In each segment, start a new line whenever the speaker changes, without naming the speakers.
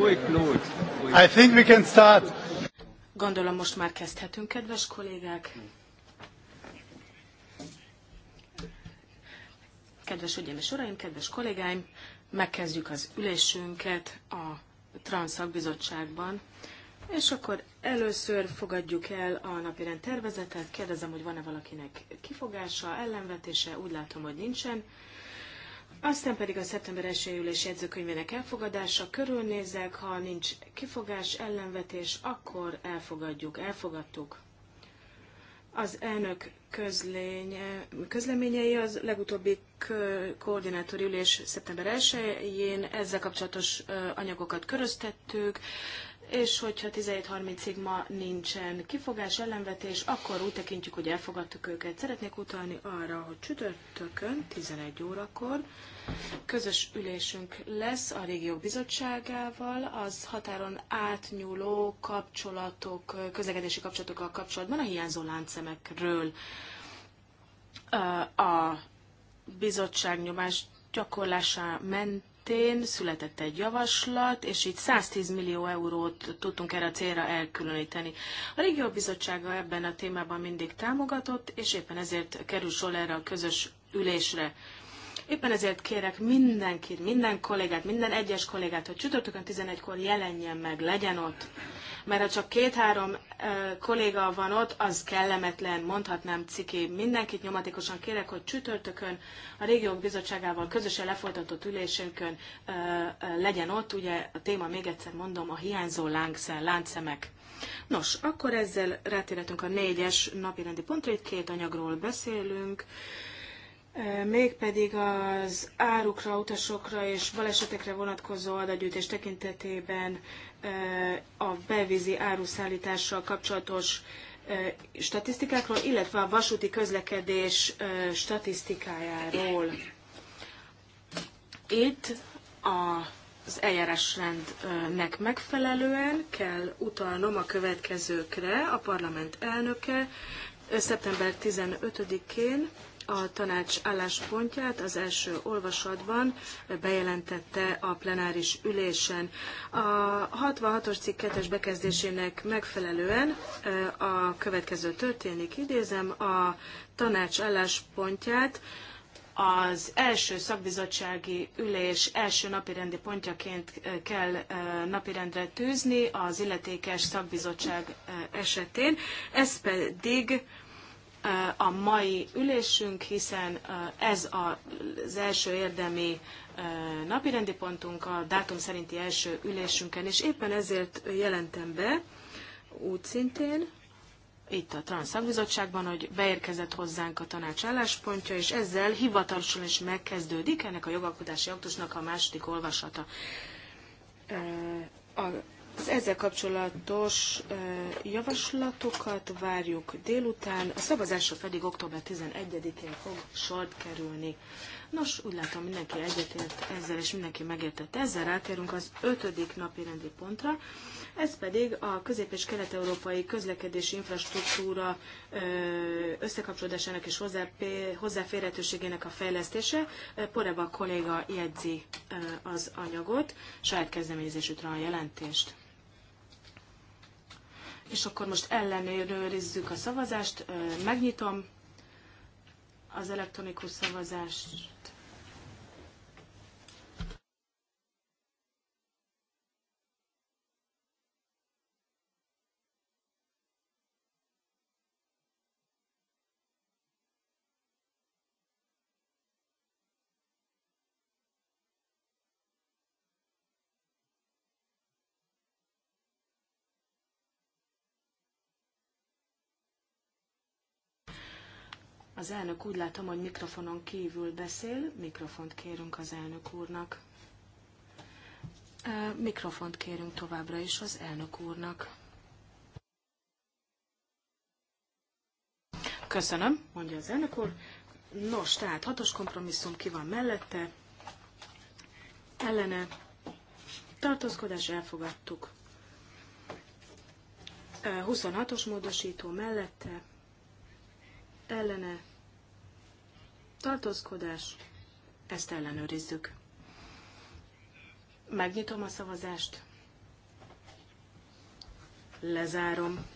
I think we can
start. Gondolom most már kezdhetünk, kedves kollégák. Kedves ügyem és uraim, kedves kollégáim, megkezdjük az ülésünket a Transzakbizottságban. És akkor először fogadjuk el a napirend tervezetet. Kérdezem, hogy van-e valakinek kifogása, ellenvetése. Úgy látom, hogy nincsen. Aztán pedig a szeptember 1 ülés jegyzőkönyvének elfogadása. Körülnézek, ha nincs kifogás, ellenvetés, akkor elfogadjuk, elfogadtuk. Az elnök közlénye, közleményei az legutóbbi koordinátori ülés szeptember 1-jén, ezzel kapcsolatos anyagokat köröztettük, és hogyha 17.30-ig ma nincsen kifogás, ellenvetés, akkor úgy tekintjük, hogy elfogadtuk őket. Szeretnék utalni arra, hogy csütörtökön 11 órakor közös ülésünk lesz a Régiók Bizottságával, az határon átnyúló kapcsolatok, közlekedési kapcsolatokkal kapcsolatban a hiányzó láncszemekről A bizottság nyomás gyakorlása ment területén született egy javaslat, és így 110 millió eurót tudtunk erre a célra elkülöníteni. A Régió Bizottsága ebben a témában mindig támogatott, és éppen ezért kerül sor erre a közös ülésre. Éppen ezért kérek mindenkit, minden kollégát, minden egyes kollégát, hogy csütörtökön 11-kor jelenjen meg, legyen ott mert ha csak két-három kolléga van ott, az kellemetlen, mondhatnám ciki. Mindenkit nyomatékosan kérek, hogy csütörtökön a régiók bizottságával közösen lefolytatott ülésünkön legyen ott, ugye a téma még egyszer mondom, a hiányzó láncszem, láncszemek. Nos, akkor ezzel rátérhetünk a négyes napirendi pontra, itt két anyagról beszélünk mégpedig az árukra, utasokra és balesetekre vonatkozó adagyűjtés tekintetében a belvízi áruszállítással kapcsolatos statisztikákról, illetve a vasúti közlekedés statisztikájáról. Itt az eljárásrendnek megfelelően kell utalnom a következőkre. A parlament elnöke szeptember 15-én a tanács álláspontját az első olvasatban bejelentette a plenáris ülésen. A 66-os cikk 2 bekezdésének megfelelően a következő történik, idézem, a tanács álláspontját az első szakbizottsági ülés első napirendi pontjaként kell napirendre tűzni az illetékes szakbizottság esetén, ez pedig a mai ülésünk, hiszen eh, ez az első érdemi eh, napirendi pontunk a dátum szerinti első ülésünken, és éppen ezért jelentem be úgy szintén, itt a Transzakbizottságban, hogy beérkezett hozzánk a tanács álláspontja, és ezzel hivatalosan is megkezdődik ennek a jogalkotási aktusnak a második olvasata. Eh, a az ezzel kapcsolatos javaslatokat várjuk délután, a szavazásra pedig október 11-én fog sort kerülni. Nos, úgy látom mindenki egyetért ezzel, és mindenki megértett ezzel. Rátérünk az ötödik napi rendi pontra, ez pedig a közép- és kelet-európai közlekedési infrastruktúra összekapcsolódásának és hozzáférhetőségének a fejlesztése. Poreba kolléga jegyzi az anyagot, saját kezdeményezésütre a jelentést és akkor most ellenőrizzük a szavazást, megnyitom az elektronikus szavazást. Az elnök úgy látom, hogy mikrofonon kívül beszél. Mikrofont kérünk az elnök úrnak. Mikrofont kérünk továbbra is az elnök úrnak. Köszönöm, mondja az elnök úr. Nos, tehát hatos kompromisszum ki van mellette, ellene, tartózkodás elfogadtuk. 26-os módosító mellette, ellene, tartózkodás, ezt ellenőrizzük. Megnyitom a szavazást, lezárom.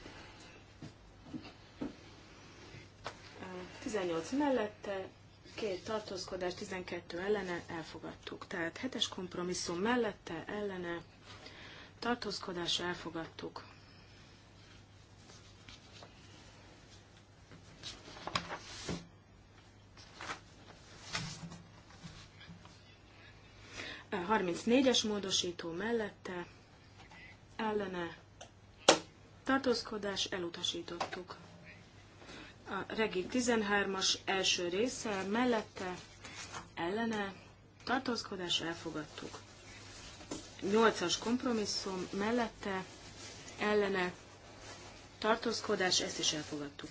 18 mellette, két tartózkodás, 12 ellene elfogadtuk. Tehát hetes kompromisszum mellette, ellene tartózkodás elfogadtuk. 34-es módosító mellette ellene tartózkodás elutasítottuk. A regi 13-as első része mellette ellene tartózkodás elfogadtuk. 8-as kompromisszum mellette ellene tartózkodás, ezt is elfogadtuk.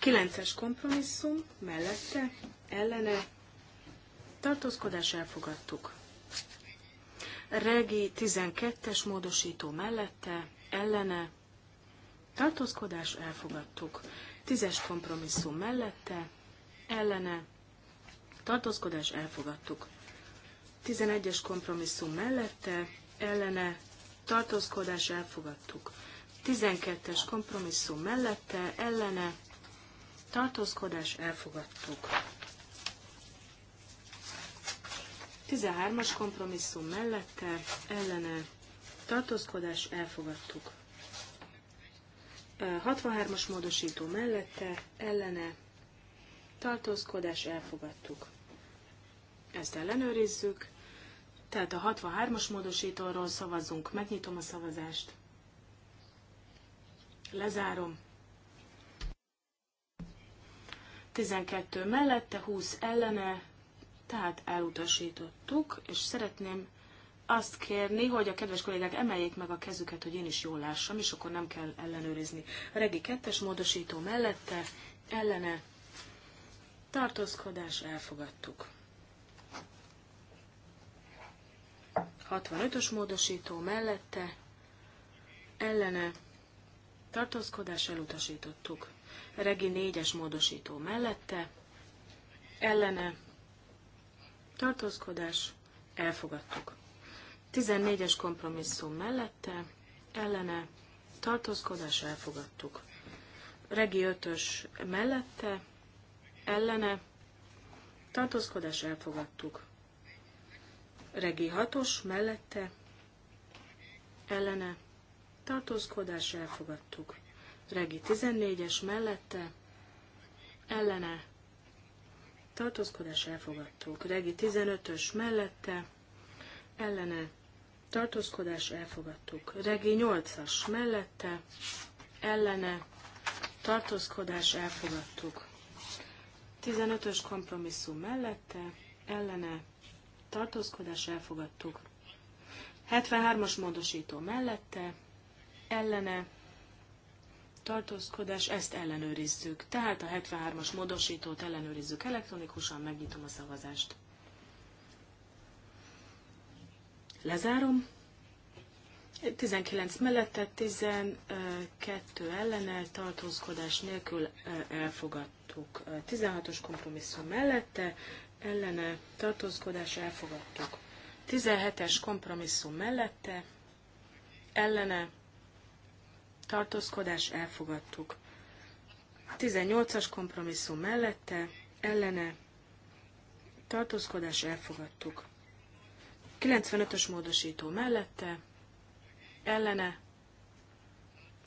9-es kompromisszum mellette ellene tartózkodás elfogadtuk. Regi 12-es módosító mellette, ellene, tartózkodás elfogadtuk. 10-es kompromisszum mellette, ellene, tartózkodás elfogadtuk. 11-es kompromisszum mellette, ellene, tartózkodás elfogadtuk. 12-es kompromisszum mellette, ellene, tartózkodás elfogadtuk. 13-as kompromisszum mellette ellene tartózkodás elfogadtuk. 63-as módosító mellette ellene tartózkodás elfogadtuk. Ezt ellenőrizzük. Tehát a 63-as módosítóról szavazunk. Megnyitom a szavazást. Lezárom. 12 mellette, 20 ellene, tehát elutasítottuk, és szeretném azt kérni, hogy a kedves kollégák emeljék meg a kezüket, hogy én is jól lássam, és akkor nem kell ellenőrizni. A regi kettes módosító mellette, ellene, tartózkodás, elfogadtuk. 65-ös módosító mellette, ellene, tartózkodás, elutasítottuk. Regi négyes módosító mellette, ellene, tartózkodás, elfogadtuk. 14-es kompromisszum mellette, ellene, tartózkodás, elfogadtuk. Regi 5-ös mellette, ellene, tartózkodás, elfogadtuk. Regi 6-os mellette, ellene, tartózkodás, elfogadtuk. Regi 14-es mellette, ellene, tartózkodás elfogadtuk. Regi 15-ös mellette, ellene, tartózkodás elfogadtuk. Regi 8-as mellette, ellene, tartózkodás elfogadtuk. 15-ös kompromisszum mellette, ellene, tartózkodás elfogadtuk. 73-as módosító mellette, ellene, tartózkodás, ezt ellenőrizzük. Tehát a 73-as módosítót ellenőrizzük elektronikusan, megnyitom a szavazást. Lezárom. 19 mellette, 12 ellene, tartózkodás nélkül elfogadtuk. 16-os kompromisszum mellette, ellene, tartózkodás elfogadtuk. 17-es kompromisszum mellette, ellene, tartózkodás elfogadtuk. 18-as kompromisszum mellette, ellene, tartózkodás elfogadtuk. 95-ös módosító mellette, ellene,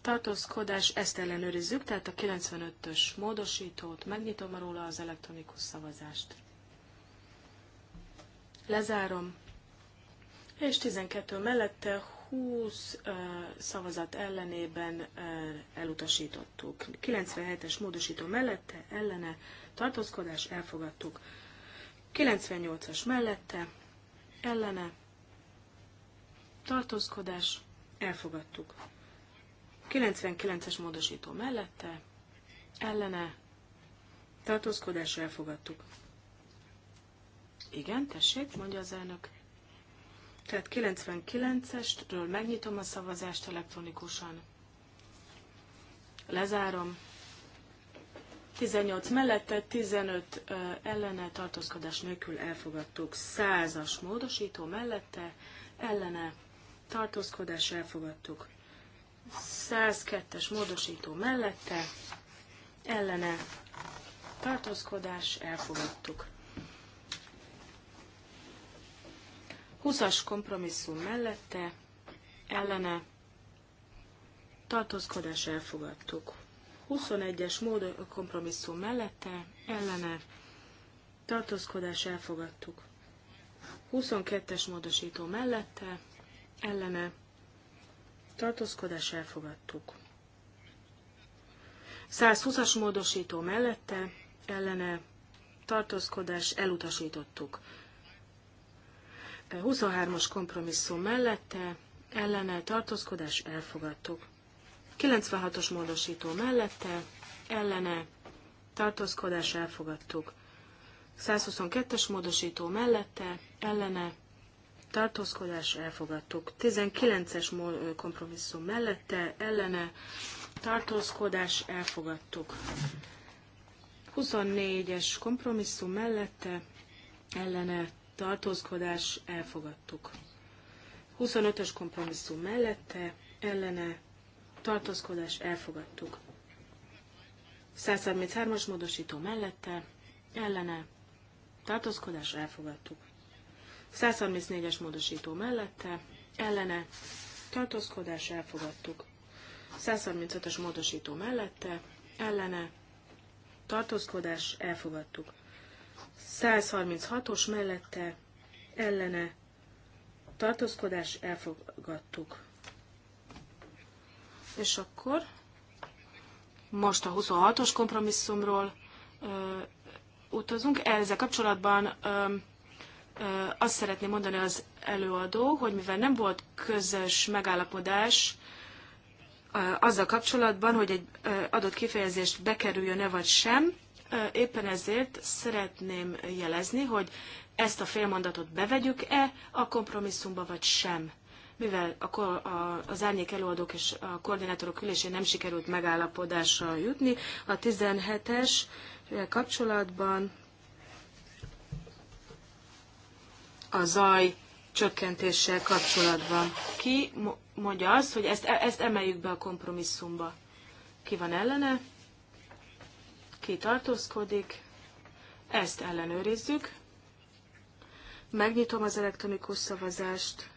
tartózkodás, ezt ellenőrizzük, tehát a 95-ös módosítót, megnyitom róla az elektronikus szavazást. Lezárom, és 12 mellette, 20 szavazat ellenében elutasítottuk. 97-es módosító mellette, ellene, tartózkodás, elfogadtuk. 98-as mellette, ellene, tartózkodás, elfogadtuk. 99-es módosító mellette, ellene, tartózkodás, elfogadtuk. Igen, tessék, mondja az elnök. Tehát 99-estről megnyitom a szavazást elektronikusan. Lezárom. 18 mellette, 15 ellene, tartózkodás nélkül elfogadtuk. 100-as módosító mellette, ellene, tartózkodás elfogadtuk. 102-es módosító mellette, ellene, tartózkodás elfogadtuk. 20-as kompromisszum mellette, ellene, tartózkodás elfogadtuk. 21-es mód kompromisszum mellette, ellene, tartózkodás elfogadtuk. 22-es módosító mellette, ellene, tartózkodás elfogadtuk. 120-as módosító mellette, ellene, tartózkodás elutasítottuk. 23-as kompromisszum mellette, ellene tartózkodás elfogadtuk. 96-os módosító mellette, ellene tartózkodás elfogadtuk. 122-es módosító mellette, ellene tartózkodás elfogadtuk. 19-es kompromisszum mellette, ellene tartózkodás elfogadtuk. 24-es kompromisszum mellette, ellene tartózkodás elfogadtuk. 25-ös kompromisszum mellette, ellene, tartózkodás elfogadtuk. 133-as módosító mellette, ellene, tartózkodás elfogadtuk. 134-es módosító mellette, ellene, tartózkodás elfogadtuk. 135-ös módosító mellette, ellene, tartózkodás elfogadtuk. 136-os mellette ellene tartózkodás elfogadtuk. És akkor most a 26-os kompromisszumról ö, utazunk. Ezzel kapcsolatban ö, ö, azt szeretném mondani az előadó, hogy mivel nem volt közös megállapodás ö, azzal kapcsolatban, hogy egy ö, adott kifejezést bekerüljön-e vagy sem, Éppen ezért szeretném jelezni, hogy ezt a félmondatot bevegyük-e a kompromisszumba, vagy sem. Mivel a, a, az árnyék előadók és a koordinátorok ülésén nem sikerült megállapodásra jutni, a 17-es kapcsolatban a zaj csökkentéssel kapcsolatban. Ki mondja azt, hogy ezt, e- ezt emeljük be a kompromisszumba? Ki van ellene? ki tartózkodik, ezt ellenőrizzük. Megnyitom az elektronikus szavazást.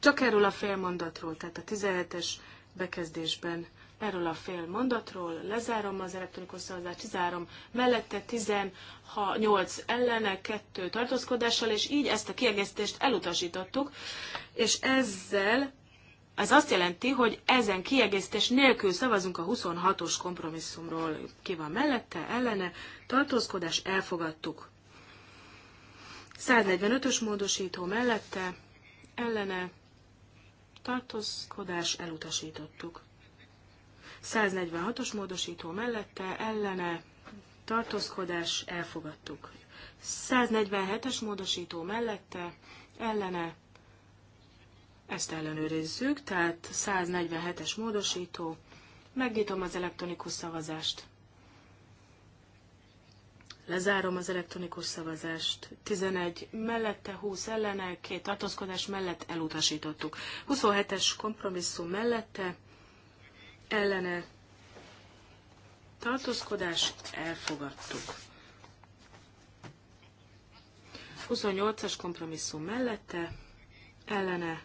Csak erről a fél mondatról, tehát a 17-es bekezdésben erről a fél mondatról, lezárom az elektronikus szavazást, 13 mellette 18 ellene, 2 tartózkodással, és így ezt a kiegészítést elutasítottuk, és ezzel ez azt jelenti, hogy ezen kiegészítés nélkül szavazunk a 26-os kompromisszumról. Ki van mellette, ellene, tartózkodás, elfogadtuk. 145-ös módosító mellette, ellene, tartózkodás, elutasítottuk. 146-os módosító mellette, ellene, tartózkodás, elfogadtuk. 147-es módosító mellette, ellene, ezt ellenőrizzük, tehát 147-es módosító. Megnyitom az elektronikus szavazást. Lezárom az elektronikus szavazást. 11 mellette, 20 ellene, két tartózkodás mellett elutasítottuk. 27-es kompromisszum mellette, ellene tartózkodás elfogadtuk. 28-as kompromisszum mellette, ellene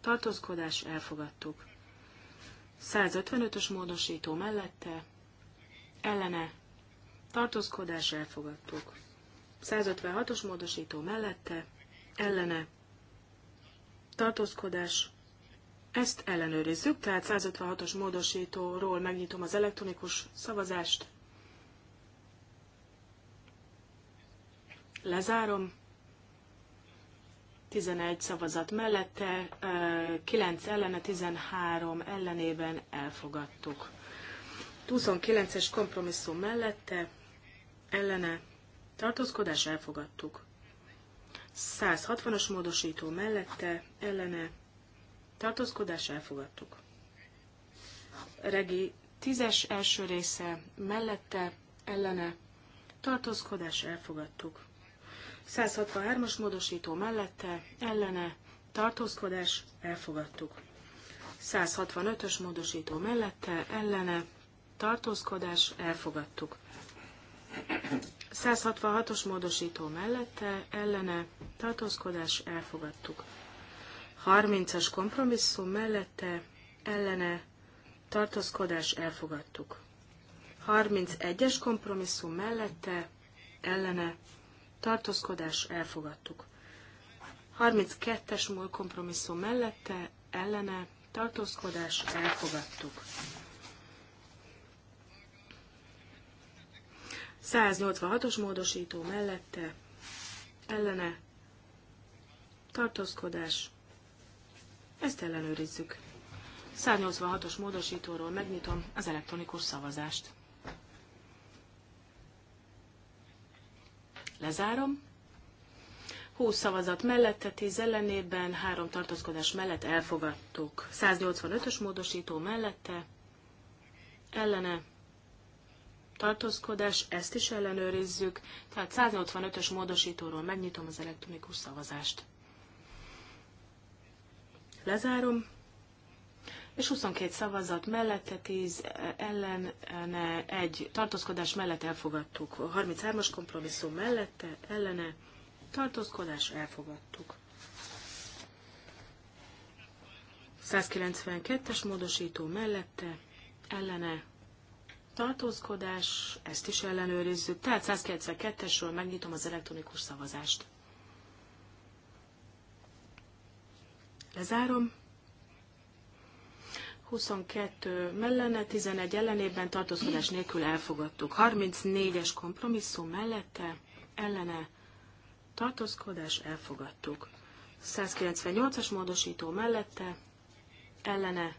tartózkodás elfogadtuk. 155-ös módosító mellette, ellene, tartózkodás elfogadtuk. 156-os módosító mellette, ellene, tartózkodás, ezt ellenőrizzük, tehát 156-os módosítóról megnyitom az elektronikus szavazást, lezárom, 11 szavazat mellette, 9 ellene, 13 ellenében elfogadtuk. 29-es kompromisszum mellette, ellene, tartózkodás elfogadtuk. 160-as módosító mellette, ellene, tartózkodás elfogadtuk. Regi 10-es első része mellette, ellene, tartózkodás elfogadtuk. 163-as módosító mellette, ellene, tartózkodás, elfogadtuk. 165-ös módosító mellette, ellene, tartózkodás, elfogadtuk. 166-os módosító mellette, ellene, tartózkodás, elfogadtuk. 30-as kompromisszum mellette, ellene, tartózkodás, elfogadtuk. 31-es kompromisszum mellette, ellene, tartózkodás, elfogadtuk. 32-es múl kompromisszum mellette, ellene, tartózkodás, elfogadtuk. 186-os módosító mellette, ellene, tartózkodás, ezt ellenőrizzük. 186-os módosítóról megnyitom az elektronikus szavazást. Lezárom. 20 szavazat mellette, 10 ellenében, 3 tartózkodás mellett elfogadtuk. 185-ös módosító mellette, ellene, tartózkodás, ezt is ellenőrizzük. Tehát 185-ös módosítóról megnyitom az elektronikus szavazást. Lezárom és 22 szavazat mellette, 10 ellen, ne, egy tartózkodás mellett elfogadtuk. 33-as kompromisszum mellette, ellene, tartózkodás elfogadtuk. 192-es módosító mellette, ellene, tartózkodás, ezt is ellenőrizzük. Tehát 192-esről megnyitom az elektronikus szavazást. Lezárom. 22 mellene, 11 ellenében tartózkodás nélkül elfogadtuk. 34-es kompromisszum mellette, ellene tartózkodás elfogadtuk. 198-as módosító mellette, ellene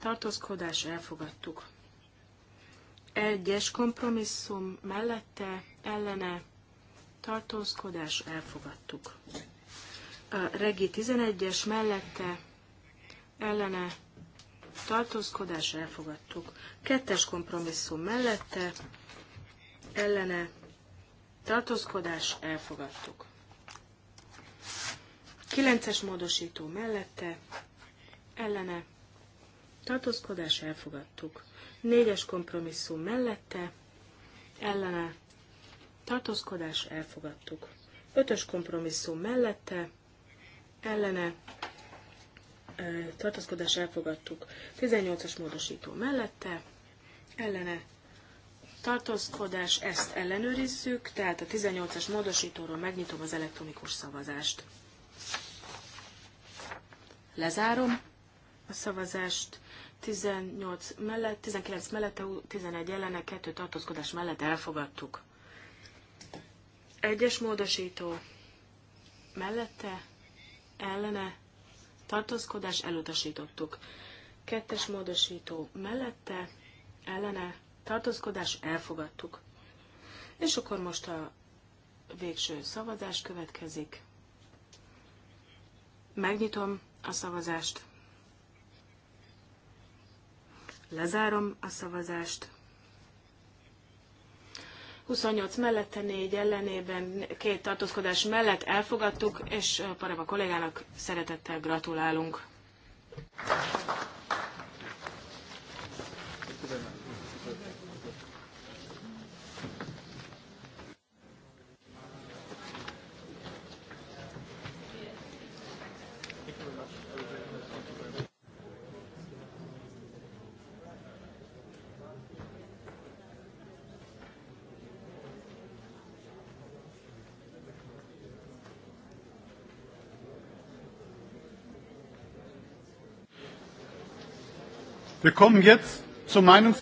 tartózkodás elfogadtuk. 1-es kompromisszum mellette, ellene tartózkodás elfogadtuk. A regi 11-es mellette, ellene tartózkodás elfogadtuk. Kettes kompromisszum mellette, ellene, tartózkodás elfogadtuk. Kilences módosító mellette, ellene, tartózkodás elfogadtuk. Négyes kompromisszum mellette, ellene, tartózkodás elfogadtuk. Ötös kompromisszum mellette, ellene, tartózkodás elfogadtuk. 18-as módosító mellette, ellene tartózkodás, ezt ellenőrizzük, tehát a 18-as módosítóról megnyitom az elektronikus szavazást. Lezárom a szavazást. 18 mellett, 19 mellette, 11 ellene, 2 tartózkodás mellett elfogadtuk. Egyes módosító mellette, ellene, tartózkodás elutasítottuk. Kettes módosító mellette, ellene, tartózkodás elfogadtuk. És akkor most a végső szavazás következik. Megnyitom a szavazást. Lezárom a szavazást. 28 mellette, 4 ellenében, két tartózkodás mellett elfogadtuk, és eh, Pareva kollégának szeretettel gratulálunk.
Wir kommen jetzt zur Meinungs...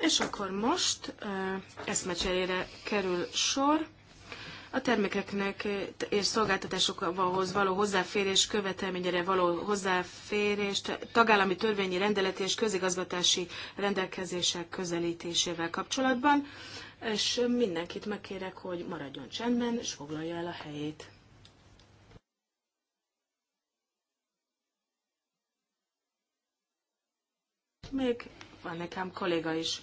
És akkor most uh, eszmecserére kerül sor a termékeknek és szolgáltatásokhoz való hozzáférés követelményére való hozzáférés tagállami törvényi rendeleti és közigazgatási rendelkezések közelítésével kapcsolatban, és mindenkit megkérek, hogy maradjon csendben, és foglalja el a helyét. még van nekem kolléga is.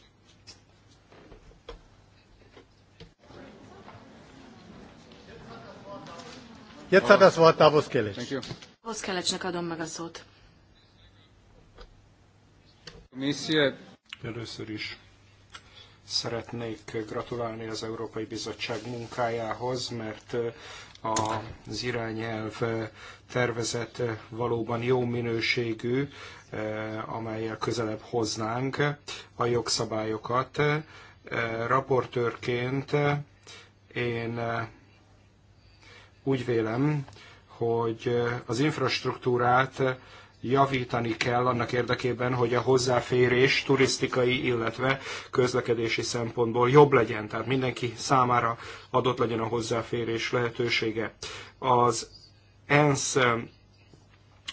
Jetzt hat das Wort Davos Kelecs.
adom meg a szót.
Először is Szeretnék gratulálni az Európai Bizottság munkájához, mert eh, az irányelv eh, tervezet eh, valóban jó minőségű, amelyel közelebb hoznánk a jogszabályokat. Raportőrként én úgy vélem, hogy az infrastruktúrát javítani kell annak érdekében, hogy a hozzáférés turisztikai, illetve közlekedési szempontból jobb legyen, tehát mindenki számára adott legyen a hozzáférés lehetősége. Az ENSZ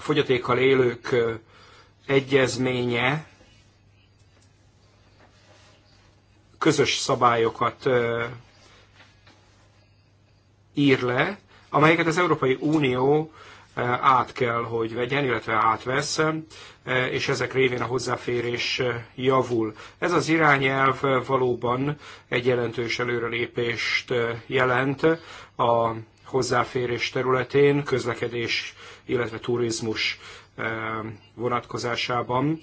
fogyatékkal élők egyezménye közös szabályokat ír le, amelyeket az Európai Unió át kell, hogy vegyen, illetve átvesz, e, és ezek révén a hozzáférés e, javul. Ez az irányelv valóban egy jelentős előrelépést e, jelent a hozzáférés területén, közlekedés, illetve turizmus vonatkozásában.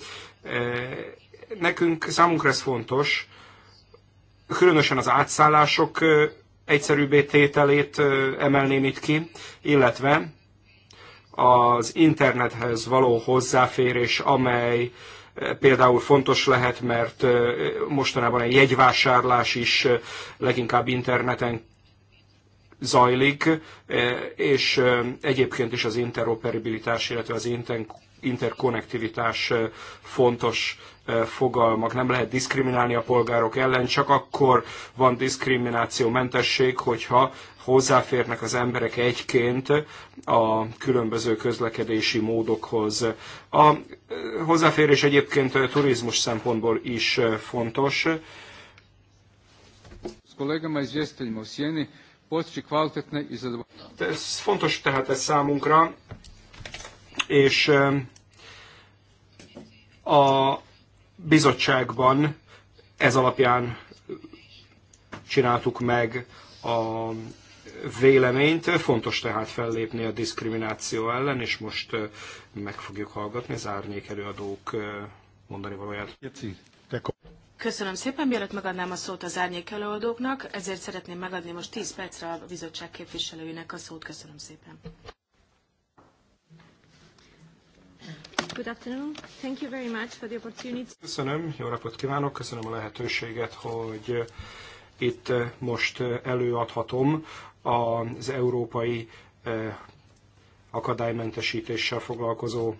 Nekünk, számunkra ez fontos, különösen az átszállások egyszerűbb tételét emelném itt ki, illetve az internethez való hozzáférés, amely eh, például fontos lehet, mert eh, mostanában egy jegyvásárlás is eh, leginkább interneten zajlik, és egyébként is az interoperabilitás, illetve az interkonnektivitás fontos fogalmak. Nem lehet diszkriminálni a polgárok ellen, csak akkor van mentesség, hogyha hozzáférnek az emberek egyként a különböző közlekedési módokhoz. A hozzáférés egyébként a turizmus szempontból is fontos. Ez fontos tehát ez számunkra, és a bizottságban ez alapján csináltuk meg a véleményt. Fontos tehát fellépni a diszkrimináció ellen, és most meg fogjuk hallgatni az árnyék előadók mondani valóját.
Köszönöm szépen, mielőtt megadnám a szót az árnyék előadóknak, ezért szeretném megadni most 10 percre a bizottság képviselőinek a szót. Köszönöm szépen. Good afternoon. Thank you very much for the opportunity.
Köszönöm, jó napot kívánok, köszönöm a lehetőséget, hogy eh, itt eh, most eh, előadhatom az európai akadálymentesítéssel foglalkozó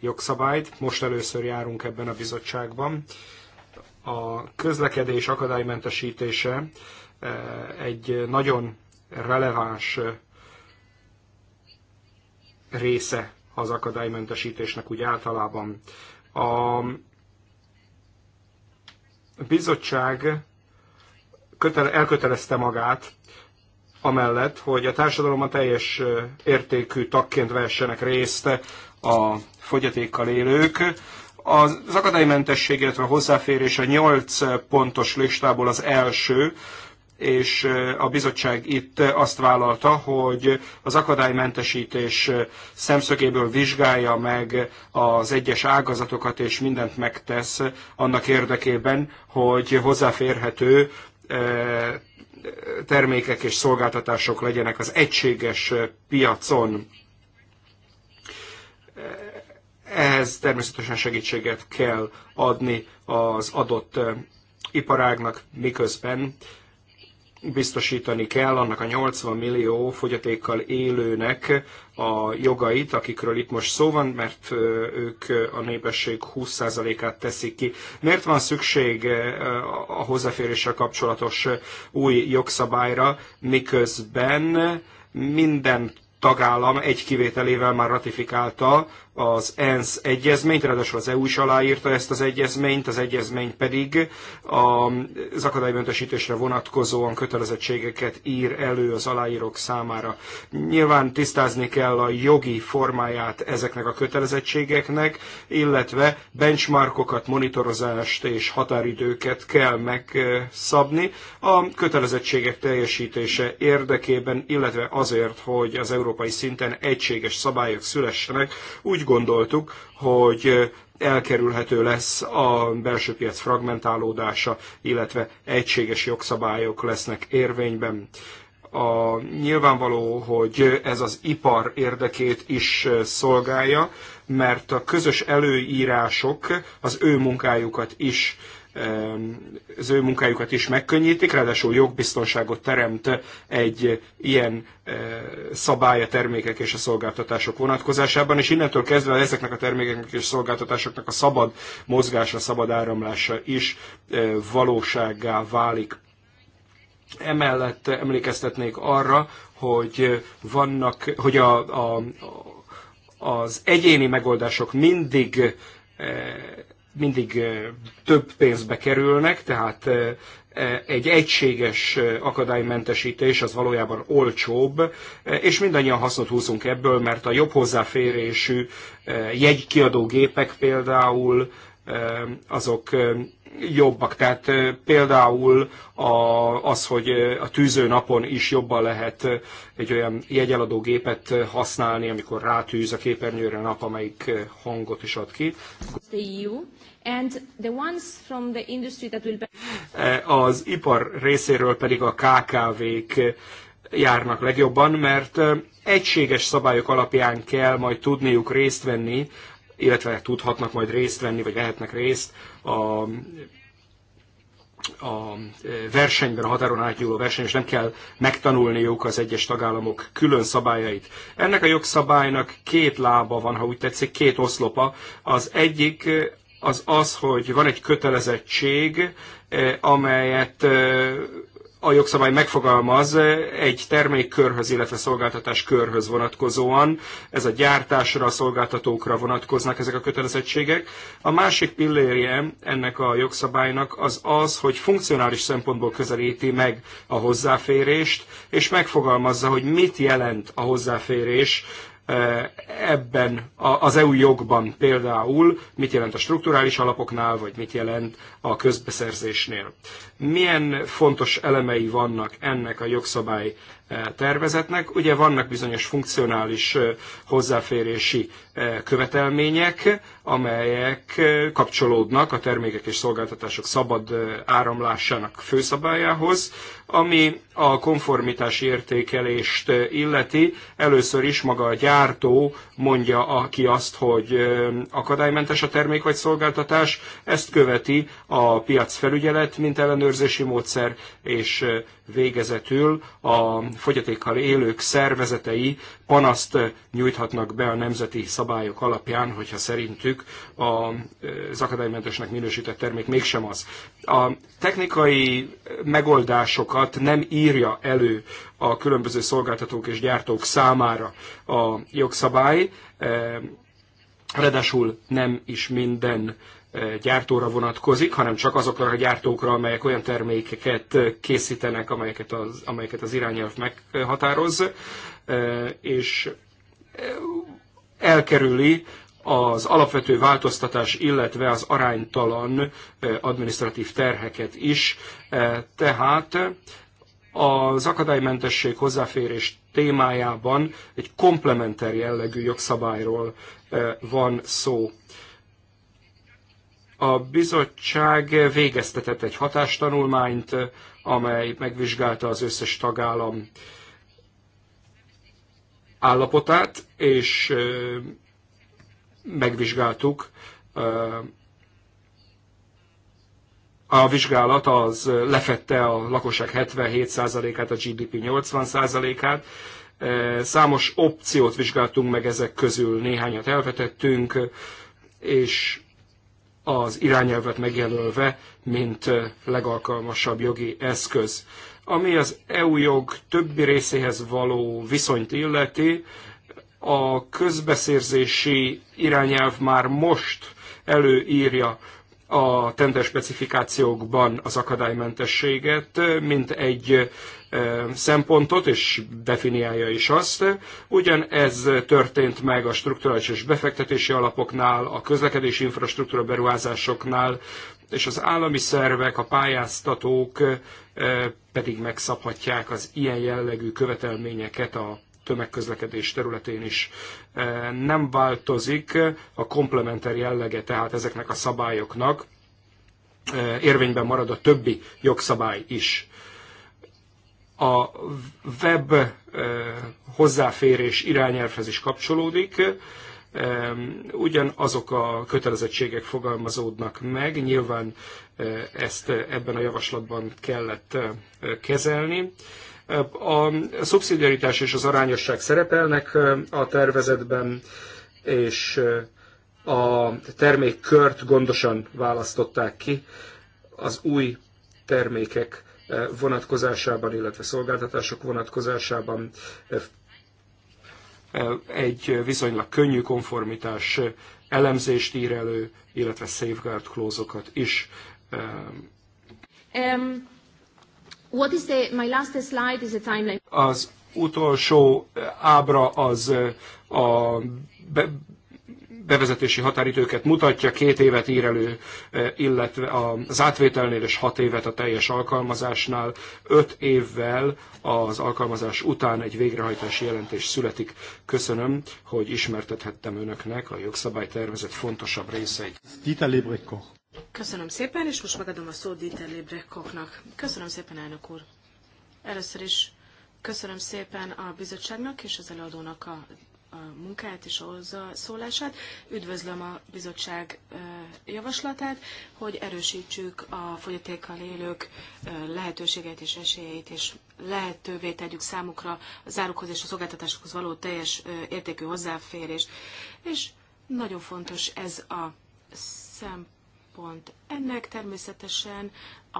jogszabályt. Most először járunk ebben a bizottságban. A közlekedés akadálymentesítése egy nagyon releváns része az akadálymentesítésnek úgy általában. A bizottság kötele, elkötelezte magát amellett, hogy a társadalomban teljes értékű tagként vessenek részt a fogyatékkal élők. Az akadálymentesség, illetve a hozzáférés a 8 pontos listából az első, és a bizottság itt azt vállalta, hogy az akadálymentesítés szemszögéből vizsgálja meg az egyes ágazatokat, és mindent megtesz annak érdekében, hogy hozzáférhető termékek és szolgáltatások legyenek az egységes piacon. Ehhez természetesen segítséget kell adni az adott iparágnak, miközben biztosítani kell annak a 80 millió fogyatékkal élőnek a jogait, akikről itt most szó van, mert ők a népesség 20%-át teszik ki. Miért van szükség a hozzáféréssel kapcsolatos új jogszabályra, miközben minden tagállam egy kivételével már ratifikálta az ENSZ egyezményt, ráadásul az EU is aláírta ezt az egyezményt, az egyezmény pedig az akadálymentesítésre vonatkozóan kötelezettségeket ír elő az aláírók számára. Nyilván tisztázni kell a jogi formáját ezeknek a kötelezettségeknek, illetve benchmarkokat, monitorozást és határidőket kell megszabni a kötelezettségek teljesítése érdekében, illetve azért, hogy az európai szinten egységes szabályok szülessenek. Úgy gondoltuk, hogy elkerülhető lesz a belső piac fragmentálódása, illetve egységes jogszabályok lesznek érvényben. A, nyilvánvaló, hogy ez az ipar érdekét is szolgálja, mert a közös előírások az ő munkájukat is az ő munkájukat is megkönnyítik, ráadásul jogbiztonságot teremt egy ilyen e, szabály a termékek és a szolgáltatások vonatkozásában, és innentől kezdve ezeknek a termékeknek és szolgáltatásoknak a szabad mozgása, szabad áramlása is e, valósággá válik. Emellett emlékeztetnék arra, hogy vannak, hogy a, a, az egyéni megoldások mindig e, mindig több pénzbe kerülnek, tehát egy egységes akadálymentesítés az valójában olcsóbb, és mindannyian hasznot húzunk ebből, mert a jobb hozzáférésű jegykiadó gépek például azok jobbak. Tehát például a, az, hogy a tűző napon is jobban lehet egy olyan jegyeladó gépet használni, amikor rátűz a képernyőre a nap, amelyik hangot is ad ki. Az ipar részéről pedig a KKV-k járnak legjobban, mert egységes szabályok alapján kell majd tudniuk részt venni, illetve tudhatnak majd részt venni, vagy vehetnek részt a a versenyben, a határon átnyúló verseny, és nem kell megtanulniuk az egyes tagállamok külön szabályait. Ennek a jogszabálynak két lába van, ha úgy tetszik, két oszlopa. Az egyik eh, az az, hogy van egy kötelezettség, eh, amelyet eh, a jogszabály megfogalmaz egy termékkörhöz, illetve szolgáltatás körhöz vonatkozóan. Ez a gyártásra, a szolgáltatókra vonatkoznak ezek a kötelezettségek. A másik pillérje ennek a jogszabálynak az az, hogy funkcionális szempontból közelíti meg a hozzáférést, és megfogalmazza, hogy mit jelent a hozzáférés Eh, ebben az EU jogban például, mit jelent a strukturális alapoknál, vagy mit jelent a közbeszerzésnél. Milyen fontos elemei vannak ennek a jogszabály E, tervezetnek. Ugye vannak bizonyos funkcionális e, hozzáférési e, követelmények, amelyek kapcsolódnak a termékek és szolgáltatások szabad áramlásának főszabályához, ami a konformitási értékelést illeti. Először is maga a gyártó mondja aki azt, hogy akadálymentes a termék vagy szolgáltatás, ezt követi a piacfelügyelet, mint ellenőrzési módszer, és végezetül a fogyatékkal élők szervezetei panaszt eh, nyújthatnak be a nemzeti szabályok alapján, hogyha szerintük eh, az akadálymentesnek minősített termék mégsem az. A technikai eh, megoldásokat nem írja elő a különböző szolgáltatók és gyártók számára a jogszabály, Ráadásul nem is minden gyártóra vonatkozik, hanem csak azokra a gyártókra, amelyek olyan termékeket készítenek, amelyeket az, amelyeket az irányelv meghatároz, és elkerüli az alapvető változtatás, illetve az aránytalan administratív terheket is. Tehát az akadálymentesség hozzáférés témájában egy komplementer jellegű jogszabályról van szó. A bizottság végeztetett egy hatástanulmányt, amely megvizsgálta az összes tagállam állapotát, és megvizsgáltuk. A vizsgálat az lefette a lakosság 77%-át, a GDP 80%-át. Számos opciót vizsgáltunk meg ezek közül, néhányat elvetettünk, és az irányelvet megjelölve, mint legalkalmasabb jogi eszköz. Ami az EU jog többi részéhez való viszonyt illeti, a közbeszerzési irányelv már most előírja a tender specifikációkban az akadálymentességet, mint egy szempontot, és definiálja is azt. Ugyan ez történt meg a strukturális és befektetési alapoknál, a közlekedési infrastruktúra beruházásoknál, és az állami szervek, a pályáztatók pedig megszabhatják az ilyen jellegű követelményeket a tömegközlekedés területén is nem változik a komplementer jellege tehát ezeknek a szabályoknak, érvényben marad a többi jogszabály is a web hozzáférés irányelvhez is kapcsolódik, ugyanazok a kötelezettségek fogalmazódnak meg, nyilván ezt ebben a javaslatban kellett kezelni. A szubszidiaritás és az arányosság szerepelnek a tervezetben, és a termékkört gondosan választották ki az új termékek Eh, vonatkozásában, illetve szolgáltatások vonatkozásában eh, egy viszonylag könnyű konformitás elemzést ír elő, illetve safeguard klózokat is.
Eh, um, what is the, my last slide is a timeline.
Az utolsó ábra az a be, bevezetési határidőket mutatja, két évet ír elő, e, illetve az átvételnél és hat évet a teljes alkalmazásnál, öt évvel az alkalmazás után egy végrehajtási jelentés születik. Köszönöm, hogy ismertethettem önöknek a jogszabálytervezet fontosabb részeit. Dieter
Köszönöm szépen, és most megadom a szót Dieter Lébrekkoknak. Köszönöm szépen, elnök úr. Először is Köszönöm szépen a bizottságnak és az előadónak a a munkát és a hozzászólását. Üdvözlöm a bizottság javaslatát, hogy erősítsük a fogyatékkal élők lehetőséget és esélyeit, és lehetővé tegyük számukra a zárukhoz és a szolgáltatásokhoz való teljes értékű hozzáférés. És nagyon fontos ez a szempont. Ennek természetesen a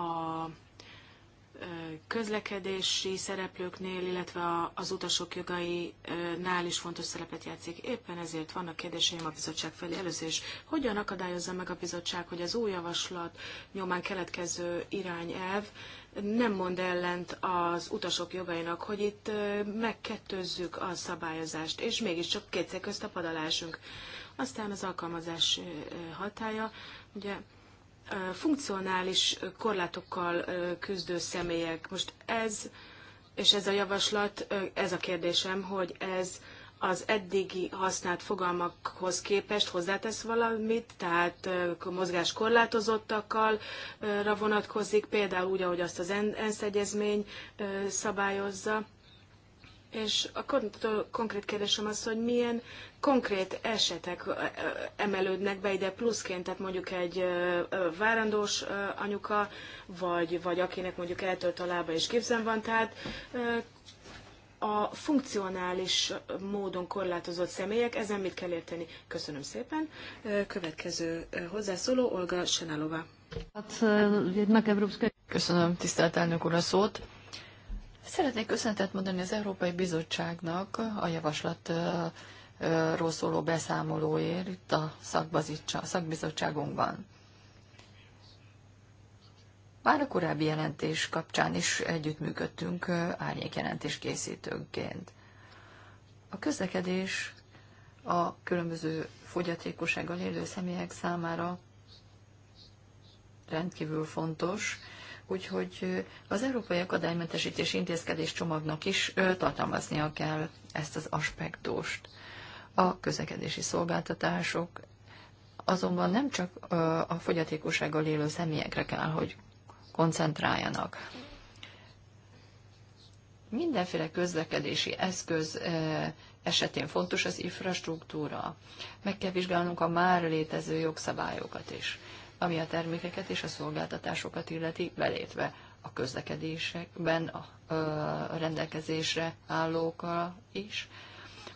közlekedési szereplőknél, illetve az utasok jogainál is fontos szerepet játszik. Éppen ezért vannak kérdéseim a bizottság felé először is. Hogyan akadályozza meg a bizottság, hogy az új javaslat nyomán keletkező irányelv nem mond ellent az utasok jogainak, hogy itt megkettőzzük a szabályozást, és mégiscsak kétszer közt a padalásunk. Aztán az alkalmazás hatája, ugye funkcionális korlátokkal küzdő személyek. Most ez, és ez a javaslat, ez a kérdésem, hogy ez az eddigi használt fogalmakhoz képest hozzátesz valamit, tehát mozgáskorlátozottakkal vonatkozik, például úgy, ahogy azt az ENSZ egyezmény szabályozza, és a konkrét kérdésem az, hogy milyen konkrét esetek emelődnek be ide pluszként, tehát mondjuk egy várandós anyuka, vagy, vagy akinek mondjuk eltölt a lába és gipszen van, tehát a funkcionális módon korlátozott személyek, ezen mit kell érteni? Köszönöm szépen. Következő hozzászóló Olga Senálova.
Hát, Köszönöm, tisztelt elnök úr, a szót. Szeretnék köszöntet mondani az Európai Bizottságnak a javaslatról szóló beszámolóért itt a szakbizottságunkban. Már a korábbi jelentés kapcsán is együttműködtünk árnyékjelentés készítőként. A közlekedés a különböző fogyatékossággal élő személyek számára rendkívül fontos, Úgyhogy az Európai Akadálymentesítés Intézkedés csomagnak is tartalmaznia kell ezt az aspektust. A közlekedési szolgáltatások azonban nem csak a fogyatékossággal élő személyekre kell, hogy koncentráljanak. Mindenféle közlekedési eszköz esetén fontos az infrastruktúra. Meg kell vizsgálnunk a már létező jogszabályokat is ami a termékeket és a szolgáltatásokat illeti, belétve a közlekedésekben a, a rendelkezésre állókkal is.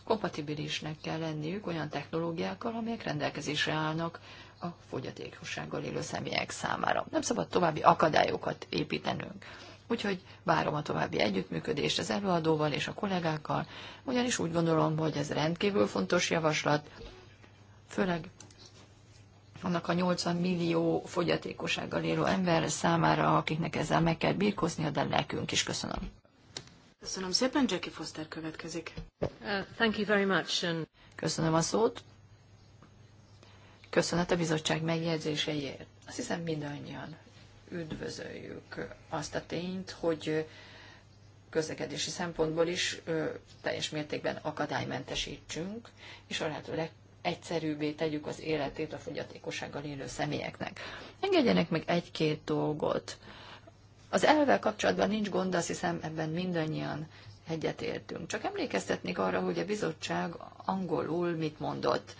Kompatibilisnek kell lenniük olyan technológiákkal, amelyek rendelkezésre állnak a fogyatékossággal élő személyek számára. Nem szabad további akadályokat építenünk. Úgyhogy várom a további együttműködést az előadóval és a kollégákkal, ugyanis úgy gondolom, hogy ez rendkívül fontos javaslat, főleg annak a 80 millió fogyatékossággal élő ember számára, akiknek ezzel meg kell birkóznia, de nekünk is köszönöm. Köszönöm szépen, Jackie Foster következik. Uh, thank you very much. And... Köszönöm a szót. Köszönet a bizottság megjegyzéseiért. Azt hiszem mindannyian üdvözöljük azt a tényt, hogy közlekedési szempontból is ö, teljes mértékben akadálymentesítsünk, és a lehető egyszerűbbé tegyük az életét a fogyatékossággal élő személyeknek. Engedjenek meg egy-két dolgot. Az elvvel kapcsolatban nincs gond, azt hiszem ebben mindannyian egyetértünk. Csak emlékeztetnék arra, hogy a bizottság angolul mit mondott.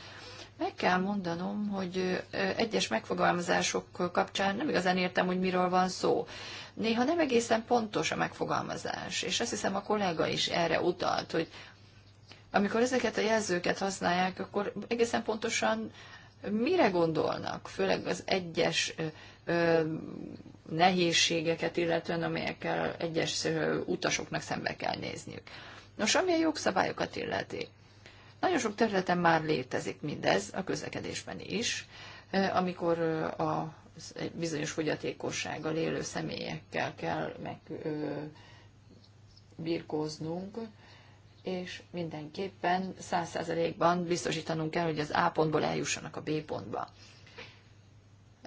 Meg kell mondanom, hogy egyes megfogalmazások kapcsán nem igazán értem, hogy miről van szó. Néha nem egészen pontos a megfogalmazás, és azt hiszem a kollega is erre utalt, hogy amikor ezeket a jelzőket használják, akkor egészen pontosan mire gondolnak, főleg az egyes ö, nehézségeket, illetően amelyekkel egyes utasoknak szembe kell nézniük. Nos, ami a jogszabályokat illeti. Nagyon sok területen már létezik mindez, a közlekedésben is, amikor a bizonyos fogyatékossággal élő személyekkel kell megbirkóznunk, és mindenképpen 100%-ban biztosítanunk kell, hogy az A pontból eljussanak a B pontba.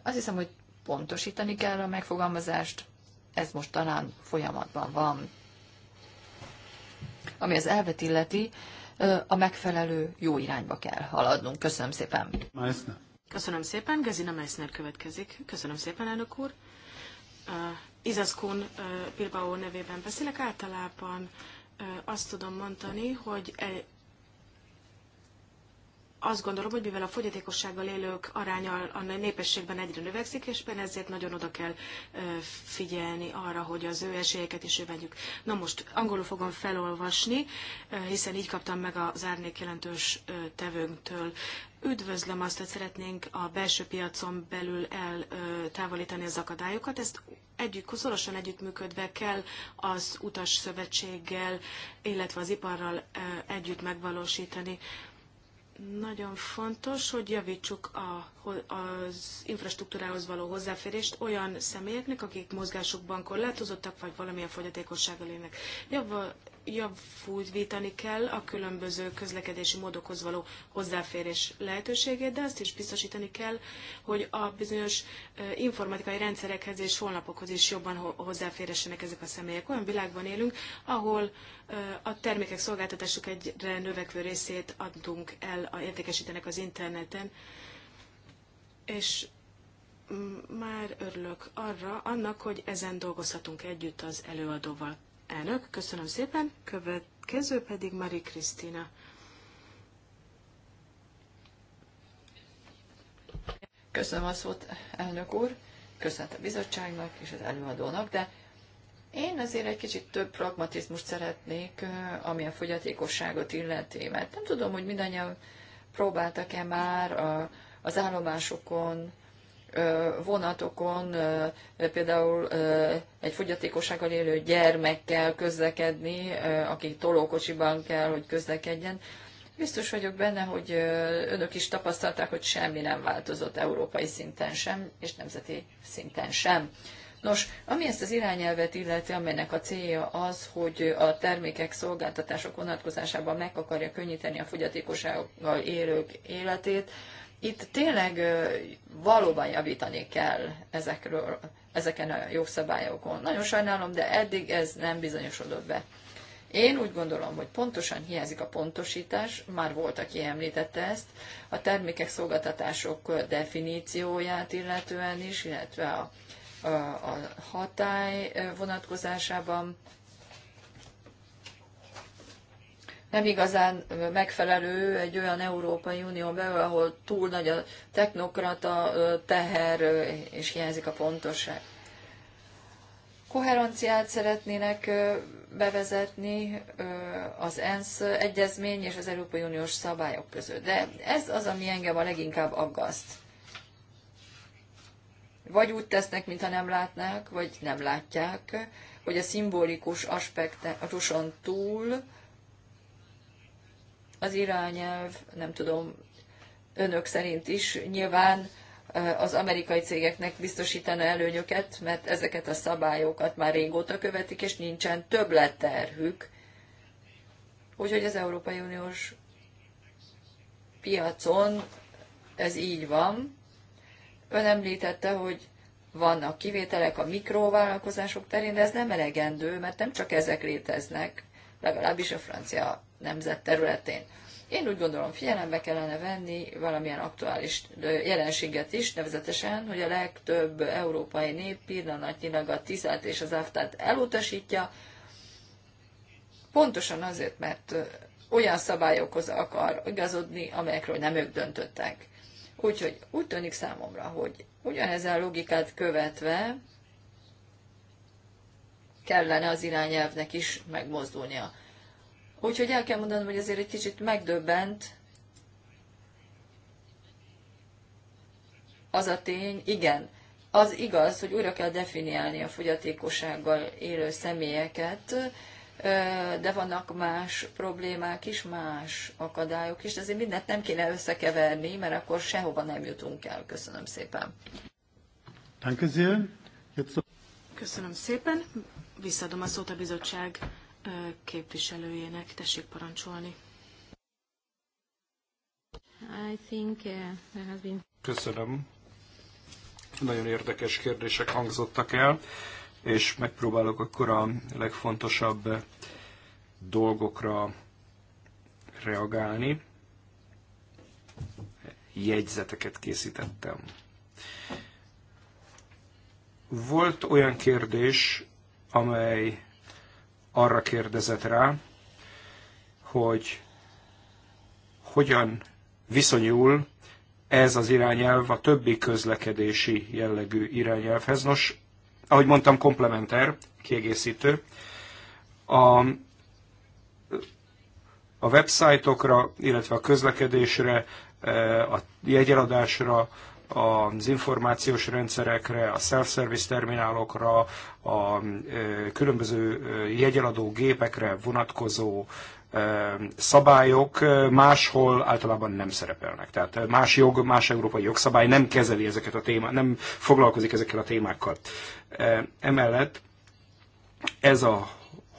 Azt hiszem, hogy pontosítani kell a megfogalmazást, ez most talán folyamatban van. Ami az elvet illeti, a megfelelő jó irányba kell haladnunk. Köszönöm szépen.
Köszönöm szépen. Gezina Meissner következik. Köszönöm szépen, elnök úr. Uh, Izaskun uh, Bilbao nevében beszélek általában. Uh, azt tudom mondani, hogy e- azt gondolom, hogy mivel a fogyatékossággal élők aránya a népességben egyre növekszik, és benne ezért nagyon oda kell figyelni arra, hogy az ő esélyeket is övegyük. Na most angolul fogom felolvasni, hiszen így kaptam meg az árnék jelentős tevőnktől. Üdvözlöm azt, hogy szeretnénk a belső piacon belül eltávolítani az akadályokat. Ezt együtt, szorosan együttműködve kell az utas szövetséggel, illetve az iparral együtt megvalósítani nagyon fontos, hogy javítsuk a, az infrastruktúrához való hozzáférést olyan személyeknek, akik mozgásukban korlátozottak, vagy valamilyen fogyatékossággal élnek. Jav, javultvítani kell a különböző közlekedési módokhoz való hozzáférés lehetőségét, de azt is biztosítani kell, hogy a bizonyos informatikai rendszerekhez és honlapokhoz is jobban hozzáférhessenek ezek a személyek. Olyan világban élünk, ahol a termékek szolgáltatásuk egyre növekvő részét adunk el, a értékesítenek az interneten, és már örülök arra, annak, hogy ezen dolgozhatunk együtt az előadóval. Elnök, köszönöm szépen. Következő pedig Mari Krisztina.
Köszönöm a szót, elnök úr. Köszönet a bizottságnak és az előadónak, de én azért egy kicsit több pragmatizmust szeretnék, ami a fogyatékosságot illeti, mert nem tudom, hogy mindannyian próbáltak-e már az állomásokon, vonatokon például egy fogyatékossággal élő gyermekkel közlekedni, aki tolókocsiban kell, hogy közlekedjen. Biztos vagyok benne, hogy önök is tapasztalták, hogy semmi nem változott európai szinten sem, és nemzeti szinten sem. Nos, ami ezt az irányelvet illeti, amelynek a célja az, hogy a termékek, szolgáltatások vonatkozásában meg akarja könnyíteni a fogyatékossággal élők életét, itt tényleg valóban javítani kell ezekről, ezeken a jogszabályokon. Nagyon sajnálom, de eddig ez nem bizonyosodott be. Én úgy gondolom, hogy pontosan hiányzik a pontosítás, már volt, aki említette ezt, a termékek szolgáltatások definícióját illetően is, illetve a, a, a hatály vonatkozásában nem igazán megfelelő egy olyan Európai Unió belül, ahol túl nagy a technokrata teher, és hiányzik a pontosság. Koherenciát szeretnének bevezetni az ENSZ egyezmény és az Európai Uniós szabályok között. De ez az, ami engem a leginkább aggaszt. Vagy úgy tesznek, mintha nem látnák, vagy nem látják, hogy a szimbolikus aspektuson túl az irányelv, nem tudom, önök szerint is nyilván az amerikai cégeknek biztosítana előnyöket, mert ezeket a szabályokat már régóta követik, és nincsen többletterhük. Úgyhogy az Európai Uniós piacon ez így van. Ön említette, hogy vannak kivételek a mikrovállalkozások terén, de ez nem elegendő, mert nem csak ezek léteznek, legalábbis a francia nemzet területén. Én úgy gondolom, figyelembe kellene venni valamilyen aktuális jelenséget is, nevezetesen, hogy a legtöbb európai nép pillanatnyilag a tiszát és az áftát elutasítja, pontosan azért, mert olyan szabályokhoz akar igazodni, amelyekről nem ők döntöttek. Úgyhogy úgy tűnik számomra, hogy ugyanezen logikát követve kellene az irányelvnek is megmozdulnia. Úgyhogy el kell mondanom, hogy azért egy kicsit megdöbbent az a tény, igen, az igaz, hogy újra kell definiálni a fogyatékossággal élő személyeket, de vannak más problémák is, más akadályok is, ezért mindent nem kéne összekeverni, mert akkor sehova nem jutunk el. Köszönöm szépen.
Köszönöm szépen. Visszadom a szót a bizottság képviselőjének. Tessék parancsolni. I think, uh, there has been...
Köszönöm. Nagyon érdekes kérdések hangzottak el, és megpróbálok akkor a legfontosabb dolgokra reagálni. Jegyzeteket készítettem. Volt olyan kérdés, amely arra kérdezett rá, hogy hogyan viszonyul ez az irányelv a többi közlekedési jellegű irányelvhez. Nos, ahogy mondtam, komplementer, kiegészítő. A, a websájtokra, illetve a közlekedésre, eh, a jegyeladásra, az információs rendszerekre, a self-service terminálokra, a különböző jegyeladó gépekre vonatkozó szabályok máshol általában nem szerepelnek. Tehát más jog, más európai jogszabály nem kezeli ezeket a témákat, nem foglalkozik ezekkel a témákkal. Emellett ez a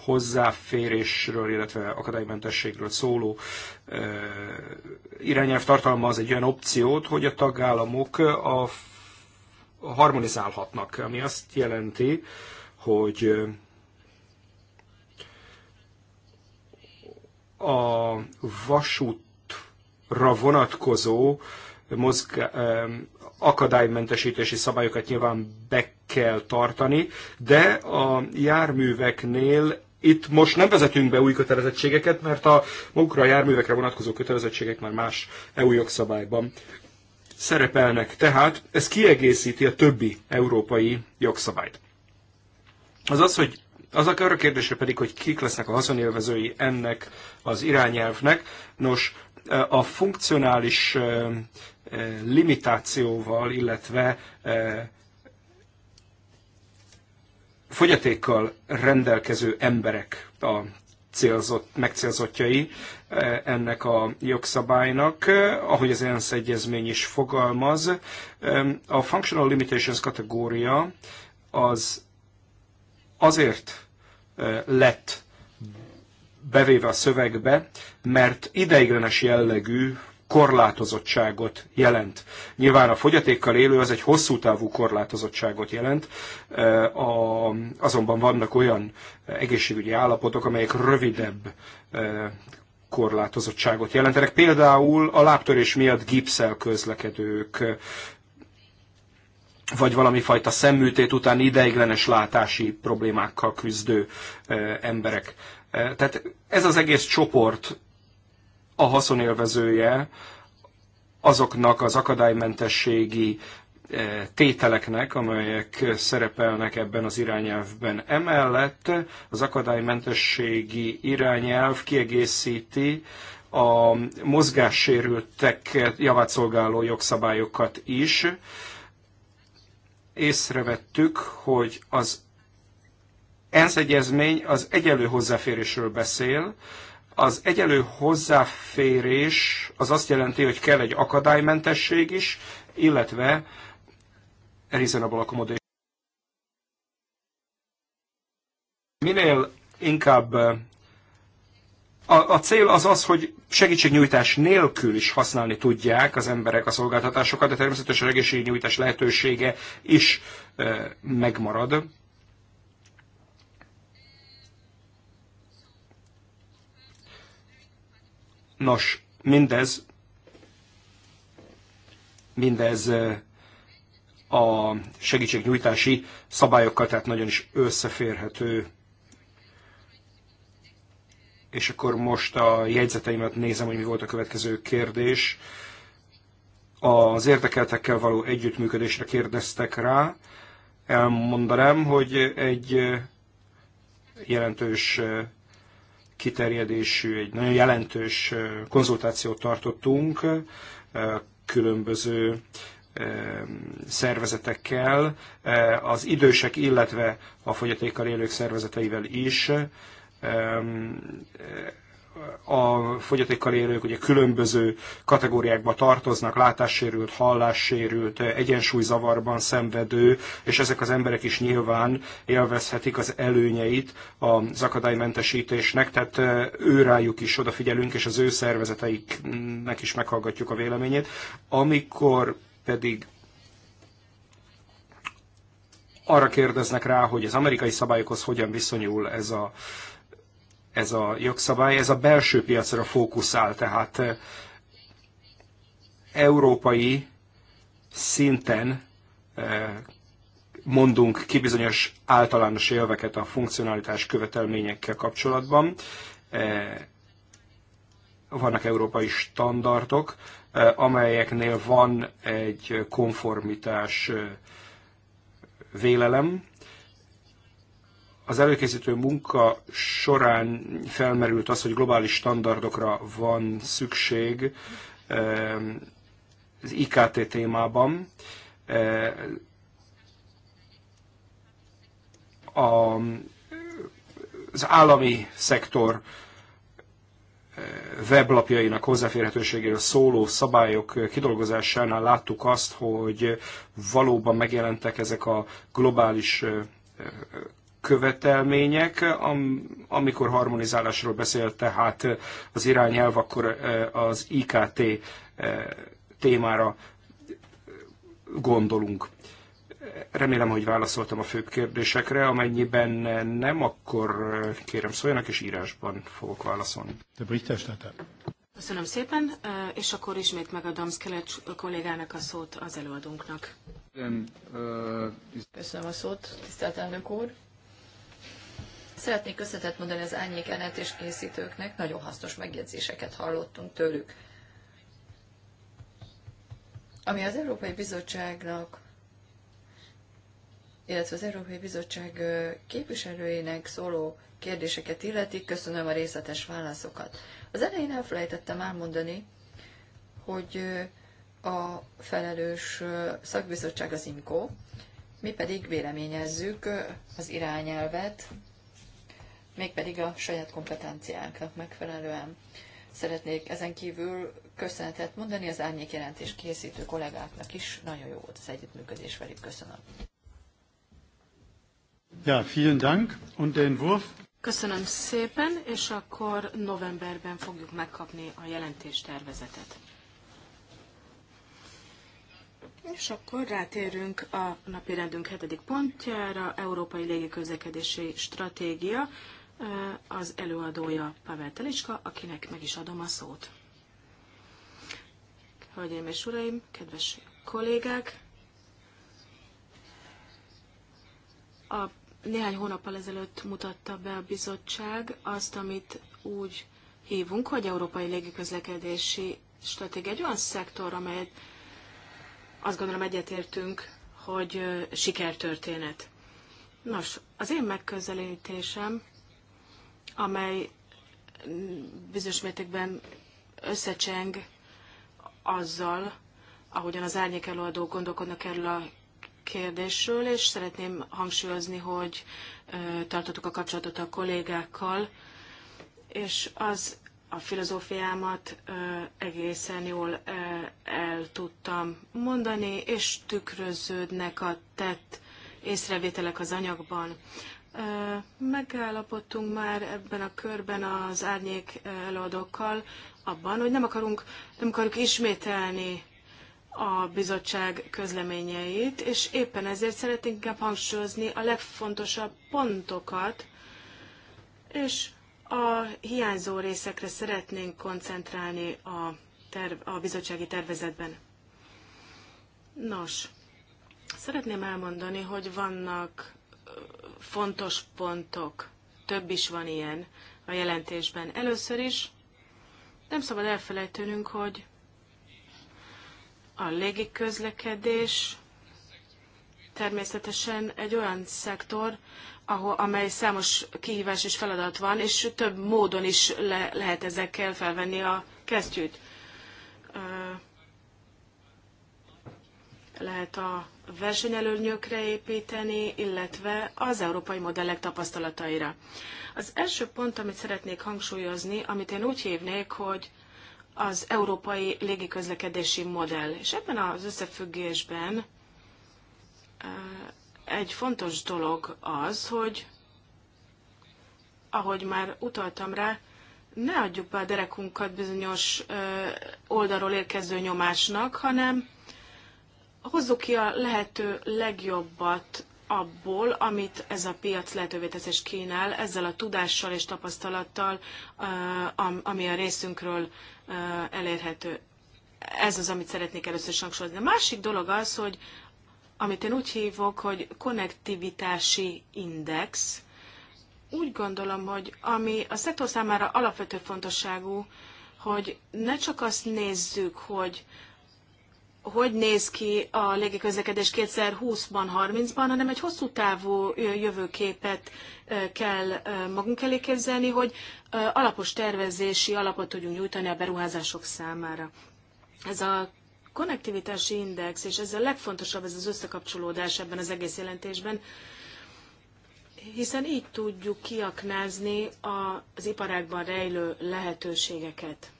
hozzáférésről, illetve akadálymentességről szóló irányelv tartalmaz egy olyan opciót, hogy a tagállamok a harmonizálhatnak, ami azt jelenti, hogy a vasútra vonatkozó mozgá, akadálymentesítési szabályokat nyilván be kell tartani, de a járműveknél itt most nem vezetünk be új kötelezettségeket, mert a magukra a járművekre vonatkozó kötelezettségek már más EU jogszabályban szerepelnek. Tehát ez kiegészíti a többi európai jogszabályt. Az az, hogy az a kérdésre pedig, hogy kik lesznek a haszonélvezői ennek az irányelvnek. Nos, a funkcionális limitációval, illetve fogyatékkal rendelkező emberek a célzott, megcélzottjai eh, ennek a jogszabálynak, eh, ahogy az ENSZ egyezmény is fogalmaz. Eh, a Functional Limitations kategória az azért lett bevéve a szövegbe, mert ideiglenes jellegű korlátozottságot jelent. Nyilván a fogyatékkal élő az egy hosszú távú korlátozottságot jelent, a, azonban vannak olyan egészségügyi állapotok, amelyek rövidebb korlátozottságot jelentenek. Például a lábtörés miatt gipszel közlekedők, vagy valami fajta szemműtét után ideiglenes látási problémákkal küzdő emberek. Tehát ez az egész csoport a haszonélvezője azoknak az akadálymentességi eh, tételeknek, amelyek szerepelnek ebben az irányelvben. Emellett az akadálymentességi irányelv kiegészíti a mozgássérültek javát szolgáló jogszabályokat is. Észrevettük, hogy az ENSZ egyezmény az egyelő hozzáférésről beszél, az egyelő hozzáférés az azt jelenti, hogy kell egy akadálymentesség is, illetve reasonable accommodation. Minél inkább a, a cél az az, hogy segítségnyújtás nélkül is használni tudják az emberek a szolgáltatásokat, de természetesen a segítségnyújtás lehetősége is e, megmarad. Nos, mindez, mindez a segítségnyújtási szabályokkal, tehát nagyon is összeférhető. És akkor most a jegyzeteimet nézem, hogy mi volt a következő kérdés. Az érdekeltekkel való együttműködésre kérdeztek rá. Elmondanám, hogy egy jelentős kiterjedésű, egy nagyon jelentős konzultációt tartottunk különböző szervezetekkel, az idősek, illetve a fogyatékkal élők szervezeteivel is a fogyatékkal élők ugye különböző kategóriákba tartoznak, látássérült, hallássérült, egyensúlyzavarban szenvedő, és ezek az emberek is nyilván élvezhetik az előnyeit az akadálymentesítésnek, tehát őrájuk is odafigyelünk, és az ő szervezeteiknek is meghallgatjuk a véleményét. Amikor pedig arra kérdeznek rá, hogy az amerikai szabályokhoz hogyan viszonyul ez a ez a jogszabály, ez a belső piacra fókuszál, tehát eh, európai szinten eh, mondunk ki bizonyos általános élveket a funkcionalitás követelményekkel kapcsolatban. Eh, vannak európai standardok, amelyeknél van egy konformitás vélelem, az előkészítő munka során felmerült az, hogy globális standardokra van szükség ehm, az IKT témában. Ehm, a, az állami szektor ehm, weblapjainak hozzáférhetőségéről szóló szabályok kidolgozásánál láttuk azt, hogy valóban megjelentek ezek a globális követelmények. Amikor harmonizálásról beszélt tehát az irányelv, akkor e, az IKT e, témára gondolunk. Remélem, hogy válaszoltam a főbb kérdésekre, amennyiben nem, akkor e, kérem szóljanak, és írásban fogok válaszolni.
Köszönöm szépen, és akkor ismét megadom Szkelecs kollégának a szót az előadónknak.
Köszönöm a szót, tisztelt elnök úr. Szeretnék köszönetet mondani az árnyék és készítőknek, nagyon hasznos megjegyzéseket hallottunk tőlük. Ami az Európai Bizottságnak, illetve az Európai Bizottság képviselőinek szóló kérdéseket illeti, köszönöm a részletes válaszokat. Az elején elfelejtettem elmondani, hogy a felelős szakbizottság az IMCO, mi pedig véleményezzük az irányelvet mégpedig a saját kompetenciánknak megfelelően. Szeretnék ezen kívül köszönetet mondani az árnyék jelentés készítő kollégáknak is. Nagyon jó volt az együttműködés velük. Köszönöm.
Ja, vielen Dank und den Wurf.
Köszönöm szépen,
és akkor novemberben fogjuk megkapni a jelentés tervezetet. És akkor rátérünk a napirendünk hetedik pontjára, Európai Légiközlekedési Stratégia, Eh, az előadója Pavel Telicska, akinek meg is adom a szót. Hölgyeim és uraim, kedves kollégák! A néhány hónappal ezelőtt mutatta be a bizottság azt, amit úgy hívunk, hogy Európai Légiközlekedési Stratégia egy olyan szektor, amelyet azt gondolom egyetértünk, hogy eh, sikertörténet. Nos, az én megközelítésem amely bizonyos mértékben összecseng azzal, ahogyan az árnyék előadók gondolkodnak erről a kérdésről, és szeretném hangsúlyozni, hogy tartottuk a kapcsolatot a kollégákkal, és az a filozófiámat egészen jól el tudtam mondani, és tükröződnek a tett észrevételek az anyagban. Megállapodtunk már ebben a körben az árnyék előadókkal abban, hogy nem akarunk, nem akarjuk ismételni a bizottság közleményeit, és éppen ezért szeretnénk inkább hangsúlyozni a legfontosabb pontokat, és a hiányzó részekre szeretnénk koncentrálni a, terv, a bizottsági tervezetben. Nos, szeretném elmondani, hogy vannak fontos pontok. Több is van ilyen a jelentésben. Először is nem szabad elfelejtőnünk, hogy a légiközlekedés természetesen egy olyan szektor, ahol, amely számos kihívás és feladat van, és több módon is le, lehet ezekkel felvenni a kesztyűt. lehet a versenyelőnyökre építeni, illetve az európai modellek tapasztalataira. Az első pont, amit szeretnék hangsúlyozni, amit én úgy hívnék, hogy az európai légiközlekedési modell. És ebben az összefüggésben eh, egy fontos dolog az, hogy ahogy már utaltam rá, ne adjuk be a derekunkat bizonyos eh, oldalról érkező nyomásnak, hanem hozzuk ki a lehető legjobbat abból, amit ez a piac lehetővé tesz és kínál, ezzel a tudással és tapasztalattal, ami a részünkről elérhető. Ez az, amit szeretnék először hangsúlyozni. A másik dolog az, hogy amit én úgy hívok, hogy konnektivitási index, úgy gondolom, hogy ami a szektor számára alapvető fontosságú, hogy ne csak azt nézzük, hogy hogy néz ki a légiközlekedés 2020-ban, 30-ban, hanem egy hosszú távú jövőképet kell magunk elé képzelni, hogy alapos tervezési alapot tudjunk nyújtani a beruházások számára. Ez a konnektivitási index, és ez a legfontosabb, ez az összekapcsolódás ebben az egész jelentésben, hiszen így tudjuk kiaknázni az iparágban rejlő lehetőségeket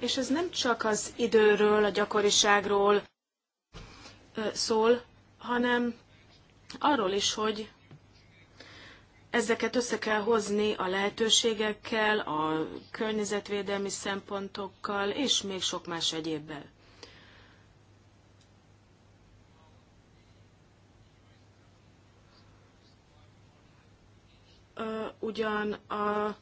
és ez nem csak az időről, a gyakoriságról szól, hanem arról is, hogy ezeket össze kell hozni a lehetőségekkel, a környezetvédelmi szempontokkal, és még sok más egyébbel. Ugyan a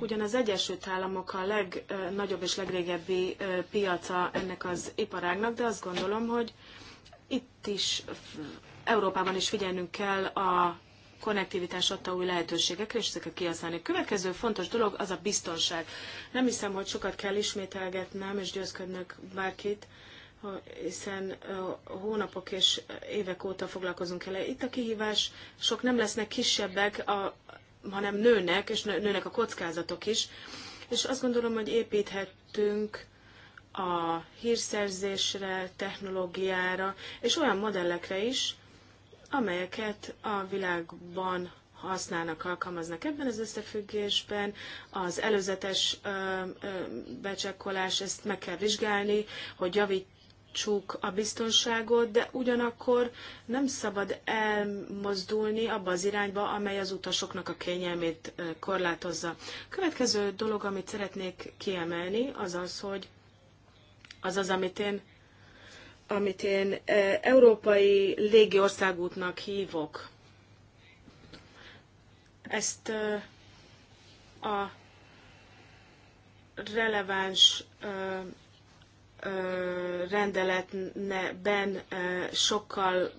Ugyan az Egyesült Államok a legnagyobb és legrégebbi piaca ennek az iparágnak, de azt gondolom, hogy itt is, Európában is figyelnünk kell a konnektivitás adta új lehetőségekre, és ezeket kihasználni. Következő fontos dolog az a biztonság. Nem hiszem, hogy sokat kell ismételgetnem, és győzködnök bárkit, hiszen hónapok és évek óta foglalkozunk vele. Itt a kihívás, sok nem lesznek kisebbek a hanem nőnek, és nőnek a kockázatok is. És azt gondolom, hogy építhetünk a hírszerzésre, technológiára, és olyan modellekre is, amelyeket a világban használnak, alkalmaznak. Ebben az összefüggésben az előzetes becsekkolás, ezt meg kell vizsgálni, hogy javít, javítsuk a biztonságot, de ugyanakkor nem szabad elmozdulni abba az irányba, amely az utasoknak a kényelmét korlátozza. Következő dolog, amit szeretnék kiemelni, az az, hogy az az, amit én, amit én európai légiországútnak hívok. Ezt a releváns rendeletben sokkal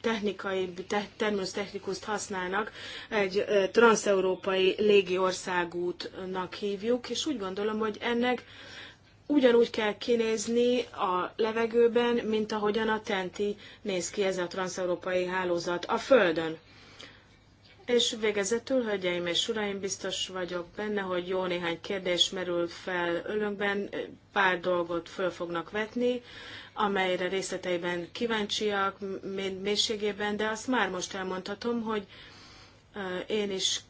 technikai, te, terminus technikust használnak, egy transeurópai légiországútnak hívjuk, és úgy gondolom, hogy ennek ugyanúgy kell kinézni a levegőben, mint ahogyan a Tenti néz ki ez a transeurópai hálózat a Földön. És végezetül, hölgyeim és uraim, biztos vagyok benne, hogy jó néhány kérdés merül fel önökben, pár dolgot föl fognak vetni, amelyre részleteiben kíváncsiak, mélységében, de azt már most elmondhatom, hogy én is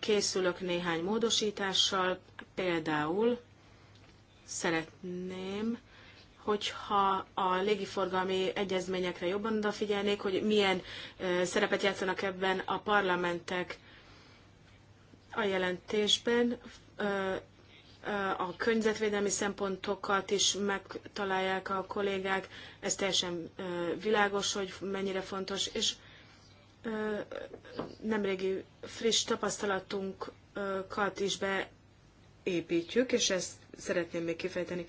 készülök néhány módosítással, például szeretném hogyha a légiforgalmi egyezményekre jobban odafigyelnék, hogy milyen szerepet játszanak ebben a parlamentek a jelentésben, a környezetvédelmi szempontokat is megtalálják a kollégák, ez teljesen világos, hogy mennyire fontos, és nemrégi friss tapasztalatunkat is beépítjük, és ezt szeretném még kifejteni.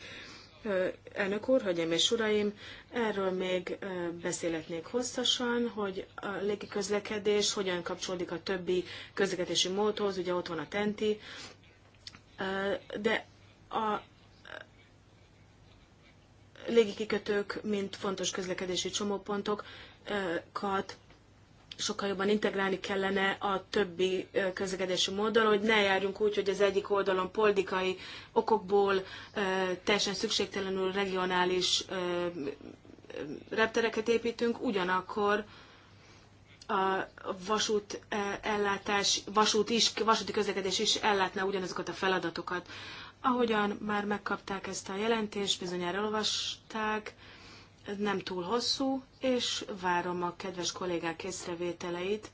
Elnök úr, hölgyeim és uraim, erről még beszélhetnék hosszasan, hogy a légiközlekedés hogyan kapcsolódik a többi közlekedési módhoz, ugye ott van a tenti, de a légikikötők, mint fontos közlekedési csomópontokat sokkal jobban integrálni kellene a többi közlekedési módon, hogy ne járjunk úgy, hogy az egyik oldalon politikai okokból teljesen szükségtelenül regionális reptereket építünk, ugyanakkor a vasút ellátás, vasút is, vasúti közlekedés is ellátná ugyanazokat a feladatokat. Ahogyan már megkapták ezt a jelentést, bizonyára olvasták, nem túl hosszú, és várom a kedves kollégák észrevételeit,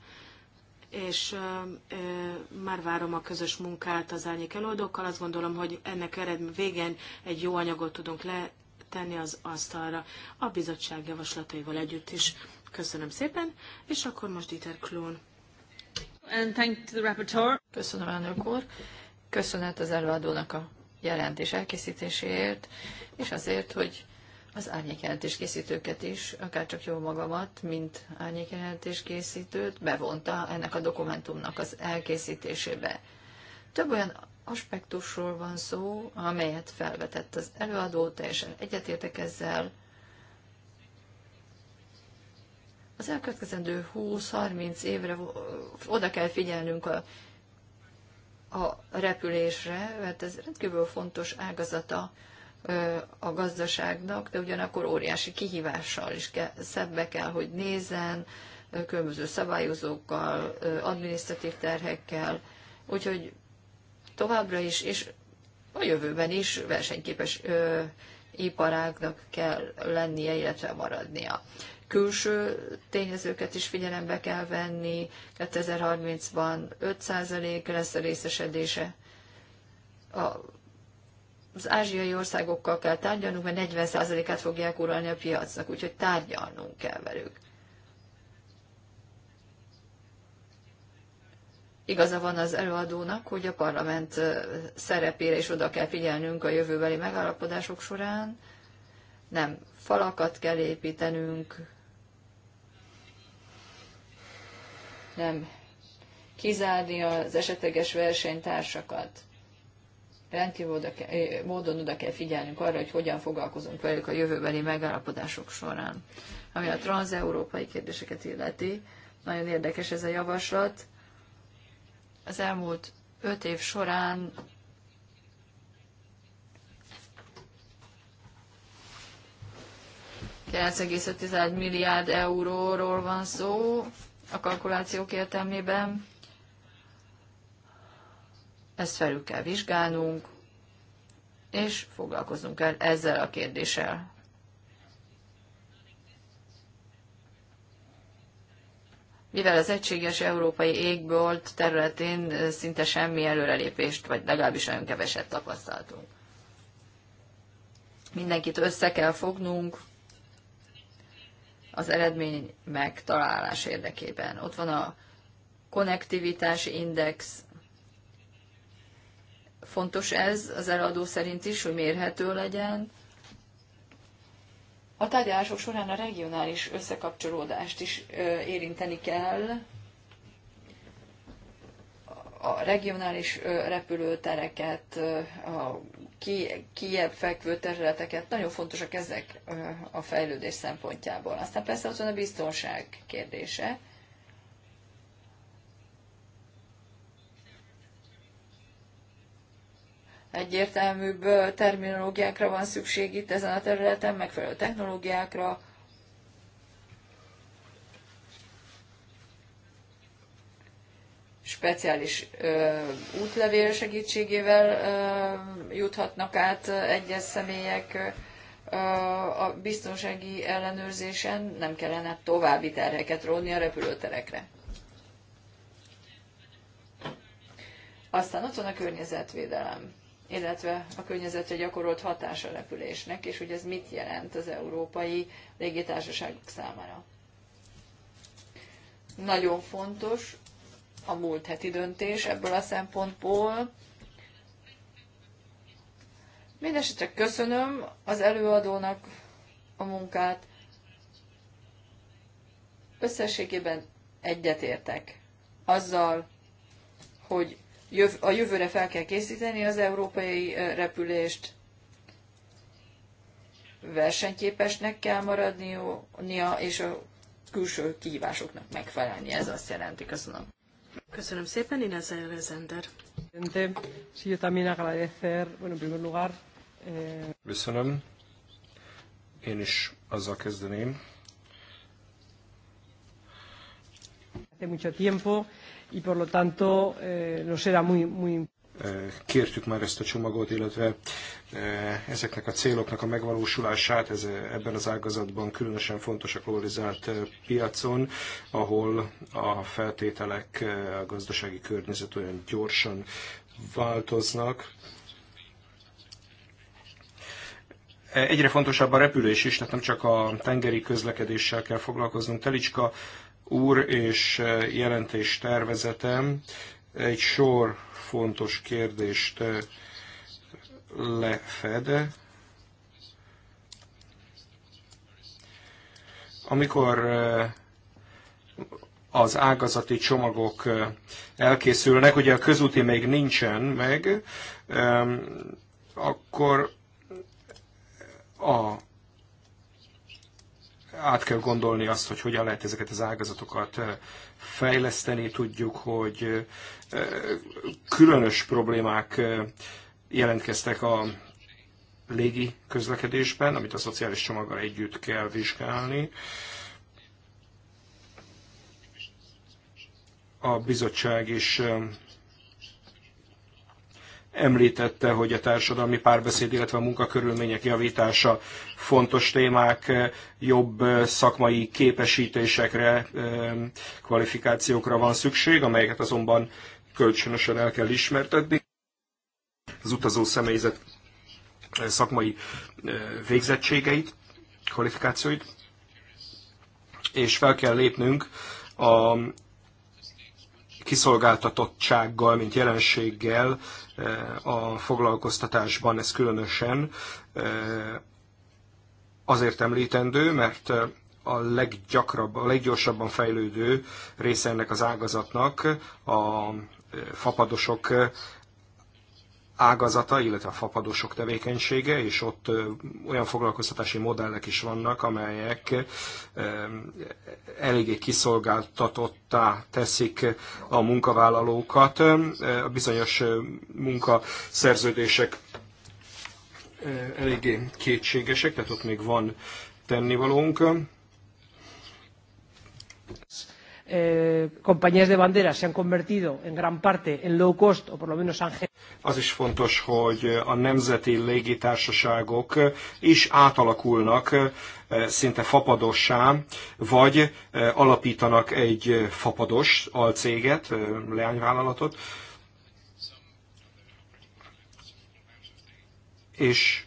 és ö, már várom a közös munkát az árnyék előadókkal. Azt gondolom, hogy ennek eredmény végén egy jó anyagot tudunk letenni az asztalra a bizottság javaslataival együtt is. Köszönöm szépen, és akkor most Dieter Klón.
the Köszönöm, elnök úr. Köszönet az előadónak a jelentés elkészítéséért, és azért, hogy az árnyékjelentés készítőket is, akárcsak jó magamat, mint árnyékjelentés készítőt, bevonta ennek a dokumentumnak az elkészítésébe. Több olyan aspektusról van szó, amelyet felvetett az előadó, teljesen egyetértek ezzel. Az elkövetkezendő 20-30 évre oda kell figyelnünk a, a repülésre, mert ez rendkívül fontos ágazata a gazdaságnak, de ugyanakkor óriási kihívással is szebbe kell, hogy nézzen, különböző szabályozókkal, adminisztratív terhekkel, úgyhogy továbbra is, és a jövőben is versenyképes iparágnak kell lennie, illetve maradnia. Külső tényezőket is figyelembe kell venni, 2030-ban 5% lesz a részesedése a az ázsiai országokkal kell tárgyalnunk, mert 40%-át fogják uralni a piacnak, úgyhogy tárgyalnunk kell velük. Igaza van az előadónak, hogy a parlament szerepére is oda kell figyelnünk a jövőbeli megállapodások során. Nem falakat kell építenünk, nem kizárni az esetleges versenytársakat rendkívül oda kell, módon oda kell figyelnünk arra, hogy hogyan foglalkozunk velük a jövőbeli megállapodások során. Ami a transeurópai kérdéseket illeti, nagyon érdekes ez a javaslat. Az elmúlt öt év során milliárd euróról van szó a kalkulációk értelmében. Ezt felül kell vizsgálnunk, és foglalkoznunk kell ezzel a kérdéssel. Mivel az egységes európai égbolt területén szinte semmi előrelépést, vagy legalábbis nagyon keveset tapasztaltunk. Mindenkit össze kell fognunk, az eredmény megtalálás érdekében. Ott van a konnektivitási index, Fontos ez az eladó szerint is, hogy mérhető legyen. A tárgyalások során a regionális összekapcsolódást is érinteni kell. A regionális repülőtereket, a kiebb fekvő területeket, nagyon fontosak ezek a fejlődés szempontjából. Aztán persze ott van a biztonság kérdése egyértelműbb terminológiákra van szükség itt ezen a területen, megfelelő technológiákra, speciális ö, útlevél segítségével ö, juthatnak át egyes személyek ö, a biztonsági ellenőrzésen, nem kellene további terheket róni a repülőterekre. Aztán ott van a környezetvédelem illetve a környezetre gyakorolt hatása repülésnek, és hogy ez mit jelent az európai légitársaságok számára. Nagyon fontos a múlt heti döntés ebből a szempontból. Mindenesetre köszönöm az előadónak a munkát. Összességében egyetértek azzal, hogy a jövőre fel kell készíteni az európai repülést, versenyképesnek kell maradnia, és a külső kihívásoknak megfelelni. Ez azt jelenti. Köszönöm.
Köszönöm szépen, Inez Elrezender. Eh,
Köszönöm. Én is azzal kezdeném.
Hace mucho tiempo por lo tanto eh, nos era muy, muy
eh, kértük már ezt a csomagot, illetve eh, ezeknek a céloknak a megvalósulását ez, eh, ebben az ágazatban különösen fontos a globalizált piacon, ahol a feltételek, a gazdasági környezet olyan gyorsan változnak. Egyre fontosabb a repülés is, tehát nem csak a tengeri közlekedéssel kell foglalkoznunk. Telicska úr és eh, jelentés tervezetem egy sor fontos kérdést eh, lefed. Amikor eh, az ágazati csomagok elkészülnek, ugye a közúti még nincsen meg, akkor a át kell gondolni azt, hogy hogyan lehet ezeket az ágazatokat eh, fejleszteni. Tudjuk, hogy eh, különös problémák eh, jelentkeztek a légi közlekedésben, amit a szociális csomaggal együtt kell vizsgálni. A bizottság is említette, hogy a társadalmi párbeszéd, illetve a munkakörülmények javítása fontos témák, jobb szakmai képesítésekre, kvalifikációkra van szükség, amelyeket azonban kölcsönösen el kell ismertetni. Az utazó személyzet szakmai végzettségeit, kvalifikációit, és fel kell lépnünk a kiszolgáltatottsággal, mint jelenséggel eh, a foglalkoztatásban, ez különösen eh, azért említendő, mert eh, a leggyakrabban, a leggyorsabban fejlődő része ennek az ágazatnak a fapadosok ágazata, illetve a fapadosok tevékenysége, és ott olyan foglalkoztatási modellek is vannak, amelyek eléggé kiszolgáltatottá teszik a munkavállalókat. A bizonyos munkaszerződések eléggé kétségesek, tehát ott még van tennivalónk.
Eh, compañías de bandera se han convertido en gran parte en low cost, o por lo menos han...
Az is fontos, hogy a nemzeti légitársaságok is átalakulnak eh, szinte fapadossá, vagy eh, alapítanak egy fapados alcéget, leányvállalatot, és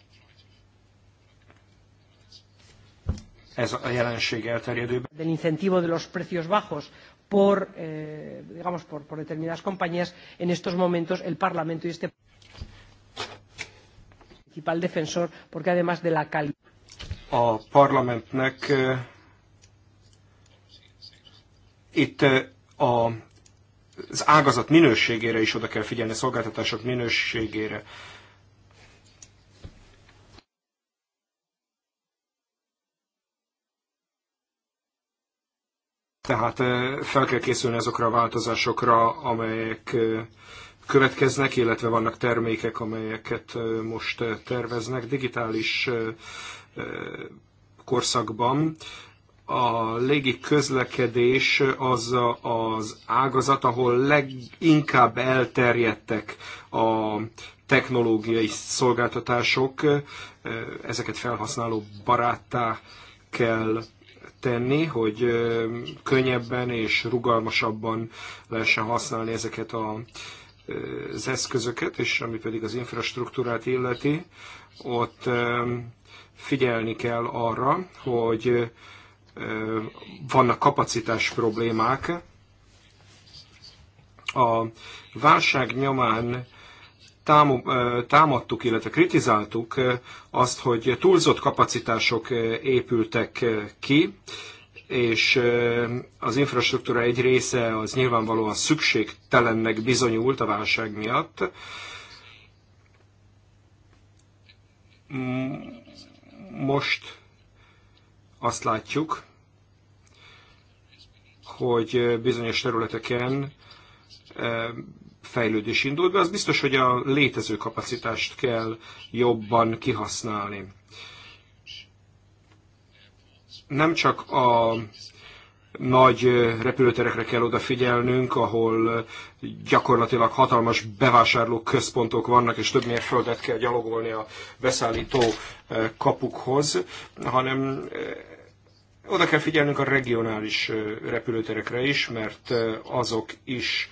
ez a jelenség elterjedőben.
Del incentivo de los precios bajos por, eh, digamos, por, por determinadas compañías, en estos momentos el Parlamento y este principal defensor, porque además de la calidad.
A parlamentnek eh, itt eh, a, az ágazat minőségére is oda kell figyelni, a szolgáltatások minőségére. Eh, Tehát fel kell készülni azokra a változásokra, amelyek következnek, illetve vannak termékek, amelyeket most terveznek digitális korszakban. A légi közlekedés az az ágazat, ahol leginkább elterjedtek a technológiai szolgáltatások, ezeket felhasználó baráttá kell tenni, hogy könnyebben és rugalmasabban lehessen használni ezeket a, az eszközöket, és ami pedig az infrastruktúrát illeti, ott figyelni kell arra, hogy vannak kapacitás problémák. A válság nyomán támadtuk, illetve kritizáltuk azt, hogy túlzott kapacitások épültek ki, és az infrastruktúra egy része az nyilvánvalóan szükségtelennek bizonyult a válság miatt. Most azt látjuk, hogy bizonyos területeken fejlődés indul be, az biztos, hogy a létező kapacitást kell jobban kihasználni. Nem csak a nagy repülőterekre kell odafigyelnünk, ahol gyakorlatilag hatalmas bevásárló központok vannak, és több földet kell gyalogolni a beszállító eh, kapukhoz, hanem eh, oda kell figyelnünk a regionális eh, repülőterekre is, mert azok is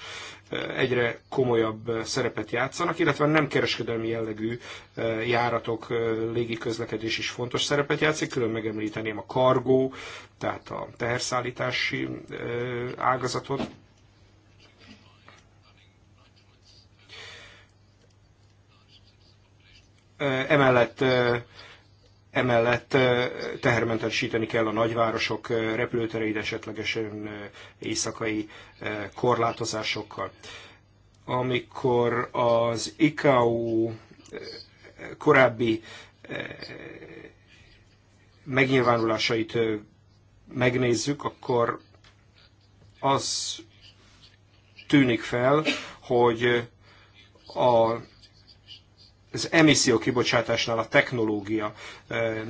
egyre komolyabb szerepet játszanak, illetve nem kereskedelmi jellegű eh, járatok, eh, légiközlekedés is fontos szerepet játszik, külön megemlíteném a kargó, tehát a teherszállítási eh, ágazatot. Emellett Emellett tehermentesíteni kell a nagyvárosok repülőtereit esetlegesen éjszakai korlátozásokkal. Amikor az ICAO korábbi megnyilvánulásait megnézzük, akkor az tűnik fel, hogy a az emisszió kibocsátásnál a technológia eh,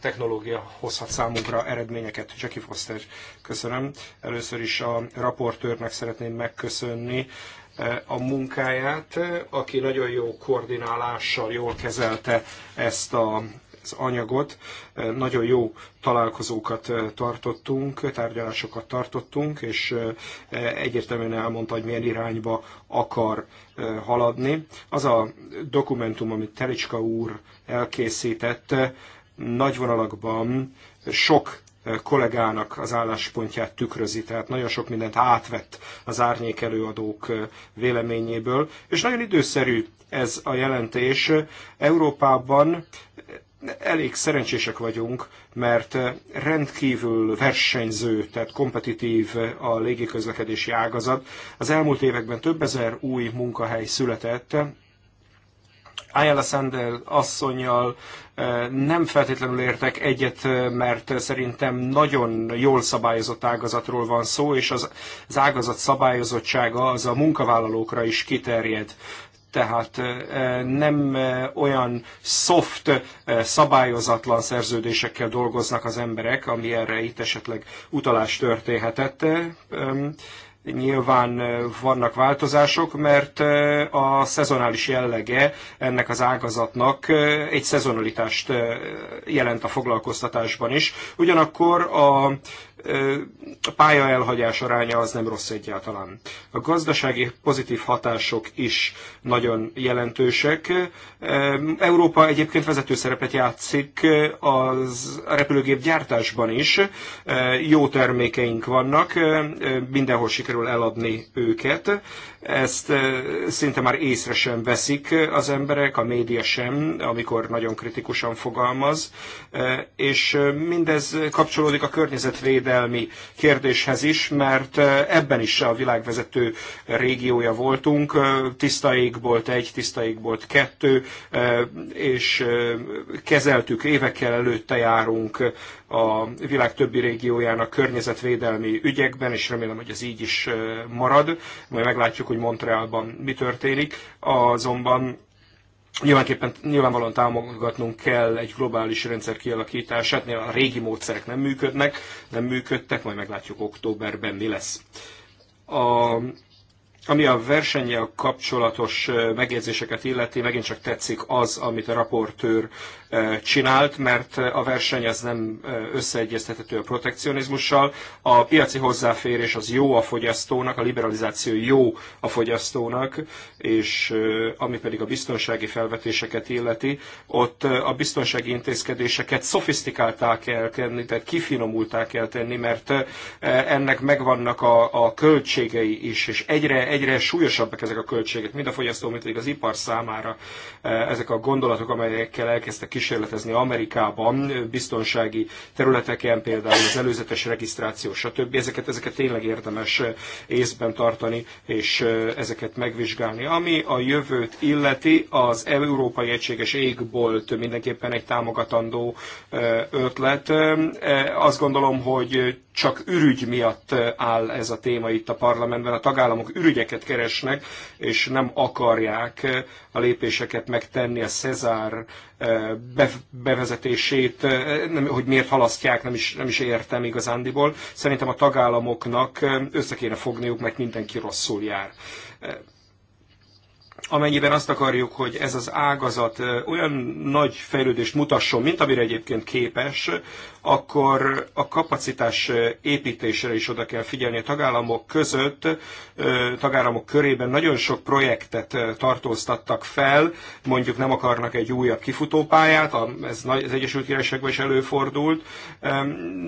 technológia hozhat számunkra eredményeket. Jackie Foster, köszönöm. Először is a raportőrnek szeretném megköszönni eh, a munkáját, eh, aki nagyon jó koordinálással jól kezelte ezt a az anyagot. Nagyon jó találkozókat tartottunk, tárgyalásokat tartottunk, és egyértelműen elmondta, hogy milyen irányba akar haladni. Az a dokumentum, amit Tericska úr elkészített, nagy vonalakban sok kollégának az álláspontját tükrözi, tehát nagyon sok mindent átvett az árnyék előadók véleményéből, és nagyon időszerű ez a jelentés. Európában elég szerencsések vagyunk, mert rendkívül versenyző, tehát kompetitív a légiközlekedési ágazat. Az elmúlt években több ezer új munkahely született, Ayala Sandel asszonyjal eh, nem feltétlenül értek egyet, eh, mert szerintem nagyon jól szabályozott ágazatról van szó, és az, az ágazat szabályozottsága az a munkavállalókra is kiterjed tehát nem olyan soft, szabályozatlan szerződésekkel dolgoznak az emberek, ami erre itt esetleg utalás történhetett. Nyilván vannak változások, mert a szezonális jellege ennek az ágazatnak egy szezonalitást jelent a foglalkoztatásban is. Ugyanakkor a pálya elhagyás aránya az nem rossz egyáltalán. A gazdasági pozitív hatások is nagyon jelentősek. Európa egyébként vezető szerepet játszik az repülőgép gyártásban is. Jó termékeink vannak, mindenhol sikerül eladni őket. Ezt szinte már észre sem veszik az emberek, a média sem, amikor nagyon kritikusan fogalmaz, és mindez kapcsolódik a környezetvédelmi kérdéshez is, mert ebben is a világvezető régiója voltunk, tiszta égbolt egy, tiszta égbolt kettő, és kezeltük évekkel előtte járunk a világ többi régiójának környezetvédelmi ügyekben, és remélem, hogy ez így is marad. Majd meglátjuk, hogy Montrealban mi történik, azonban Nyilvánképpen nyilvánvalóan támogatnunk kell egy globális rendszer kialakítását, nyilván a régi módszerek nem működnek, nem működtek, majd meglátjuk októberben mi lesz. A, ami a versennyel kapcsolatos megjegyzéseket illeti, megint csak tetszik az, amit a raportőr csinált, mert a verseny az nem összeegyeztethető a protekcionizmussal. A piaci hozzáférés az jó a fogyasztónak, a liberalizáció jó a fogyasztónak, és ami pedig a biztonsági felvetéseket illeti, ott a biztonsági intézkedéseket szofisztikáltá kell tenni, tehát kifinomultá kell tenni, mert ennek megvannak a, a költségei is, és egyre, egyre súlyosabbak ezek a költségek, mind a fogyasztó, mint pedig az ipar számára ezek a gondolatok, amelyekkel elkezdtek kis kísérletezni Amerikában, biztonsági területeken, például az előzetes regisztráció, stb. Ezeket, ezeket tényleg érdemes észben tartani, és ezeket megvizsgálni. Ami a jövőt illeti, az Európai Egységes Égbolt mindenképpen egy támogatandó ötlet. Azt gondolom, hogy csak ürügy miatt áll ez a téma itt a parlamentben. A tagállamok ürügyeket keresnek, és nem akarják a lépéseket megtenni. A Cezár bevezetését, eh, nem, hogy miért halasztják, nem is, nem is értem igazándiból. Szerintem a tagállamoknak eh, össze kéne fogniuk, mert mindenki rosszul jár. Eh, amennyiben azt akarjuk, hogy ez az ágazat olyan nagy fejlődést mutasson, mint amire egyébként képes, akkor a kapacitás építésre is oda kell figyelni. A tagállamok között, tagállamok körében nagyon sok projektet tartóztattak fel, mondjuk nem akarnak egy újabb kifutópályát, ez az Egyesült Királyságban is előfordult.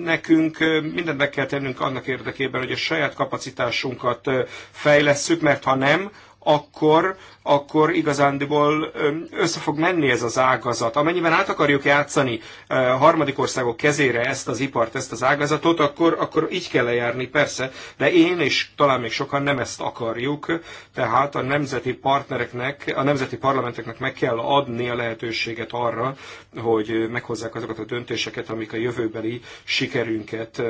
Nekünk mindent meg kell tennünk annak érdekében, hogy a saját kapacitásunkat fejlesszük, mert ha nem, akkor akkor igazándiból össze fog menni ez az ágazat. Amennyiben át akarjuk játszani harmadik országok kezére ezt az ipart, ezt az ágazatot, akkor, akkor így kell lejárni, persze, de én és talán még sokan nem ezt akarjuk, tehát a nemzeti partnereknek, a nemzeti parlamenteknek meg kell adni a lehetőséget arra, hogy meghozzák azokat a döntéseket, amik a jövőbeli sikerünket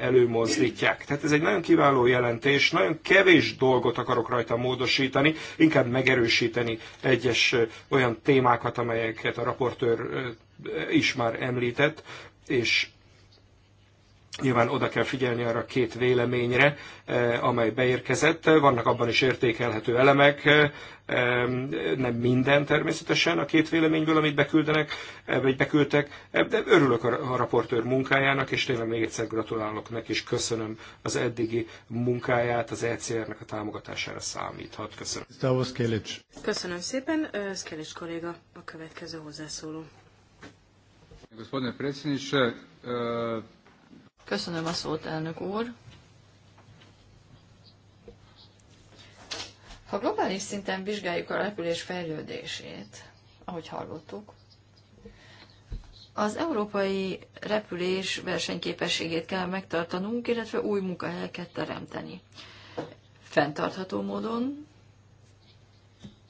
előmozdítják. Tehát ez egy nagyon kiváló jelentés, nagyon kevés dolgot akarok rajta módosítani, inkább megerősíteni egyes olyan témákat, amelyeket a raportőr is már említett, és Nyilván oda kell figyelni arra két véleményre, amely beérkezett. Vannak abban is értékelhető elemek, nem minden természetesen a két véleményből, amit beküldenek, eh, vagy beküldtek, de örülök a raportőr munkájának, és tényleg még egyszer gratulálok neki, és köszönöm az eddigi munkáját, az ECR-nek a támogatására számíthat. Köszönöm.
Köszönöm szépen, Skelics kolléga a következő hozzászóló.
Köszönöm a szót, elnök úr. Ha globális szinten vizsgáljuk a repülés fejlődését, ahogy hallottuk, az európai repülés versenyképességét kell megtartanunk, illetve új munkahelyeket teremteni. Fenntartható módon,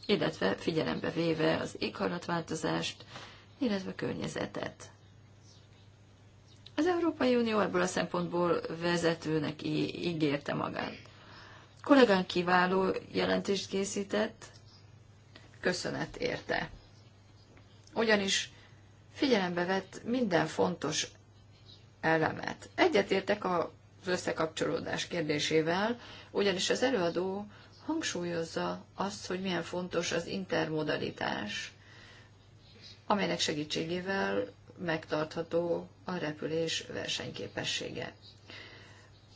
illetve figyelembe véve az éghajlatváltozást, illetve a környezetet. Az Európai Unió ebből a szempontból vezetőnek ígérte magát. Kollégán kiváló jelentést készített, köszönet érte. Ugyanis figyelembe vett minden fontos elemet. Egyetértek az összekapcsolódás kérdésével, ugyanis az előadó hangsúlyozza azt, hogy milyen fontos az intermodalitás, amelynek segítségével megtartható a repülés versenyképessége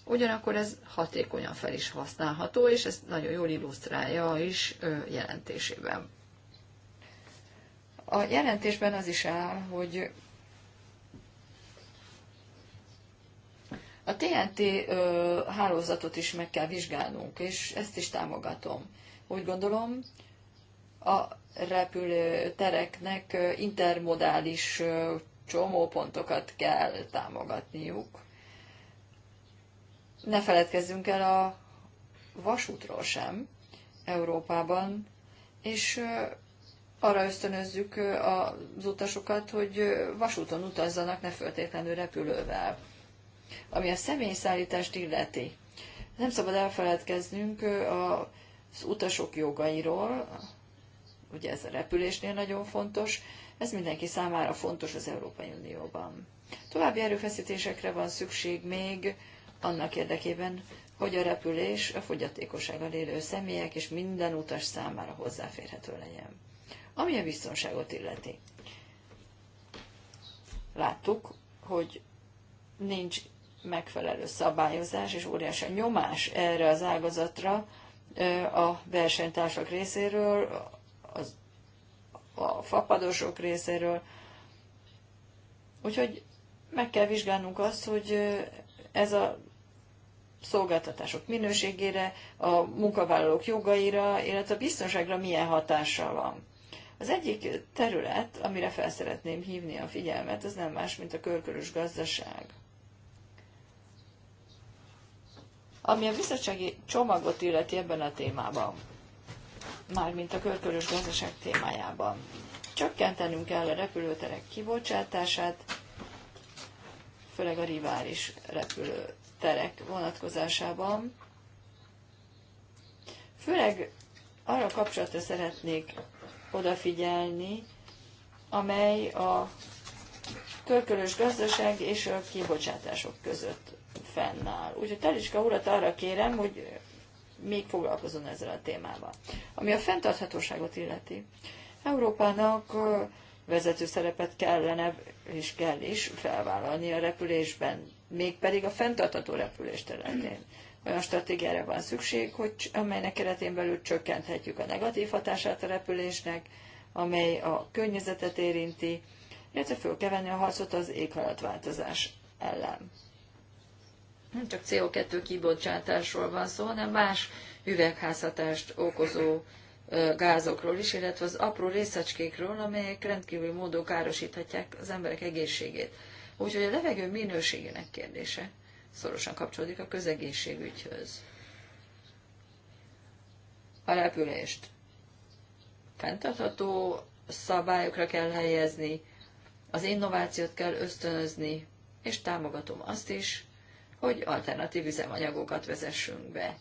ugyanakkor ez hatékonyan fel is használható, és ez nagyon jól illusztrálja is jelentésében. A jelentésben az is áll, hogy A TNT ö, hálózatot is meg kell vizsgálnunk, és ezt is támogatom. Úgy gondolom, a repülőtereknek intermodális csomópontokat kell támogatniuk ne feledkezzünk el a vasútról sem Európában, és arra ösztönözzük az utasokat, hogy vasúton utazzanak, ne föltétlenül repülővel. Ami a személyszállítást illeti, nem szabad elfeledkeznünk az utasok jogairól, ugye ez a repülésnél nagyon fontos, ez mindenki számára fontos az Európai Unióban. További erőfeszítésekre van szükség még annak érdekében, hogy a repülés a fogyatékossággal élő személyek és minden utas számára hozzáférhető legyen. Ami a biztonságot illeti. Láttuk, hogy nincs megfelelő szabályozás és óriási a nyomás erre az ágazatra a versenytársak részéről, az, a fapadosok részéről. Úgyhogy meg kell vizsgálnunk azt, hogy ez a szolgáltatások minőségére, a munkavállalók jogaira, illetve a biztonságra milyen hatással van. Az egyik terület, amire fel szeretném hívni a figyelmet, az nem más, mint a körkörös gazdaság. Ami a biztonsági csomagot illeti ebben a témában, mármint a körkörös gazdaság témájában. Csökkentenünk kell a repülőterek kibocsátását, főleg a rivális repülőterek vonatkozásában. Főleg arra kapcsolatra szeretnék odafigyelni, amely a körkörös gazdaság és a kibocsátások között fennáll. Úgyhogy Talicska urat arra kérem, hogy még foglalkozon ezzel a témával. Ami a fenntarthatóságot illeti, Európának vezető szerepet kellene is kell is felvállalni a repülésben, mégpedig a fenntartható repülés területén. Olyan stratégiára van szükség, hogy amelynek keretén belül csökkenthetjük a negatív hatását a repülésnek, amely a környezetet érinti, illetve föl kell venni a harcot az éghajlatváltozás ellen. Nem csak CO2 kibocsátásról van szó, hanem más üvegházhatást okozó gázokról is, illetve az apró részecskékről, amelyek rendkívül módon károsíthatják az emberek egészségét. Úgyhogy a levegő minőségének kérdése szorosan kapcsolódik a közegészségügyhöz. A repülést fenntartható szabályokra kell helyezni, az innovációt kell ösztönözni, és támogatom azt is, hogy alternatív üzemanyagokat vezessünk be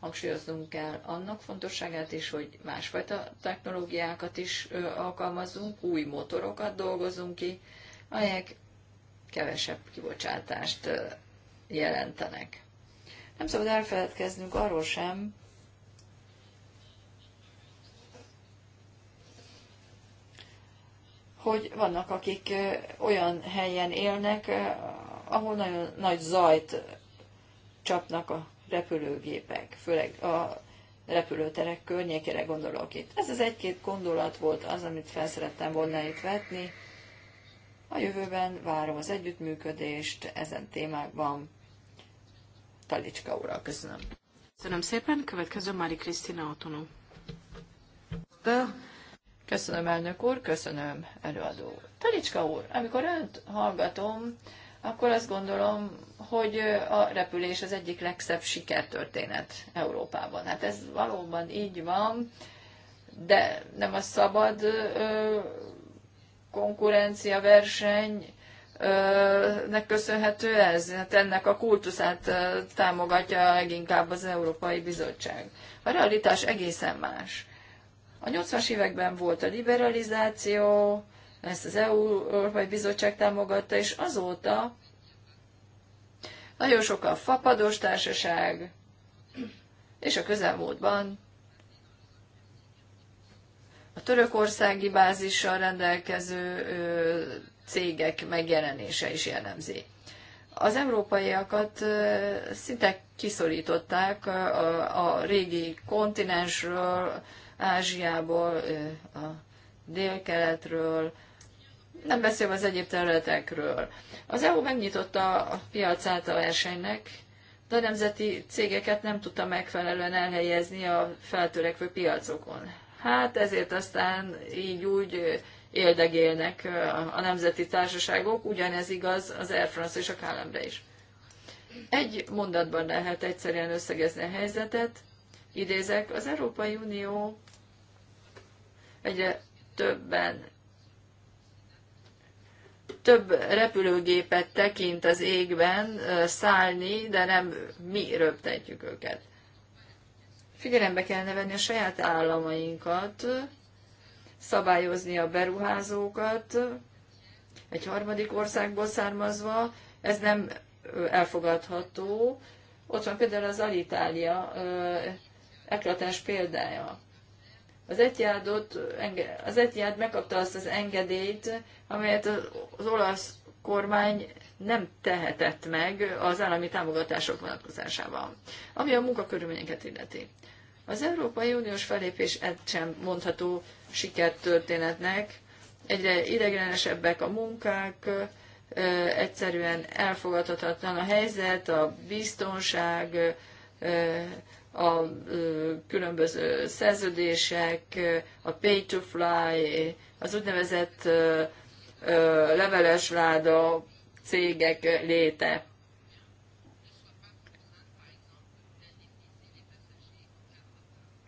hangsúlyoznunk kell annak fontosságát is, hogy másfajta technológiákat is alkalmazunk, új motorokat dolgozunk ki, amelyek kevesebb kibocsátást jelentenek. Nem szabad elfeledkeznünk arról sem, hogy vannak, akik olyan helyen élnek, ahol nagyon nagy zajt csapnak a repülőgépek, főleg a repülőterek környékére gondolok itt. Ez az egy-két gondolat volt az, amit felszerettem volna itt vetni. A jövőben várom az együttműködést ezen témákban. Talicska úrral köszönöm. Köszönöm szépen, következő Mári Krisztina Otonó. Köszönöm, elnök úr, köszönöm, előadó. Talicska úr, amikor önt hallgatom, akkor azt gondolom, hogy a repülés az egyik legszebb sikertörténet Európában. Hát ez valóban így van, de nem a szabad ö, konkurencia verseny nek köszönhető ez? Hát ennek a kultuszát támogatja leginkább az Európai Bizottság. A realitás egészen más. A 80-as években volt a liberalizáció, ezt az e Európai Bizottság támogatta, és azóta nagyon sok a fapados társaság, és a közelmúltban a törökországi bázissal rendelkező cégek megjelenése is jellemzi. Az európaiakat szinte kiszorították a, régi kontinensről, Ázsiából, a délkeletről, nem beszélve az egyéb területekről. Az EU megnyitotta a piacát a versenynek, de a nemzeti cégeket nem tudta megfelelően elhelyezni a feltörekvő piacokon. Hát ezért aztán így úgy éldegélnek a nemzeti társaságok, ugyanez igaz az Air France és a klm is. Egy mondatban lehet egyszerűen összegezni a helyzetet, idézek, az Európai Unió egyre többen több repülőgépet tekint az égben szállni, de nem mi röptetjük őket. Figyelembe kellene venni a saját államainkat, szabályozni a beruházókat, egy harmadik országból származva, ez nem elfogadható. Ott van például az Alitália eklatás példája. Az Etihadot, az Etihad megkapta azt az engedélyt, amelyet az olasz kormány nem tehetett meg az állami támogatások vonatkozásában, ami a munkakörülményeket illeti. Az Európai Uniós felépés egy sem mondható sikertörténetnek, egyre idegenesebbek a munkák, egyszerűen elfogadhatatlan a helyzet, a biztonság, a különböző szerződések, a pay to fly, az úgynevezett leveles láda cégek léte.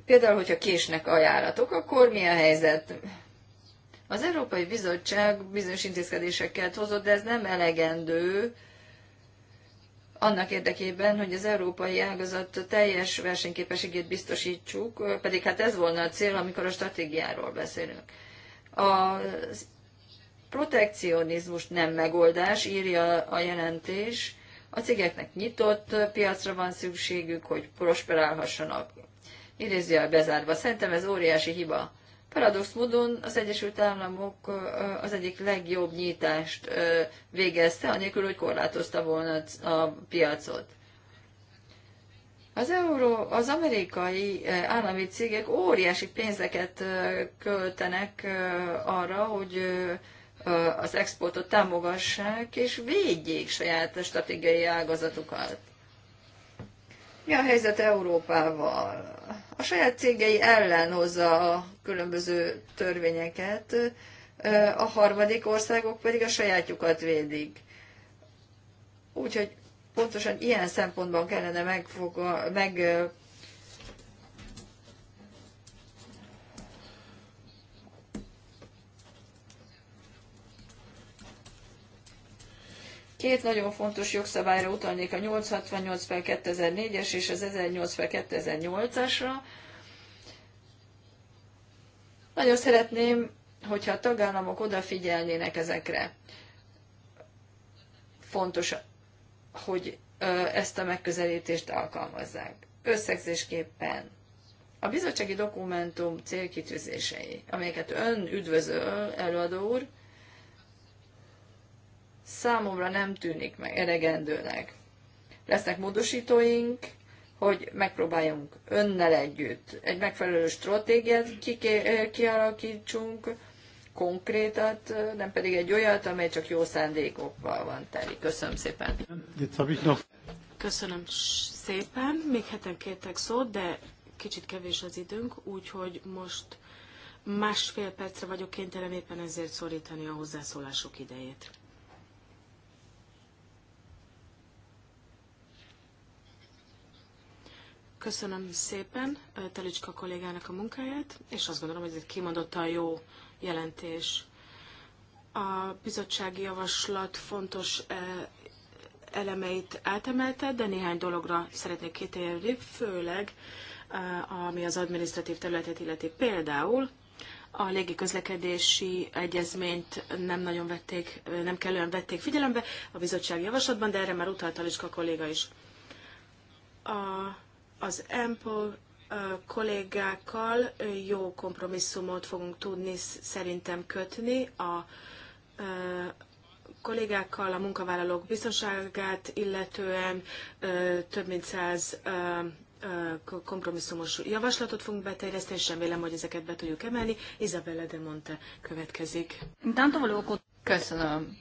Például, hogyha késnek ajánlatok, akkor mi a helyzet? Az Európai Bizottság bizonyos intézkedéseket hozott, de ez nem elegendő, annak érdekében, hogy az európai ágazat teljes versenyképességét biztosítsuk, pedig hát ez volna a cél, amikor a stratégiáról beszélünk. A protekcionizmus nem megoldás, írja a jelentés. A cégeknek nyitott piacra van szükségük, hogy prosperálhassanak. Idézi a bezárva. Szerintem ez óriási hiba. Paradox módon az Egyesült Államok az egyik legjobb nyitást végezte, anélkül, hogy korlátozta volna a piacot. Az, euró, az amerikai állami cégek óriási pénzeket költenek arra, hogy az exportot támogassák és védjék saját stratégiai ágazatukat. Mi a helyzet Európával? a saját cégei ellen hozza a különböző törvényeket, a harmadik országok pedig a sajátjukat védik. Úgyhogy pontosan ilyen szempontban kellene megfoga- meg Két nagyon fontos jogszabályra utalnék a 868 per 2004-es és az 1008 per 2008-asra. Nagyon szeretném, hogyha a tagállamok odafigyelnének ezekre. Fontos, hogy ezt a megközelítést alkalmazzák. Összegzésképpen a bizottsági dokumentum célkitűzései, amelyeket ön üdvözöl, előadó úr, számomra nem tűnik meg elegendőnek. Lesznek módosítóink, hogy megpróbáljunk önnel együtt egy megfelelő stratégiát kialakítsunk, konkrétat, nem pedig egy olyat, amely csak jó szándékokkal van teli. Köszönöm szépen. Köszönöm
szépen. Még heten kértek szót, de kicsit kevés az időnk, úgyhogy most másfél percre vagyok kénytelen éppen ezért szorítani a hozzászólások idejét. Köszönöm szépen Telicska kollégának a munkáját, és azt gondolom, hogy ez egy kimondottan jó jelentés. A bizottsági javaslat fontos elemeit átemelte, de néhány dologra szeretnék kitérni, főleg ami az adminisztratív területet illeti. Például a közlekedési egyezményt nem nagyon vették, nem kellően vették figyelembe a bizottsági javaslatban, de erre már utalt Alicska kolléga is. A az Ample kollégákkal jó kompromisszumot fogunk tudni szerintem kötni a kollégákkal a munkavállalók biztonságát illetően több mint száz kompromisszumos javaslatot fogunk beterjeszteni, és remélem, hogy ezeket be tudjuk emelni. Izabella de
Monte következik. Köszönöm.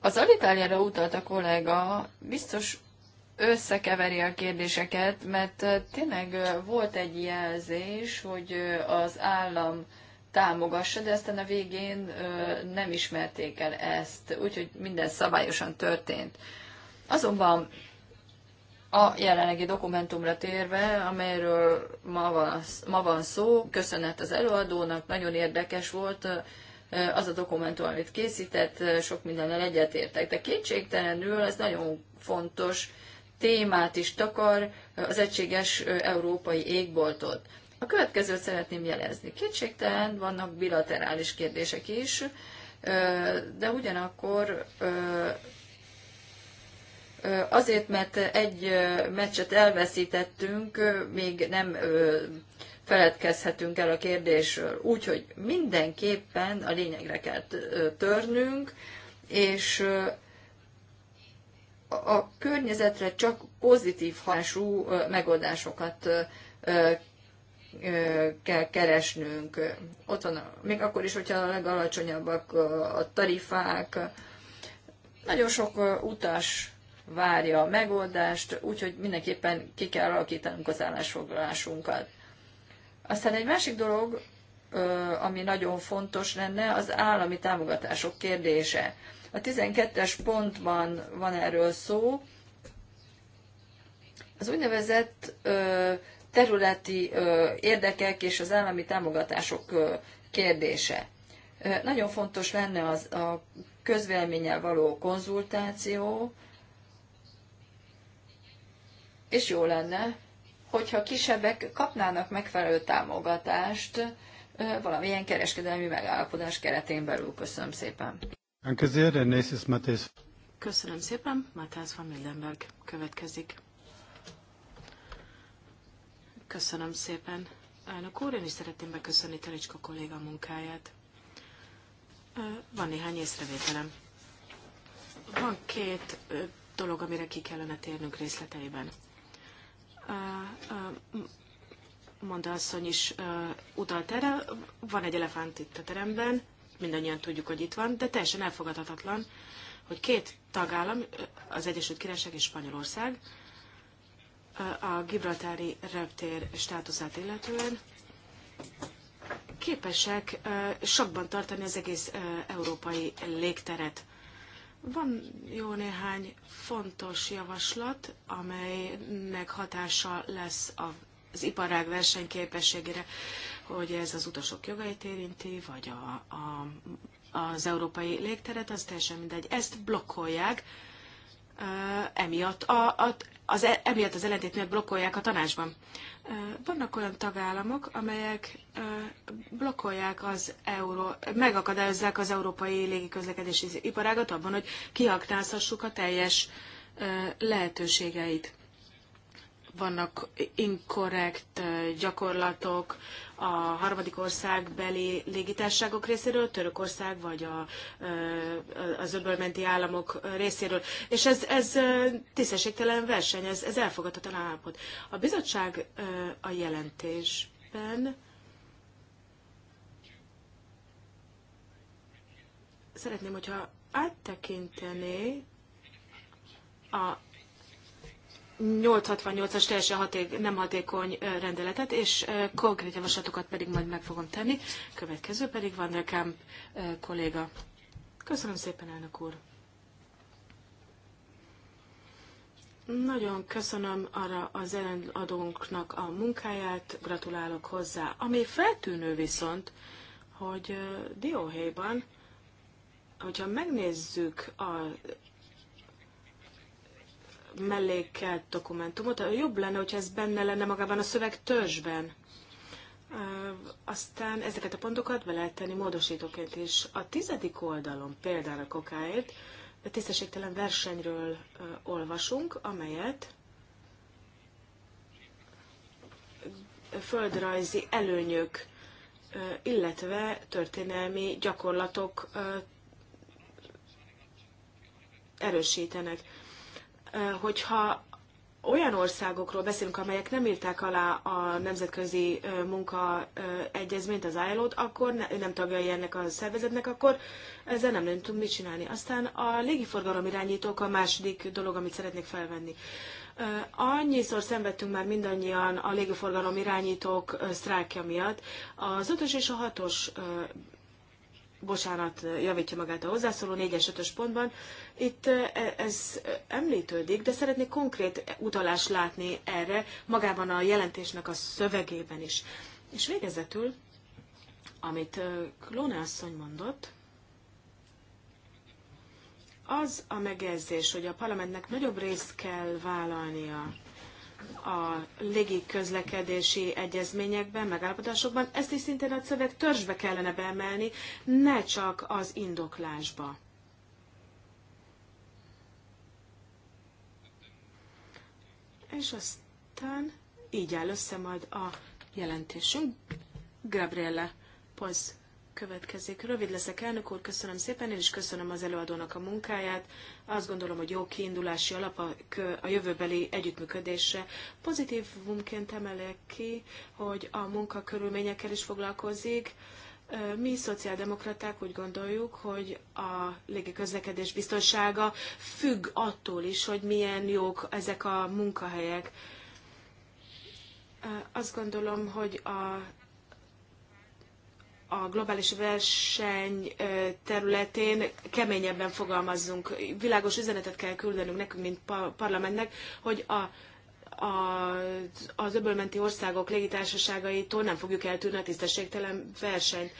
Az Alitáliára utalt a kollega biztos összekeveri a kérdéseket, mert tényleg volt egy jelzés, hogy az állam támogassa, de aztán a végén nem ismerték el ezt, úgyhogy minden szabályosan történt. Azonban a jelenlegi dokumentumra térve, amelyről ma van, ma van szó, köszönet az előadónak, nagyon érdekes volt az a dokumentum, amit készített, sok mindennel egyetértek, de kétségtelenül ez nagyon fontos, témát is takar az egységes európai égboltot. A következőt szeretném jelezni. Kétségtelen vannak bilaterális kérdések is, de ugyanakkor azért, mert egy meccset elveszítettünk, még nem feledkezhetünk el a kérdésről. Úgyhogy mindenképpen a lényegre kell törnünk, és a környezetre csak pozitív hatású megoldásokat kell keresnünk. Ott van, még akkor is, hogyha a legalacsonyabbak a tarifák. Nagyon sok utas várja a megoldást, úgyhogy mindenképpen ki kell alakítanunk az állásfoglalásunkat. Aztán egy másik dolog, ami nagyon fontos lenne, az állami támogatások kérdése. A 12-es pontban van erről szó. Az úgynevezett területi érdekek és az állami támogatások kérdése. Nagyon fontos lenne az a közvéleménnyel való konzultáció, és jó lenne, hogyha kisebbek kapnának megfelelő támogatást valamilyen kereskedelmi megállapodás keretén belül. Köszönöm szépen! Köszönöm szépen, Matthias van Mildenberg következik.
Köszönöm szépen. Elnök úr, én is szeretném beköszönni Telicska kolléga munkáját. Van néhány észrevételem. Van két dolog, amire ki kellene térnünk részleteiben. Monda asszony is utalt erre, van egy elefánt itt a teremben, mindannyian tudjuk, hogy itt van, de teljesen elfogadhatatlan, hogy két tagállam, az Egyesült Királyság és Spanyolország, a Gibraltári reptér státuszát illetően képesek sokban tartani az egész európai légteret. Van jó néhány fontos javaslat, amelynek hatása lesz a az iparág versenyképességére, hogy ez az utasok jogait érinti, vagy a, a, az európai légteret, az teljesen mindegy. Ezt blokkolják, emiatt, a, a, az, e, emiatt az ellentét miatt blokkolják a tanácsban. Vannak olyan tagállamok, amelyek blokkolják az euró, megakadályozzák az európai légiközlekedési iparágat abban, hogy kiaktázhassuk a teljes lehetőségeit vannak inkorrekt gyakorlatok a harmadik országbeli légitárságok részéről, Törökország vagy a, az öbölmenti államok részéről. És ez, ez tisztességtelen verseny, ez, ez elfogadhatatlan állapot. A bizottság a jelentésben szeretném, hogyha áttekintené a 868-as teljesen haték, nem hatékony rendeletet, és konkrét javaslatokat pedig majd meg fogom tenni. Következő pedig Van nekem kolléga. Köszönöm szépen, elnök úr! Nagyon köszönöm arra az előadónknak a munkáját, gratulálok hozzá. Ami feltűnő viszont, hogy Dióhéjban, hogyha megnézzük a mellékelt dokumentumot. Jobb lenne, hogyha ez benne lenne magában a szöveg törzsben. Aztán ezeket a pontokat be lehet tenni módosítóként is. A tizedik oldalon például a kokáért tisztességtelen versenyről olvasunk, amelyet földrajzi előnyök, illetve történelmi gyakorlatok erősítenek hogyha olyan országokról beszélünk, amelyek nem írták alá a nemzetközi munkaegyezményt, az ilo akkor ne, nem tagjai ennek a szervezetnek, akkor ezzel nem, nem tudunk mit csinálni. Aztán a légiforgalom irányítók a második dolog, amit szeretnék felvenni. Annyiszor szenvedtünk már mindannyian a légiforgalom irányítók sztrákja miatt. Az ötös és a hatos bocsánat, javítja magát a hozzászóló, 4-es, 5 pontban. Itt e, ez említődik, de szeretnék konkrét utalást látni erre magában a jelentésnek a szövegében is. És végezetül, amit e, Klóne asszony mondott, az a megjegyzés, hogy a parlamentnek nagyobb részt kell vállalnia a légi közlekedési egyezményekben, megállapodásokban, ezt is szintén a szöveg törzsbe kellene beemelni, ne csak az indoklásba. És aztán így áll össze majd a jelentésünk. Gabriele Poz következik. Rövid leszek, elnök úr, köszönöm szépen, én is köszönöm az előadónak a munkáját. Azt gondolom, hogy jó kiindulási alap a, a jövőbeli együttműködésre. Pozitívumként emelek ki, hogy a munkakörülményekkel is foglalkozik. Mi szociáldemokraták úgy gondoljuk, hogy a közlekedés biztonsága függ attól is, hogy milyen jók ezek a munkahelyek. Azt gondolom, hogy a a globális verseny területén keményebben fogalmazzunk. Világos üzenetet kell küldenünk nekünk, mint parlamentnek, hogy a, a, az öbölmenti országok légitársaságaitól nem fogjuk eltűrni a tisztességtelen versenyt.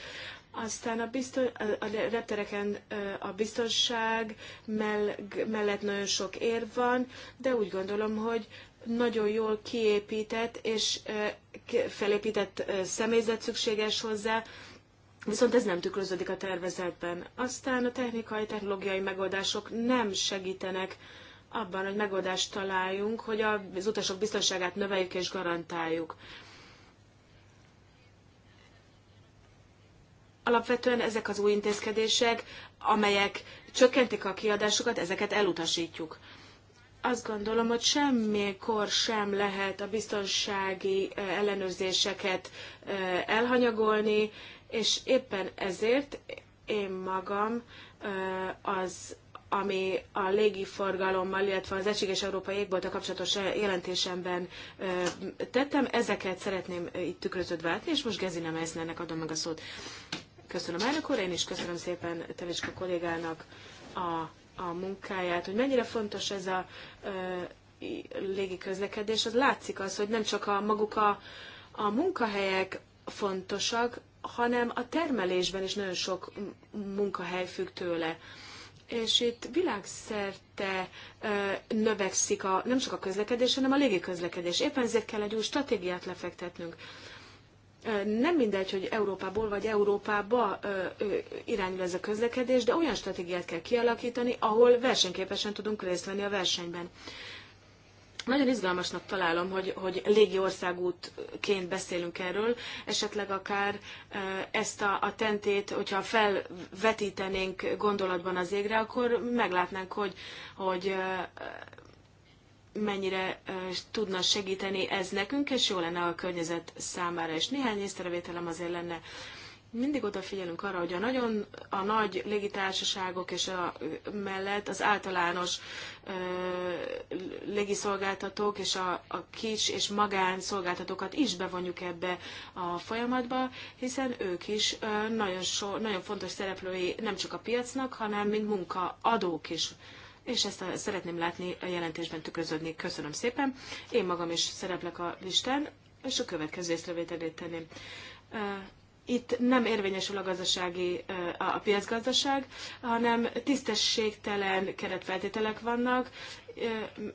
Aztán a, biztos, a reptereken a biztonság mellett nagyon sok ér van, de úgy gondolom, hogy nagyon jól kiépített és felépített személyzet szükséges hozzá, viszont ez nem tükröződik a tervezetben. Aztán a technikai, technológiai megoldások nem segítenek abban, hogy megoldást találjunk, hogy az utasok biztonságát növeljük és garantáljuk. Alapvetően ezek az új intézkedések, amelyek csökkentik a kiadásokat, ezeket elutasítjuk azt gondolom, hogy semmikor sem lehet a biztonsági eh, ellenőrzéseket eh, elhanyagolni, és éppen ezért én magam az ami a légiforgalommal, illetve az Egységes Európai Égbolta kapcsolatos jelentésemben tettem. Ezeket szeretném itt tükröződve látni, és most Gezi Nemeznernek adom meg a szót. Köszönöm elnök úr, én is köszönöm szépen Tevicska kollégának a, a munkáját, hogy mennyire fontos ez a légi közlekedés, az látszik az, hogy nem csak a maguk a, a munkahelyek fontosak, hanem a termelésben is nagyon sok munkahely függ tőle. És itt világszerte növekszik a, nem csak a közlekedés, hanem a légiközlekedés. Éppen ezért kell egy új stratégiát lefektetnünk nem mindegy, hogy Európából vagy Európába irányul ez a közlekedés, de olyan stratégiát kell kialakítani, ahol versenyképesen tudunk részt venni a versenyben. Nagyon izgalmasnak találom, hogy, hogy légi országútként beszélünk erről, esetleg akár ezt a, a tentét, hogyha felvetítenénk gondolatban az égre, akkor meglátnánk, hogy, hogy mennyire tudna segíteni ez nekünk, és jó lenne a környezet számára. És néhány észrevételem azért lenne mindig odafigyelünk arra, hogy a nagyon a nagy légitársaságok és a mellett az általános ö, légiszolgáltatók és a, a kis és magán szolgáltatókat is bevonjuk ebbe a folyamatba, hiszen ők is ö, nagyon, so, nagyon fontos szereplői nem csak a piacnak, hanem mint munkaadók is és ezt a, szeretném látni a jelentésben tükröződni. Köszönöm szépen. Én magam is szereplek a listán, és a következő észrevételét tenném itt nem érvényesül a gazdasági, a piacgazdaság, hanem tisztességtelen keretfeltételek vannak.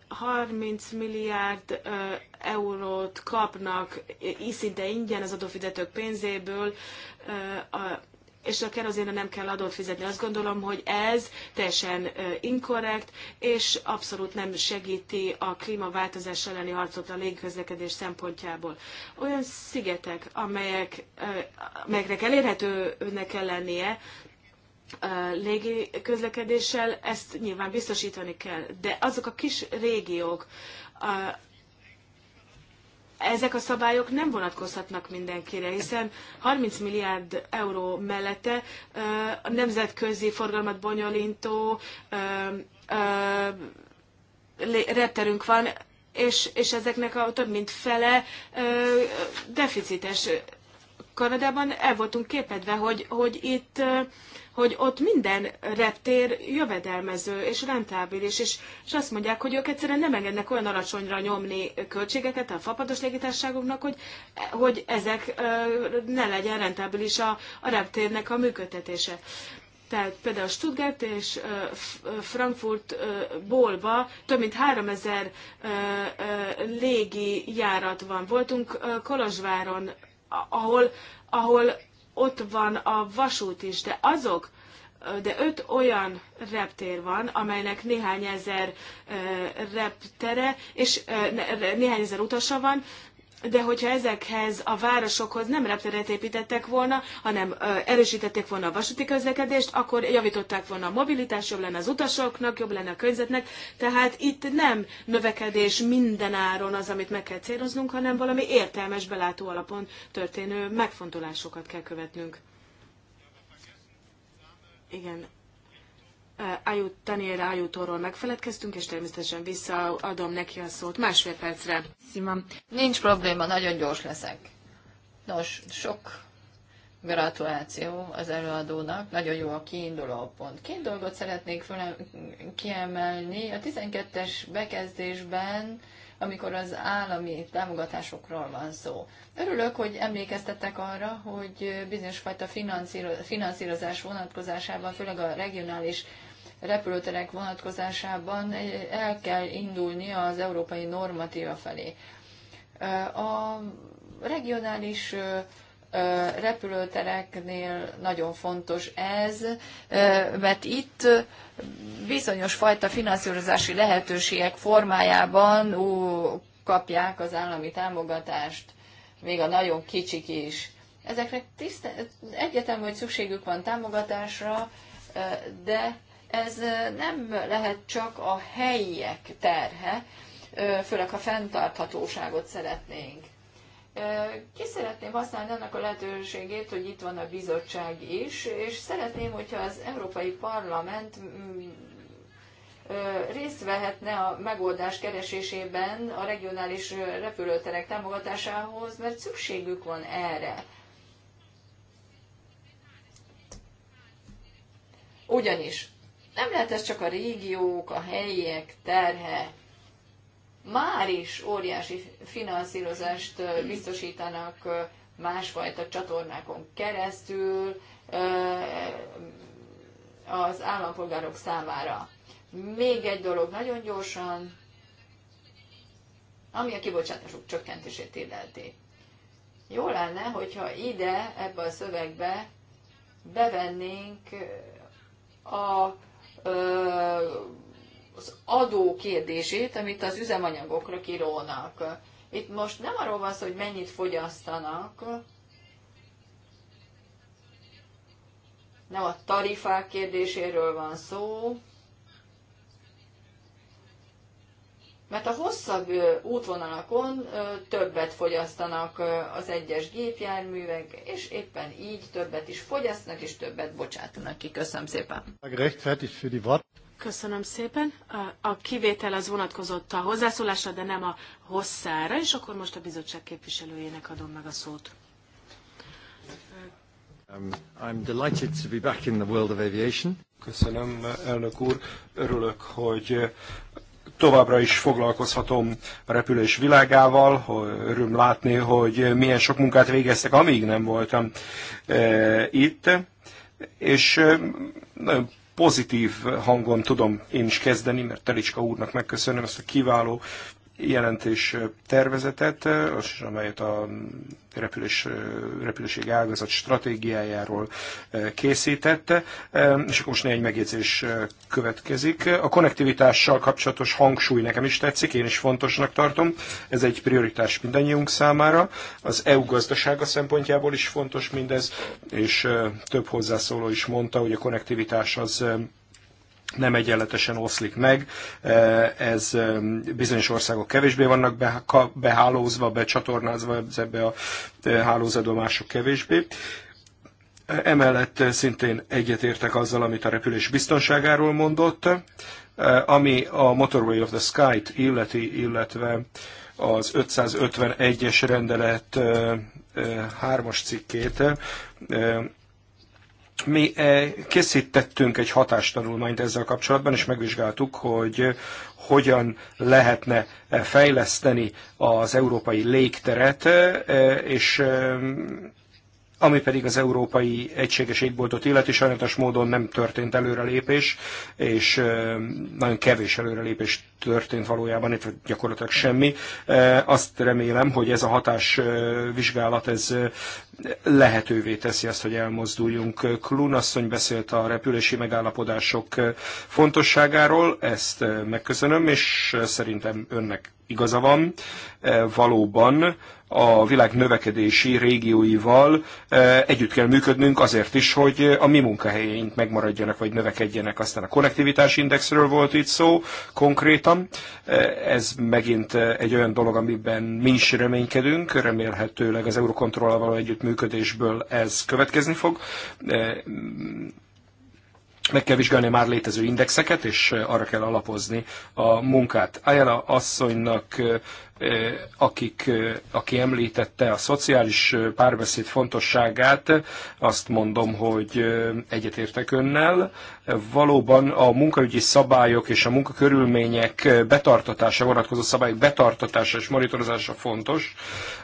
30 milliárd eurót kapnak szinte ingyen az adófizetők pénzéből és a kerozénre nem kell adót fizetni. Azt gondolom, hogy ez teljesen inkorrekt, és abszolút nem segíti a klímaváltozás elleni harcot a légközlekedés szempontjából. Olyan szigetek, amelyek, amelyeknek elérhetőnek kell lennie, légi közlekedéssel, ezt nyilván biztosítani kell. De azok a kis régiók, ezek a szabályok nem vonatkozhatnak mindenkire, hiszen 30 milliárd euró mellette a nemzetközi forgalmat bonyolító repterünk van, és, és ezeknek a több mint fele deficites. Kanadában el voltunk képedve, hogy, hogy itt, hogy ott minden reptér jövedelmező és rentábilis, és, és azt mondják, hogy ők egyszerűen nem engednek olyan alacsonyra nyomni költségeket a fapados légitárságoknak, hogy, hogy ezek ne legyen rentábilis a, a reptérnek a működtetése. Tehát például Stuttgart és Frankfurt bólba több mint 3000 légi járat van. Voltunk Kolozsváron ahol, ahol ott van a vasút is, de azok, de öt olyan reptér van, amelynek néhány ezer reptere, és néhány ezer utasa van, de hogyha ezekhez a városokhoz nem repteret építettek volna, hanem erősítették volna a vasúti közlekedést, akkor javították volna a mobilitás, jobb lenne az utasoknak, jobb lenne a környezetnek. Tehát itt nem növekedés minden áron az, amit meg kell céloznunk, hanem valami értelmes, belátó alapon történő megfontolásokat kell követnünk. Igen, Ájút, Daniel Ájútóról megfeledkeztünk, és természetesen visszaadom neki a szót másfél percre. Szimam.
Nincs probléma, nagyon gyors leszek. Nos, sok gratuláció az előadónak, nagyon jó a kiinduló pont. Két dolgot szeretnék fölem, kiemelni. A 12-es bekezdésben amikor az állami támogatásokról van szó. Örülök, hogy emlékeztettek arra, hogy bizonyos fajta finanszírozás vonatkozásában, főleg a regionális repülőterek vonatkozásában el kell indulni az európai normatíva felé. A regionális repülőtereknél nagyon fontos ez, mert itt bizonyos fajta finanszírozási lehetőségek formájában ú, kapják az állami támogatást, még a nagyon kicsik is. Ezeknek egyetem, hogy szükségük van támogatásra, de ez nem lehet csak a helyiek terhe, főleg ha fenntarthatóságot szeretnénk. Ki szeretném használni annak a lehetőségét, hogy itt van a bizottság is, és szeretném, hogyha az Európai Parlament részt vehetne a megoldás keresésében a regionális repülőterek támogatásához, mert szükségük van erre. Ugyanis nem lehet ez csak a régiók, a helyiek terhe. Már is óriási finanszírozást biztosítanak másfajta csatornákon keresztül az állampolgárok számára. Még egy dolog nagyon gyorsan, ami a kibocsátások csökkentését illeti. Jó lenne, hogyha ide, ebbe a szövegbe bevennénk a az adó kérdését, amit az üzemanyagokra kirónak. Itt most nem arról van szó, hogy mennyit fogyasztanak, nem a tarifák kérdéséről van szó, mert a hosszabb útvonalakon többet fogyasztanak az egyes gépjárművek, és éppen így többet is fogyasztanak, és többet bocsátanak ki. Köszönöm szépen. Köszönöm
szépen. A kivétel az vonatkozott a hozzászólásra, de nem a hosszára, és akkor most a bizottság képviselőjének adom meg a szót.
Um, I'm delighted to be back in the world of aviation. Köszönöm, elnök úr. Örülök, hogy továbbra is foglalkozhatom a repülés világával. Öröm látni, hogy milyen sok munkát végeztek, amíg nem voltam e, itt. És e, nagyon pozitív hangon tudom én is kezdeni, mert Telicska úrnak megköszönöm ezt a kiváló jelentés tervezetet, amelyet a repülés, repülőség ágazat stratégiájáról készítette, és akkor most néhány megjegyzés következik. A konnektivitással kapcsolatos hangsúly nekem is tetszik, én is fontosnak tartom. Ez egy prioritás mindannyiunk számára. Az EU gazdasága szempontjából is fontos mindez, és több hozzászóló is mondta, hogy a konnektivitás az nem egyenletesen oszlik meg, eh, ez eh, bizonyos országok kevésbé vannak behálózva, becsatornázva ebbe a eh, hálózatba, mások kevésbé. Emellett szintén egyetértek azzal, amit a repülés biztonságáról mondott, ami a Motorway of the Sky-t illeti, illetve az 551-es rendelet hármas cikkét, mi eh, készítettünk egy hatástanulmányt ezzel kapcsolatban, és megvizsgáltuk, hogy eh, hogyan lehetne eh, fejleszteni az európai légteret, és ami pedig az európai egységes égboltot illeti, sajnos módon nem történt előrelépés, és nagyon kevés előrelépés történt valójában, itt gyakorlatilag semmi. Azt remélem, hogy ez a hatás vizsgálat ez lehetővé teszi azt, hogy elmozduljunk. Klun asszony beszélt a repülési megállapodások fontosságáról, ezt megköszönöm, és szerintem önnek igaza van. Valóban a világ növekedési régióival e, együtt kell működnünk azért is, hogy a mi munkahelyeink megmaradjanak vagy növekedjenek. Aztán a konnektivitás indexről volt itt szó konkrétan. E, ez megint e, egy olyan dolog, amiben mi is reménykedünk. Remélhetőleg az Eurocontrollal való együttműködésből ez következni fog meg kell vizsgálni a már létező indexeket, és arra kell alapozni a munkát. Ajala asszonynak akik, aki említette a szociális párbeszéd fontosságát, azt mondom, hogy egyetértek önnel. Valóban a munkaügyi szabályok és a munkakörülmények betartatása, vonatkozó szabályok betartatása és monitorozása fontos.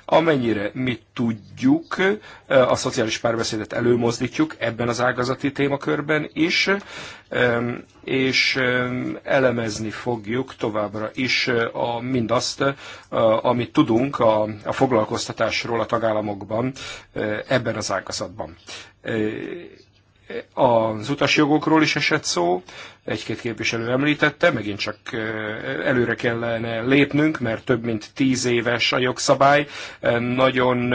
Amennyire mi tudjuk, a szociális párbeszédet előmozdítjuk ebben az ágazati témakörben is, és elemezni fogjuk továbbra is a, mindazt, amit tudunk a, a foglalkoztatásról a tagállamokban e, ebben az ágazatban. E, az utasjogokról is esett szó, egy-két képviselő említette, megint csak e, előre kellene lépnünk, mert több mint tíz éves a jogszabály. Nagyon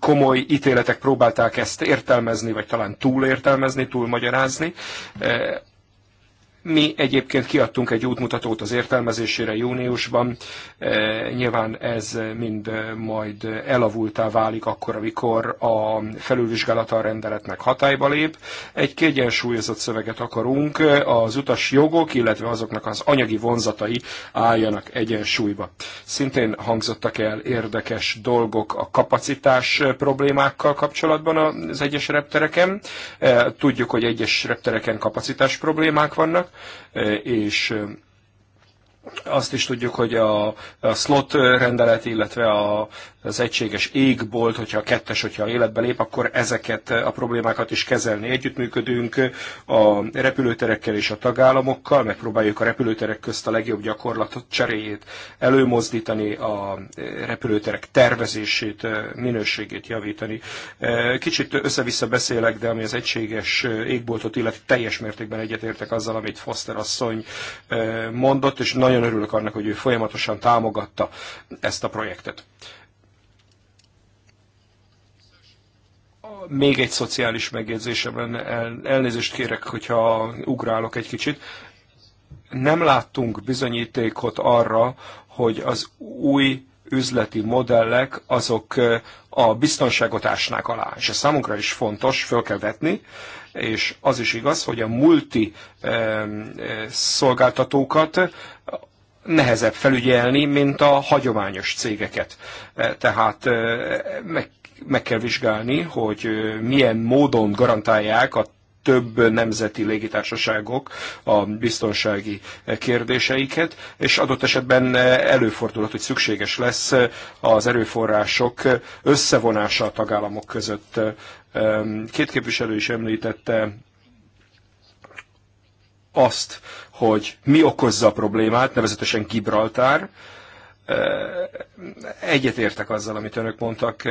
komoly ítéletek próbálták ezt értelmezni, vagy talán túlértelmezni, túlmagyarázni. Mi egyébként kiadtunk egy útmutatót az értelmezésére júniusban. E, nyilván ez mind majd elavultá válik akkor, amikor a felülvizsgálata a rendeletnek hatályba lép. Egy kiegyensúlyozott szöveget akarunk, az utas jogok, illetve azoknak az anyagi vonzatai álljanak egyensúlyba. Szintén hangzottak el érdekes dolgok a kapacitás problémákkal kapcsolatban az egyes reptereken. E, tudjuk, hogy egyes reptereken kapacitás problémák vannak, és azt is tudjuk, hogy a, a slot rendelet, illetve a, az egységes égbolt, hogyha a kettes, hogyha életbe lép, akkor ezeket eh, a problémákat is kezelni. Együttműködünk eh, a repülőterekkel és a tagállamokkal, megpróbáljuk a repülőterek közt a legjobb gyakorlatot cseréjét előmozdítani, a eh, repülőterek tervezését, minőségét javítani. Kicsit össze-vissza beszélek, de ami az egységes égboltot illeti, teljes mértékben egyetértek azzal, amit Foster asszony mondott, és nagyon örülök annak, hogy ő folyamatosan támogatta ezt a projektet. Még egy szociális megjegyzésem lenne, el, elnézést kérek, hogyha ugrálok egy kicsit. Nem láttunk bizonyítékot arra, hogy az új üzleti modellek azok a biztonságot ásnák alá. És ez számunkra is fontos, föl kell vetni, és az is igaz, hogy a multi szolgáltatókat nehezebb felügyelni, mint a hagyományos cégeket. Tehát meg meg kell vizsgálni, hogy milyen módon garantálják a több nemzeti légitársaságok a biztonsági kérdéseiket, és adott esetben előfordulhat, hogy szükséges lesz az erőforrások összevonása a tagállamok között. Két képviselő is említette azt, hogy mi okozza a problémát, nevezetesen Gibraltár, egyetértek azzal, amit önök mondtak.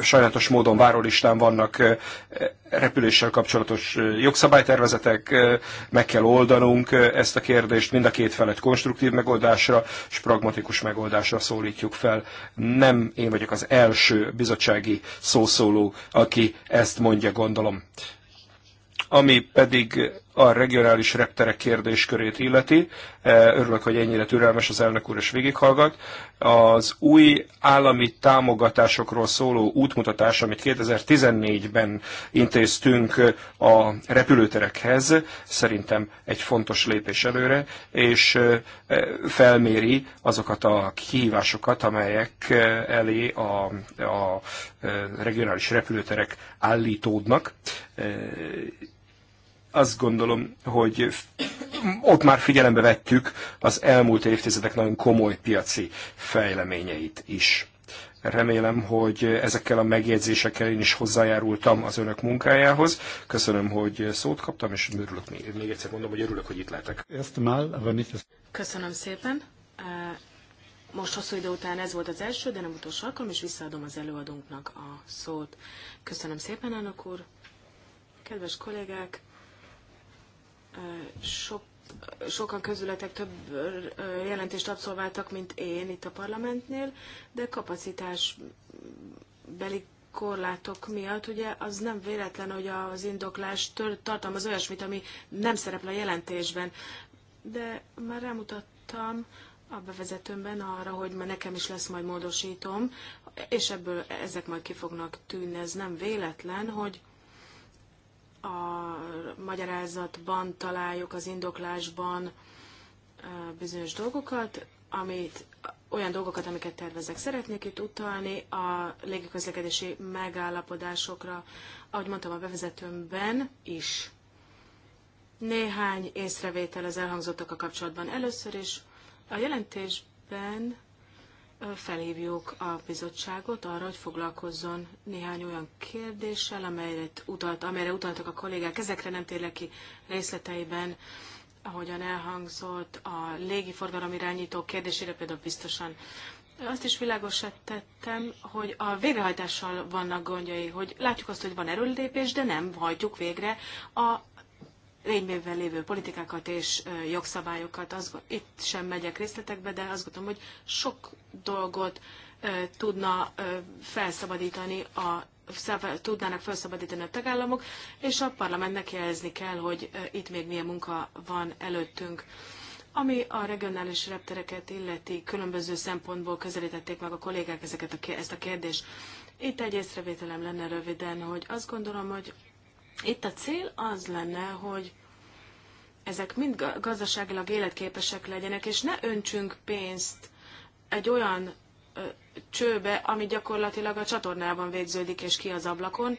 Sajnálatos módon várólistán vannak repüléssel kapcsolatos jogszabálytervezetek, meg kell oldanunk ezt a kérdést, mind a két felet konstruktív megoldásra és pragmatikus megoldásra szólítjuk fel. Nem én vagyok az első bizottsági szószóló, aki ezt mondja, gondolom. Ami pedig a regionális repterek kérdéskörét illeti. E, örülök, hogy ennyire türelmes az elnök úr, és végighallgat. Az új állami támogatásokról szóló útmutatás, amit 2014-ben intéztünk a repülőterekhez, szerintem egy fontos lépés előre, és e, felméri azokat a kihívásokat, amelyek e, elé a, a regionális repülőterek állítódnak azt gondolom, hogy ott már figyelembe vettük az elmúlt évtizedek nagyon komoly piaci fejleményeit is. Remélem, hogy ezekkel a megjegyzésekkel én is hozzájárultam az önök munkájához. Köszönöm, hogy szót kaptam, és örülök még, még egyszer mondom, hogy örülök, hogy itt lehetek.
Köszönöm szépen. Most hosszú idő után ez volt az első, de nem utolsó alkalom, és visszaadom az előadónknak a szót. Köszönöm szépen, elnök úr. Kedves kollégák, sok, sokan közületek több jelentést abszolváltak, mint én itt a parlamentnél, de kapacitás beli korlátok miatt, ugye az nem véletlen, hogy az indoklás tartalmaz olyasmit, ami nem szerepel a jelentésben. De már rámutattam a bevezetőmben arra, hogy ma nekem is lesz majd módosítom, és ebből ezek majd ki fognak tűnni. Ez nem véletlen, hogy a magyarázatban találjuk, az indoklásban bizonyos dolgokat, amit, olyan dolgokat, amiket tervezek. Szeretnék itt utalni a légiközlekedési megállapodásokra, ahogy mondtam a bevezetőmben is. Néhány észrevétel az elhangzottak a kapcsolatban. Először is a jelentésben felhívjuk a bizottságot arra, hogy foglalkozzon néhány olyan kérdéssel, amelyre, utalt, amelyre utaltak a kollégák. Ezekre nem térlek ki részleteiben, ahogyan elhangzott a légiforgalom irányító kérdésére például biztosan. Azt is világosat tettem, hogy a végrehajtással vannak gondjai, hogy látjuk azt, hogy van erőlépés, de nem hajtjuk végre a lényben lévő politikákat és jogszabályokat. Az, itt sem megyek részletekbe, de azt gondolom, hogy sok dolgot tudna felszabadítani a tudnának felszabadítani a tagállamok, és a parlamentnek jelezni kell, hogy itt még milyen munka van előttünk. Ami a regionális reptereket illeti, különböző szempontból közelítették meg a kollégák ezeket a, ezt a kérdést. Itt egy észrevételem lenne röviden, hogy azt gondolom, hogy itt a cél az lenne, hogy ezek mind gazdaságilag életképesek legyenek, és ne öntsünk pénzt egy olyan ö, csőbe, ami gyakorlatilag a csatornában végződik és ki az ablakon.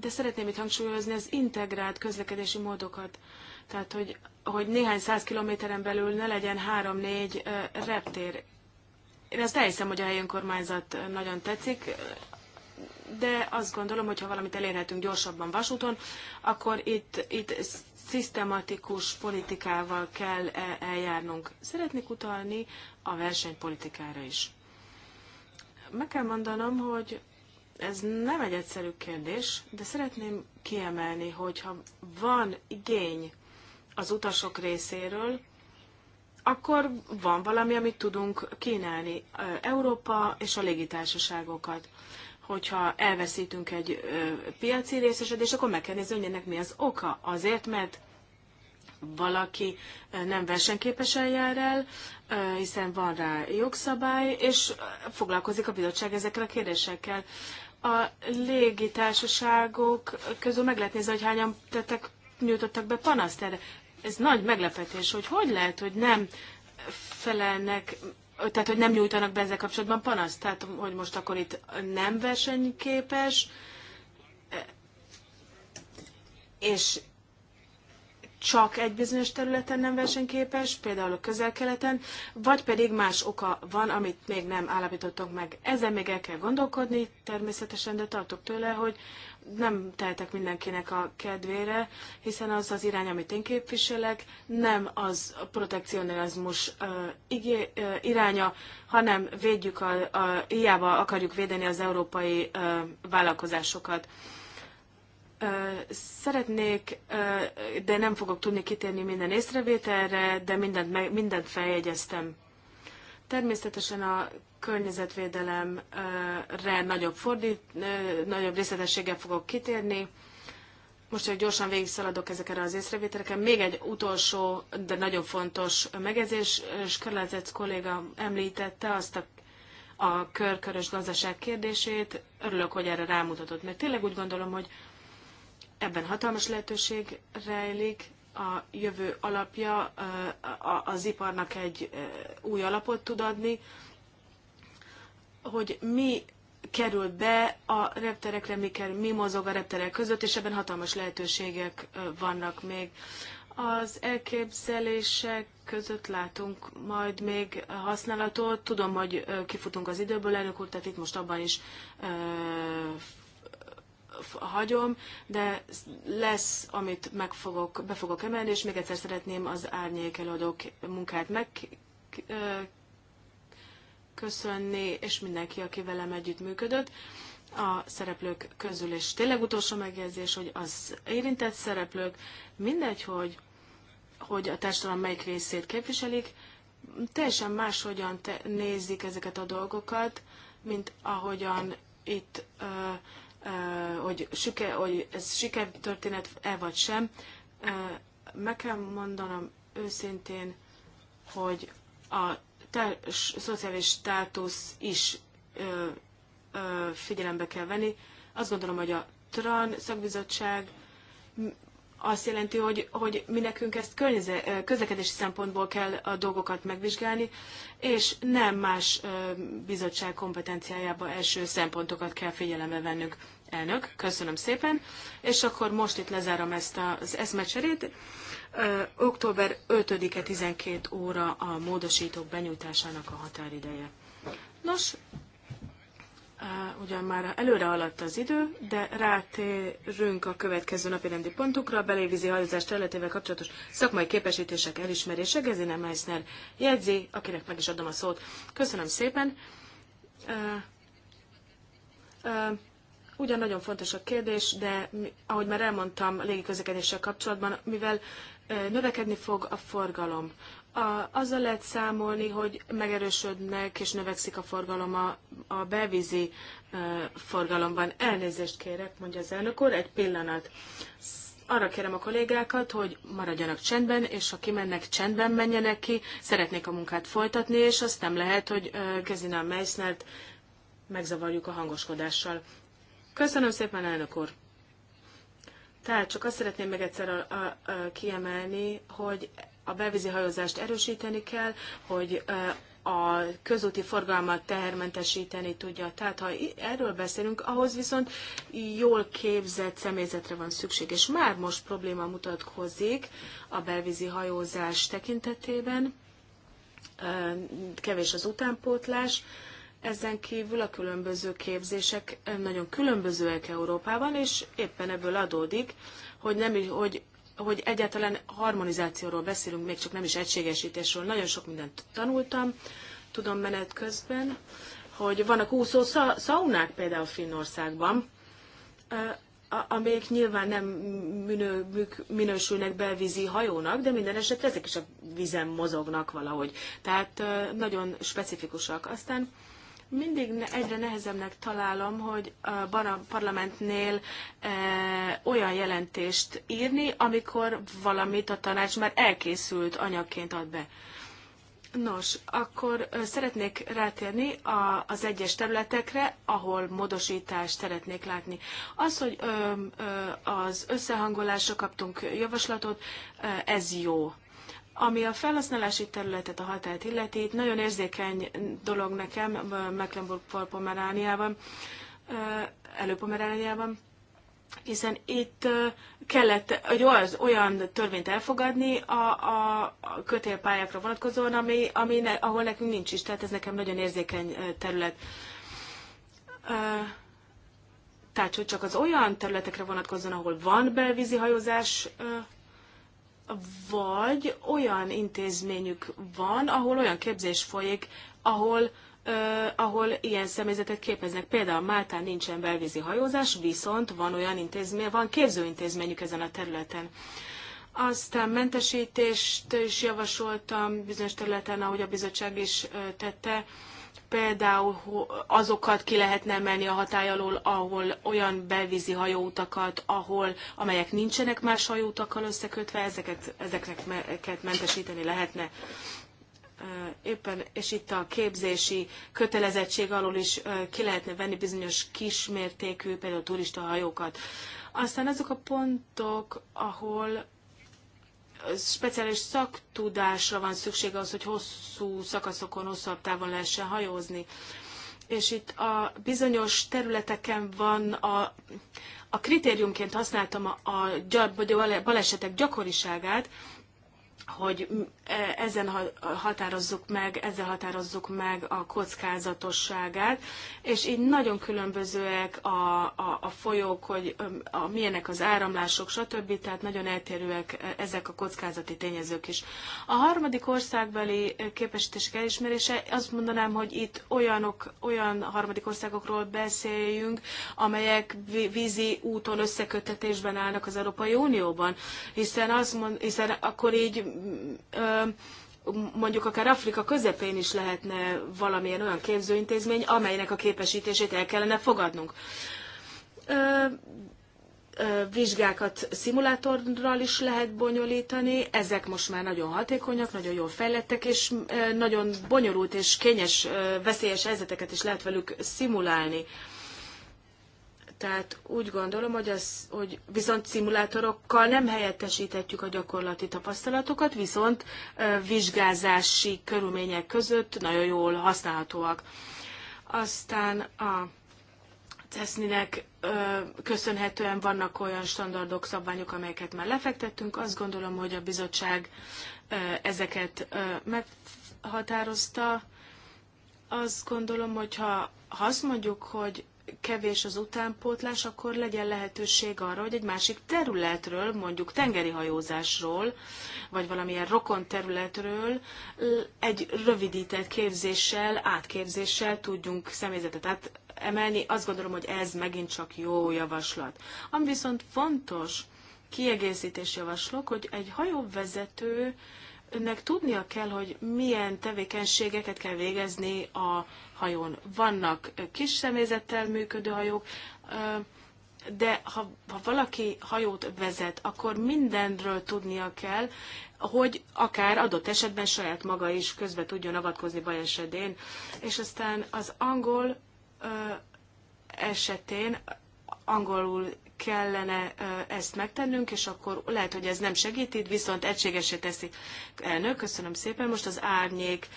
De szeretném itt hangsúlyozni az integrált közlekedési módokat. Tehát, hogy, hogy néhány száz kilométeren belül ne legyen három-négy reptér. Én azt elhiszem, hogy a helyi önkormányzat nagyon tetszik, de azt gondolom, hogy ha valamit elérhetünk gyorsabban vasúton, akkor itt, itt szisztematikus politikával kell e, eljárnunk. Szeretnék utalni a versenypolitikára is. Meg kell mondanom, hogy ez nem egy egyszerű kérdés, de szeretném kiemelni, hogyha van igény az utasok részéről, akkor van valami, amit tudunk kínálni. Európa és a légitársaságokat hogyha elveszítünk egy piaci részesedést, akkor meg kell nézni, hogy ennek mi az oka. Azért, mert valaki nem versenyképesen jár el, hiszen van rá jogszabály, és foglalkozik a bizottság ezekkel a kérdésekkel. A légitársaságok közül meg lehet nézni, hogy hányan tettek, nyújtottak be panaszt erre. Ez nagy meglepetés, hogy hogy lehet, hogy nem felelnek tehát hogy nem nyújtanak be ezzel kapcsolatban panaszt, tehát hogy most akkor itt nem versenyképes, és csak egy bizonyos területen nem versenyképes, például a közel-keleten, vagy pedig más oka van, amit még nem állapítottunk meg. Ezen még el kell gondolkodni természetesen, de tartok tőle, hogy nem tehetek mindenkinek a kedvére, hiszen az az irány, amit én képviselek, nem az a protekcionizmus uh, igé, uh, iránya, hanem védjük a, a, hiába akarjuk védeni az európai uh, vállalkozásokat. Szeretnék, de nem fogok tudni kitérni minden észrevételre, de mindent, mindent feljegyeztem. Természetesen a környezetvédelemre nagyobb, fordít, nagyobb részletességgel fogok kitérni. Most, hogy gyorsan végigszaladok ezekre az észrevételeken, még egy utolsó, de nagyon fontos megjegyzés. Skörlázec kolléga említette azt a, a körkörös gazdaság kérdését. Örülök, hogy erre rámutatott, mert tényleg úgy gondolom, hogy ebben hatalmas lehetőség rejlik, a jövő alapja az iparnak egy új alapot tud adni, hogy mi kerül be a repterekre, mi, kerül, mi mozog a repterek között, és ebben hatalmas lehetőségek vannak még. Az elképzelések között látunk majd még használatot. Tudom, hogy kifutunk az időből, elnök úr, tehát itt most abban is ö, hagyom, de lesz, amit meg fogok, be fogok emelni, és még egyszer szeretném az árnyék előadók munkát meg köszönni, és mindenki, aki velem együtt működött a szereplők közül, és tényleg utolsó megjegyzés, hogy az érintett szereplők, mindegy, hogy, hogy a társadalom melyik részét képviselik, teljesen máshogyan te, nézik ezeket a dolgokat, mint ahogyan itt, ö, ö, hogy, süke, hogy ez sikertörténet e vagy sem. Ö, meg kell mondanom őszintén, hogy a szociális státusz is ö, ö, figyelembe kell venni. Azt gondolom, hogy a TRAN szakbizottság azt jelenti, hogy, hogy mi nekünk ezt környeze, közlekedési szempontból kell a dolgokat megvizsgálni, és nem más bizottság kompetenciájába első szempontokat kell figyelembe vennünk. Elnök, köszönöm szépen, és akkor most itt lezárom ezt az eszmecserét. Október 5-e 12 óra a módosítók benyújtásának a határideje. Nos, ugyan már előre alatt az idő, de rátérünk a következő napi rendi pontokra, a belévízi hajózás területével kapcsolatos szakmai képesítések elismerése. Gezine Meissner jegyzi, akinek meg is adom a szót. Köszönöm szépen. Ugyan nagyon fontos a kérdés, de ahogy már elmondtam légiközlekedéssel kapcsolatban, mivel növekedni fog a forgalom, a, azzal lehet számolni, hogy megerősödnek és növekszik a forgalom a, a bevízi e, forgalomban. Elnézést kérek, mondja az elnök úr, egy pillanat. Arra kérem a kollégákat, hogy maradjanak csendben, és ha kimennek, csendben menjenek ki, szeretnék a munkát folytatni, és azt nem lehet, hogy e, Kezina Meissnert megzavarjuk a hangoskodással. Köszönöm szépen, elnök úr! Tehát csak azt szeretném még egyszer a, a, a kiemelni, hogy a belvízi hajózást erősíteni kell, hogy a közúti forgalmat tehermentesíteni tudja. Tehát ha erről beszélünk, ahhoz viszont jól képzett személyzetre van szükség. És már most probléma mutatkozik a belvízi hajózás tekintetében, kevés az utánpótlás, ezen kívül a különböző képzések nagyon különbözőek Európában, és éppen ebből adódik, hogy, nem, hogy hogy egyáltalán harmonizációról beszélünk, még csak nem is egységesítésről. Nagyon sok mindent tanultam, tudom menet közben, hogy vannak úszó sza- szaunák például Finnországban, amelyek nyilván nem minő, minősülnek belvízi hajónak, de minden esetre ezek is a vizen mozognak valahogy. Tehát nagyon specifikusak. Aztán mindig egyre nehezebbnek találom, hogy a parlamentnél e, olyan jelentést írni, amikor valamit a tanács már elkészült anyagként ad be. Nos, akkor szeretnék rátérni a, az egyes területekre, ahol módosítást szeretnék látni. Az, hogy ö, ö, az összehangolásra kaptunk javaslatot, ez jó. Ami a felhasználási területet, a hatályt illeti, itt nagyon érzékeny dolog nekem Mecklenburg-Pomerániában, előpomerániában, hiszen itt kellett egy olyan törvényt elfogadni a, a, kötélpályákra vonatkozóan, ami, ami ne, ahol nekünk nincs is, tehát ez nekem nagyon érzékeny terület. Tehát, hogy csak az olyan területekre vonatkozóan, ahol van belvízi hajózás vagy olyan intézményük van, ahol olyan képzés folyik, ahol, ö, ahol ilyen személyzetet képeznek. Például Máltán nincsen belvízi hajózás, viszont van olyan intézmény, van képzőintézményük ezen a területen. Aztán mentesítést is javasoltam bizonyos területen, ahogy a bizottság is tette. Ö, például azokat ki lehetne emelni a hatály alól, ahol olyan belvízi hajóutakat, ahol, amelyek nincsenek más hajóutakkal összekötve, ezeket, ezeket mentesíteni lehetne. Éppen, és itt a képzési kötelezettség alól is ki lehetne venni bizonyos kismértékű, például turista hajókat. Aztán azok a pontok, ahol speciális szaktudásra van szükség az, hogy hosszú szakaszokon, hosszabb távon lehessen hajózni. És itt a bizonyos területeken van a, a kritériumként használtam a, a balesetek gyakoriságát, hogy e, ezen határozzuk meg, ezzel határozzuk meg a kockázatosságát, és így nagyon különbözőek a, a, a folyók, hogy a, a, milyenek az áramlások, stb., tehát nagyon eltérőek e, ezek a kockázati tényezők is. A harmadik országbeli e, képesítések elismerése, azt mondanám, hogy itt olyanok, olyan harmadik országokról beszéljünk, amelyek vízi úton összeköttetésben állnak az Európai Unióban, hiszen, azt mond, hiszen akkor így mondjuk akár Afrika közepén is lehetne valamilyen olyan képzőintézmény, amelynek a képesítését el kellene fogadnunk. Vizsgákat szimulátorral is lehet bonyolítani, ezek most már nagyon hatékonyak, nagyon jól fejlettek, és nagyon bonyolult és kényes, veszélyes helyzeteket is lehet velük szimulálni tehát úgy gondolom, hogy, az, hogy viszont szimulátorokkal nem helyettesíthetjük a gyakorlati tapasztalatokat, viszont vizsgázási körülmények között nagyon jól használhatóak. Aztán a CESZNI-nek köszönhetően vannak olyan standardok, szabványok, amelyeket már lefektettünk. Azt gondolom, hogy a bizottság ezeket meghatározta. Azt gondolom, hogyha ha azt mondjuk, hogy kevés az utánpótlás, akkor legyen lehetőség arra, hogy egy másik területről, mondjuk tengeri hajózásról, vagy valamilyen rokon területről egy rövidített képzéssel, átképzéssel tudjunk személyzetet át emelni. Azt gondolom, hogy ez megint csak jó javaslat. Ami viszont fontos, kiegészítés javaslok, hogy egy hajóvezető önnek tudnia kell, hogy milyen tevékenységeket kell végezni a hajón. Vannak kis személyzettel működő hajók, de ha, ha valaki hajót vezet, akkor mindenről tudnia kell, hogy akár adott esetben saját maga is közbe tudjon avatkozni baj esetén. És aztán az angol ö, esetén angolul kellene ezt megtennünk, és akkor lehet, hogy ez nem segít itt, viszont egységesé teszi. Elnök, köszönöm szépen. Most az árnyék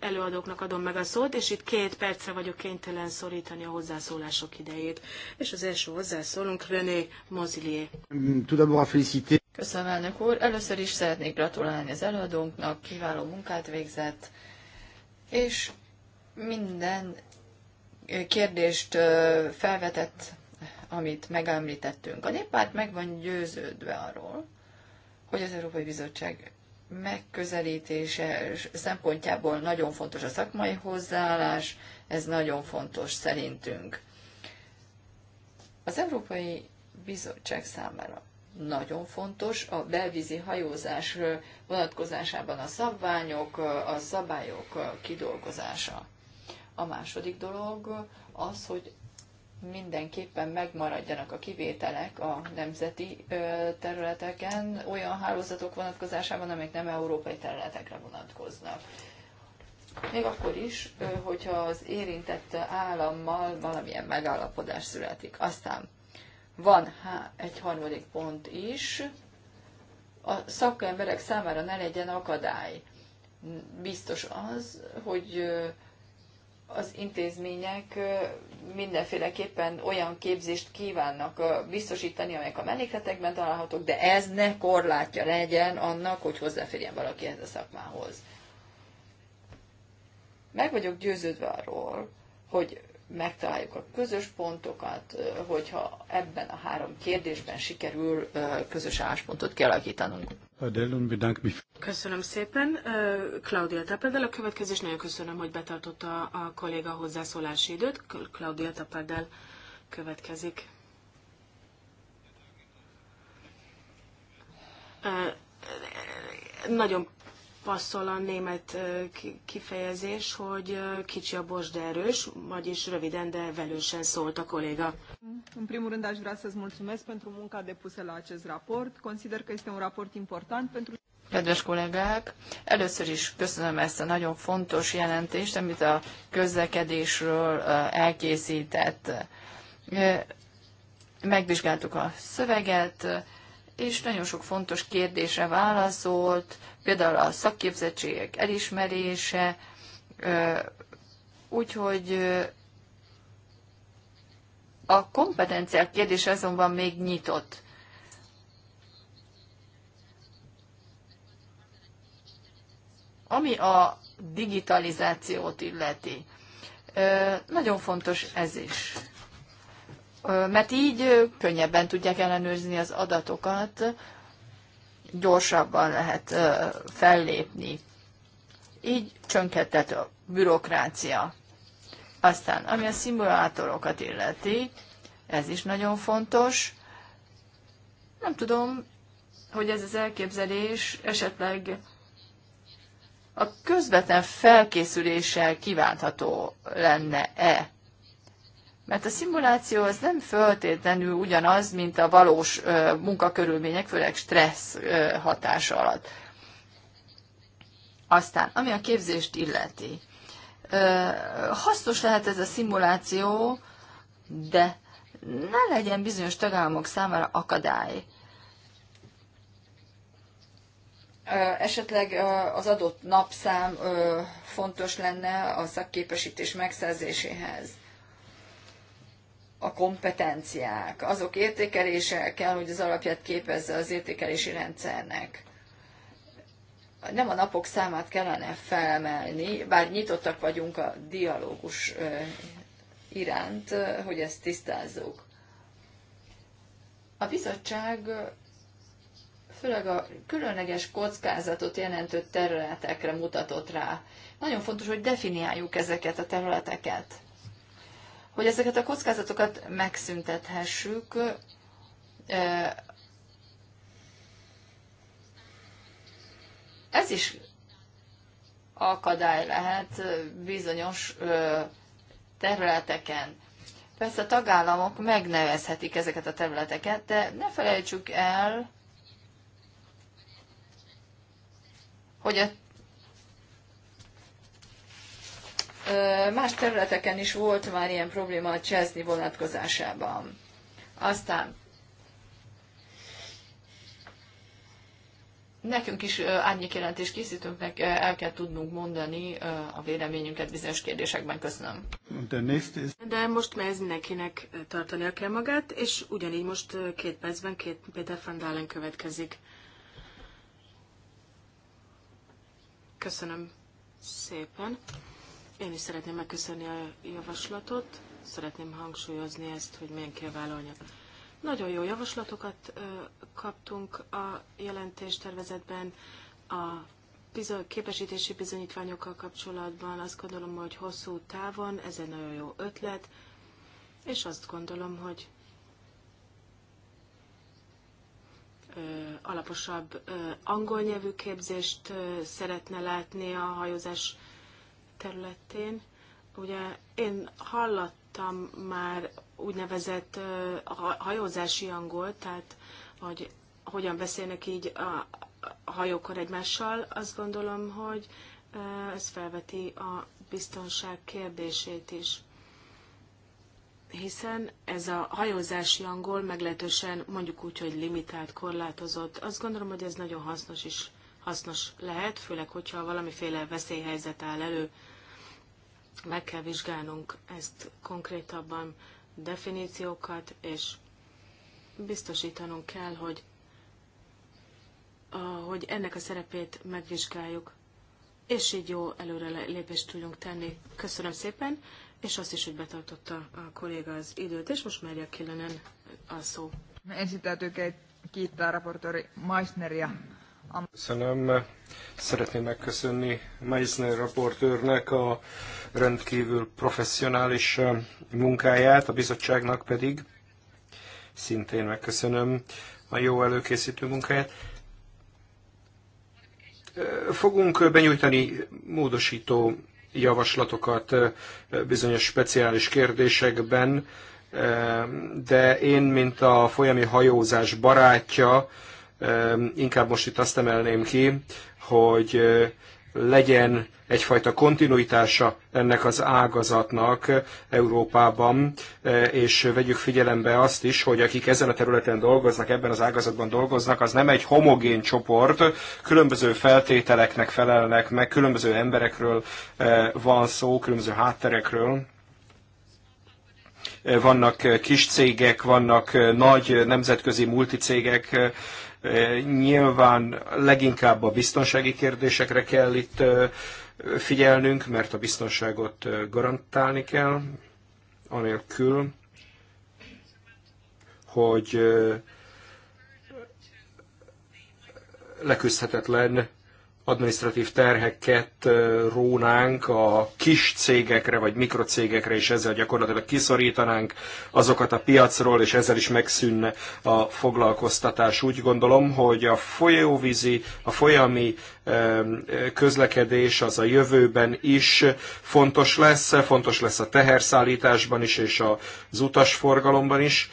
előadóknak adom meg a szót, és itt két percre vagyok kénytelen szorítani a hozzászólások idejét.
És az első hozzászólunk René Mozilié. Köszönöm, elnök úr. Először is szeretnék gratulálni az előadónknak, kiváló munkát végzett, és minden kérdést felvetett amit megemlítettünk. A néppárt meg van győződve arról, hogy az Európai Bizottság megközelítése szempontjából nagyon fontos a szakmai hozzáállás, ez nagyon fontos szerintünk. Az Európai Bizottság számára nagyon fontos a belvízi hajózás vonatkozásában a szabványok, a szabályok kidolgozása. A második dolog az, hogy mindenképpen megmaradjanak a kivételek a nemzeti területeken, olyan hálózatok vonatkozásában, amelyek nem európai területekre vonatkoznak. Még akkor is, hogyha az érintett állammal valamilyen megállapodás születik. Aztán van egy harmadik pont is, a szakemberek számára ne legyen akadály. Biztos az, hogy az intézmények mindenféleképpen olyan képzést kívánnak biztosítani, amelyek a mellékletekben találhatók, de ez ne korlátja legyen annak, hogy hozzáférjen valaki ehhez a szakmához. Meg vagyok győződve arról, hogy megtaláljuk a közös pontokat, hogyha ebben a három kérdésben sikerül közös álláspontot kialakítanunk.
Köszönöm szépen. Claudia Tapardel a következő, nagyon köszönöm, hogy betartotta a kolléga hozzászólási időt. Claudia Tapardel következik. Nagyon passzol a német kifejezés, hogy kicsi a bors, de erős, vagyis röviden, de velősen szólt a kolléga.
În primul rând aș vrea să-ți mulțumesc pentru munca depusă la acest raport. Consider că este un raport important pentru... Kedves kollégák, először is köszönöm ezt a nagyon fontos jelentést, amit a közlekedésről elkészített. Megvizsgáltuk a szöveget, és nagyon sok fontos kérdésre válaszolt, például a szakképzettségek elismerése, úgyhogy a kompetenciák kérdése azonban még nyitott. Ami a digitalizációt illeti, nagyon fontos ez is mert így könnyebben tudják ellenőrizni az adatokat, gyorsabban lehet fellépni. Így csönkhetett a bürokrácia. Aztán, ami a szimulátorokat illeti, ez is nagyon fontos. Nem tudom, hogy ez az elképzelés esetleg a közvetlen felkészüléssel kiváltható lenne-e. Mert a szimuláció az nem föltétlenül ugyanaz, mint a valós munkakörülmények, főleg stressz hatása alatt. Aztán, ami a képzést illeti. Hasznos lehet ez a szimuláció, de ne legyen bizonyos tagállamok számára akadály. Esetleg az adott napszám fontos lenne a szakképesítés megszerzéséhez a kompetenciák, azok értékelése kell, hogy az alapját képezze az értékelési rendszernek. Nem a napok számát kellene felemelni, bár nyitottak vagyunk a dialógus iránt, hogy ezt tisztázzuk. A bizottság főleg a különleges kockázatot jelentő területekre mutatott rá. Nagyon fontos, hogy definiáljuk ezeket a területeket hogy ezeket a kockázatokat megszüntethessük, ez is akadály lehet bizonyos területeken. Persze a tagállamok megnevezhetik ezeket a területeket, de ne felejtsük el, hogy a más területeken is volt már ilyen probléma a Cseszni vonatkozásában. Aztán nekünk is árnyékjelentés készítőnknek el kell tudnunk mondani a véleményünket bizonyos kérdésekben. Köszönöm. De most már ez mindenkinek tartania
kell magát, és ugyanígy most két percben két Peter van Dalen következik. Köszönöm szépen. Én is szeretném megköszönni a javaslatot, szeretném hangsúlyozni ezt, hogy milyen kell vállalni. Nagyon jó javaslatokat kaptunk a jelentéstervezetben, a képesítési bizonyítványokkal kapcsolatban. Azt gondolom, hogy hosszú távon ez egy nagyon jó ötlet, és azt gondolom, hogy alaposabb angol nyelvű képzést szeretne látni a hajózás területén. Ugye én hallottam már úgynevezett hajózási angolt, tehát hogy hogyan beszélnek így a hajókor egymással, azt gondolom, hogy ez felveti a biztonság kérdését is hiszen ez a hajózási angol meglehetősen mondjuk úgy, hogy limitált, korlátozott. Azt gondolom, hogy ez nagyon hasznos is hasznos lehet, főleg, hogyha valamiféle veszélyhelyzet áll elő meg kell vizsgálnunk ezt konkrétabban definíciókat, és biztosítanunk kell, hogy, hogy ennek a szerepét megvizsgáljuk, és így jó előre lépést tudjunk tenni. Köszönöm szépen, és azt is, hogy betartotta a kolléga az időt, és most merje Kilönen a szó. Ensin täytyy kiittää raportori Meissneria
Köszönöm. Szeretném megköszönni Meisner raportőrnek a rendkívül professzionális munkáját, a bizottságnak pedig szintén megköszönöm a jó előkészítő munkáját. Fogunk benyújtani módosító javaslatokat bizonyos speciális kérdésekben, de én, mint a folyami hajózás barátja, Inkább most itt azt emelném ki, hogy legyen egyfajta kontinuitása ennek az ágazatnak Európában, és vegyük figyelembe azt is, hogy akik ezen a területen dolgoznak, ebben az ágazatban dolgoznak, az nem egy homogén csoport, különböző feltételeknek felelnek, meg különböző emberekről van szó, különböző hátterekről vannak kis cégek, vannak nagy nemzetközi multicégek, Nyilván leginkább a biztonsági kérdésekre kell itt figyelnünk, mert a biztonságot garantálni kell, anélkül, hogy leküzdhetetlen administratív terheket rónánk a kis cégekre vagy mikrocégekre, és ezzel gyakorlatilag kiszorítanánk azokat a piacról, és ezzel is megszűnne a foglalkoztatás. Úgy gondolom, hogy a folyóvízi, a folyami közlekedés az a jövőben is fontos lesz, fontos lesz a teherszállításban is, és az utasforgalomban is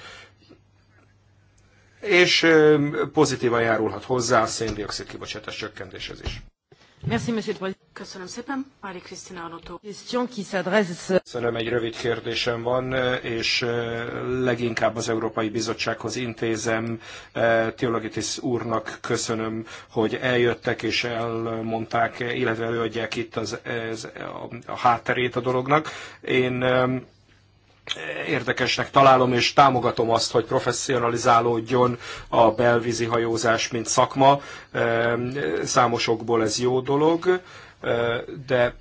és pozitívan járulhat hozzá a széndiokszid kibocsátás csökkentéshez is.
Merci, monsieur Köszönöm szépen. Mari Krisztina Anotó.
Köszönöm, egy rövid kérdésem van, és leginkább az Európai Bizottsághoz intézem. Teologitis úrnak köszönöm, hogy eljöttek és elmondták, illetve előadják itt az, az, a, a hátterét a dolognak. Én érdekesnek találom, és támogatom azt, hogy professzionalizálódjon a belvízi hajózás, mint szakma. Ehm, számosokból ez jó dolog, ehm, de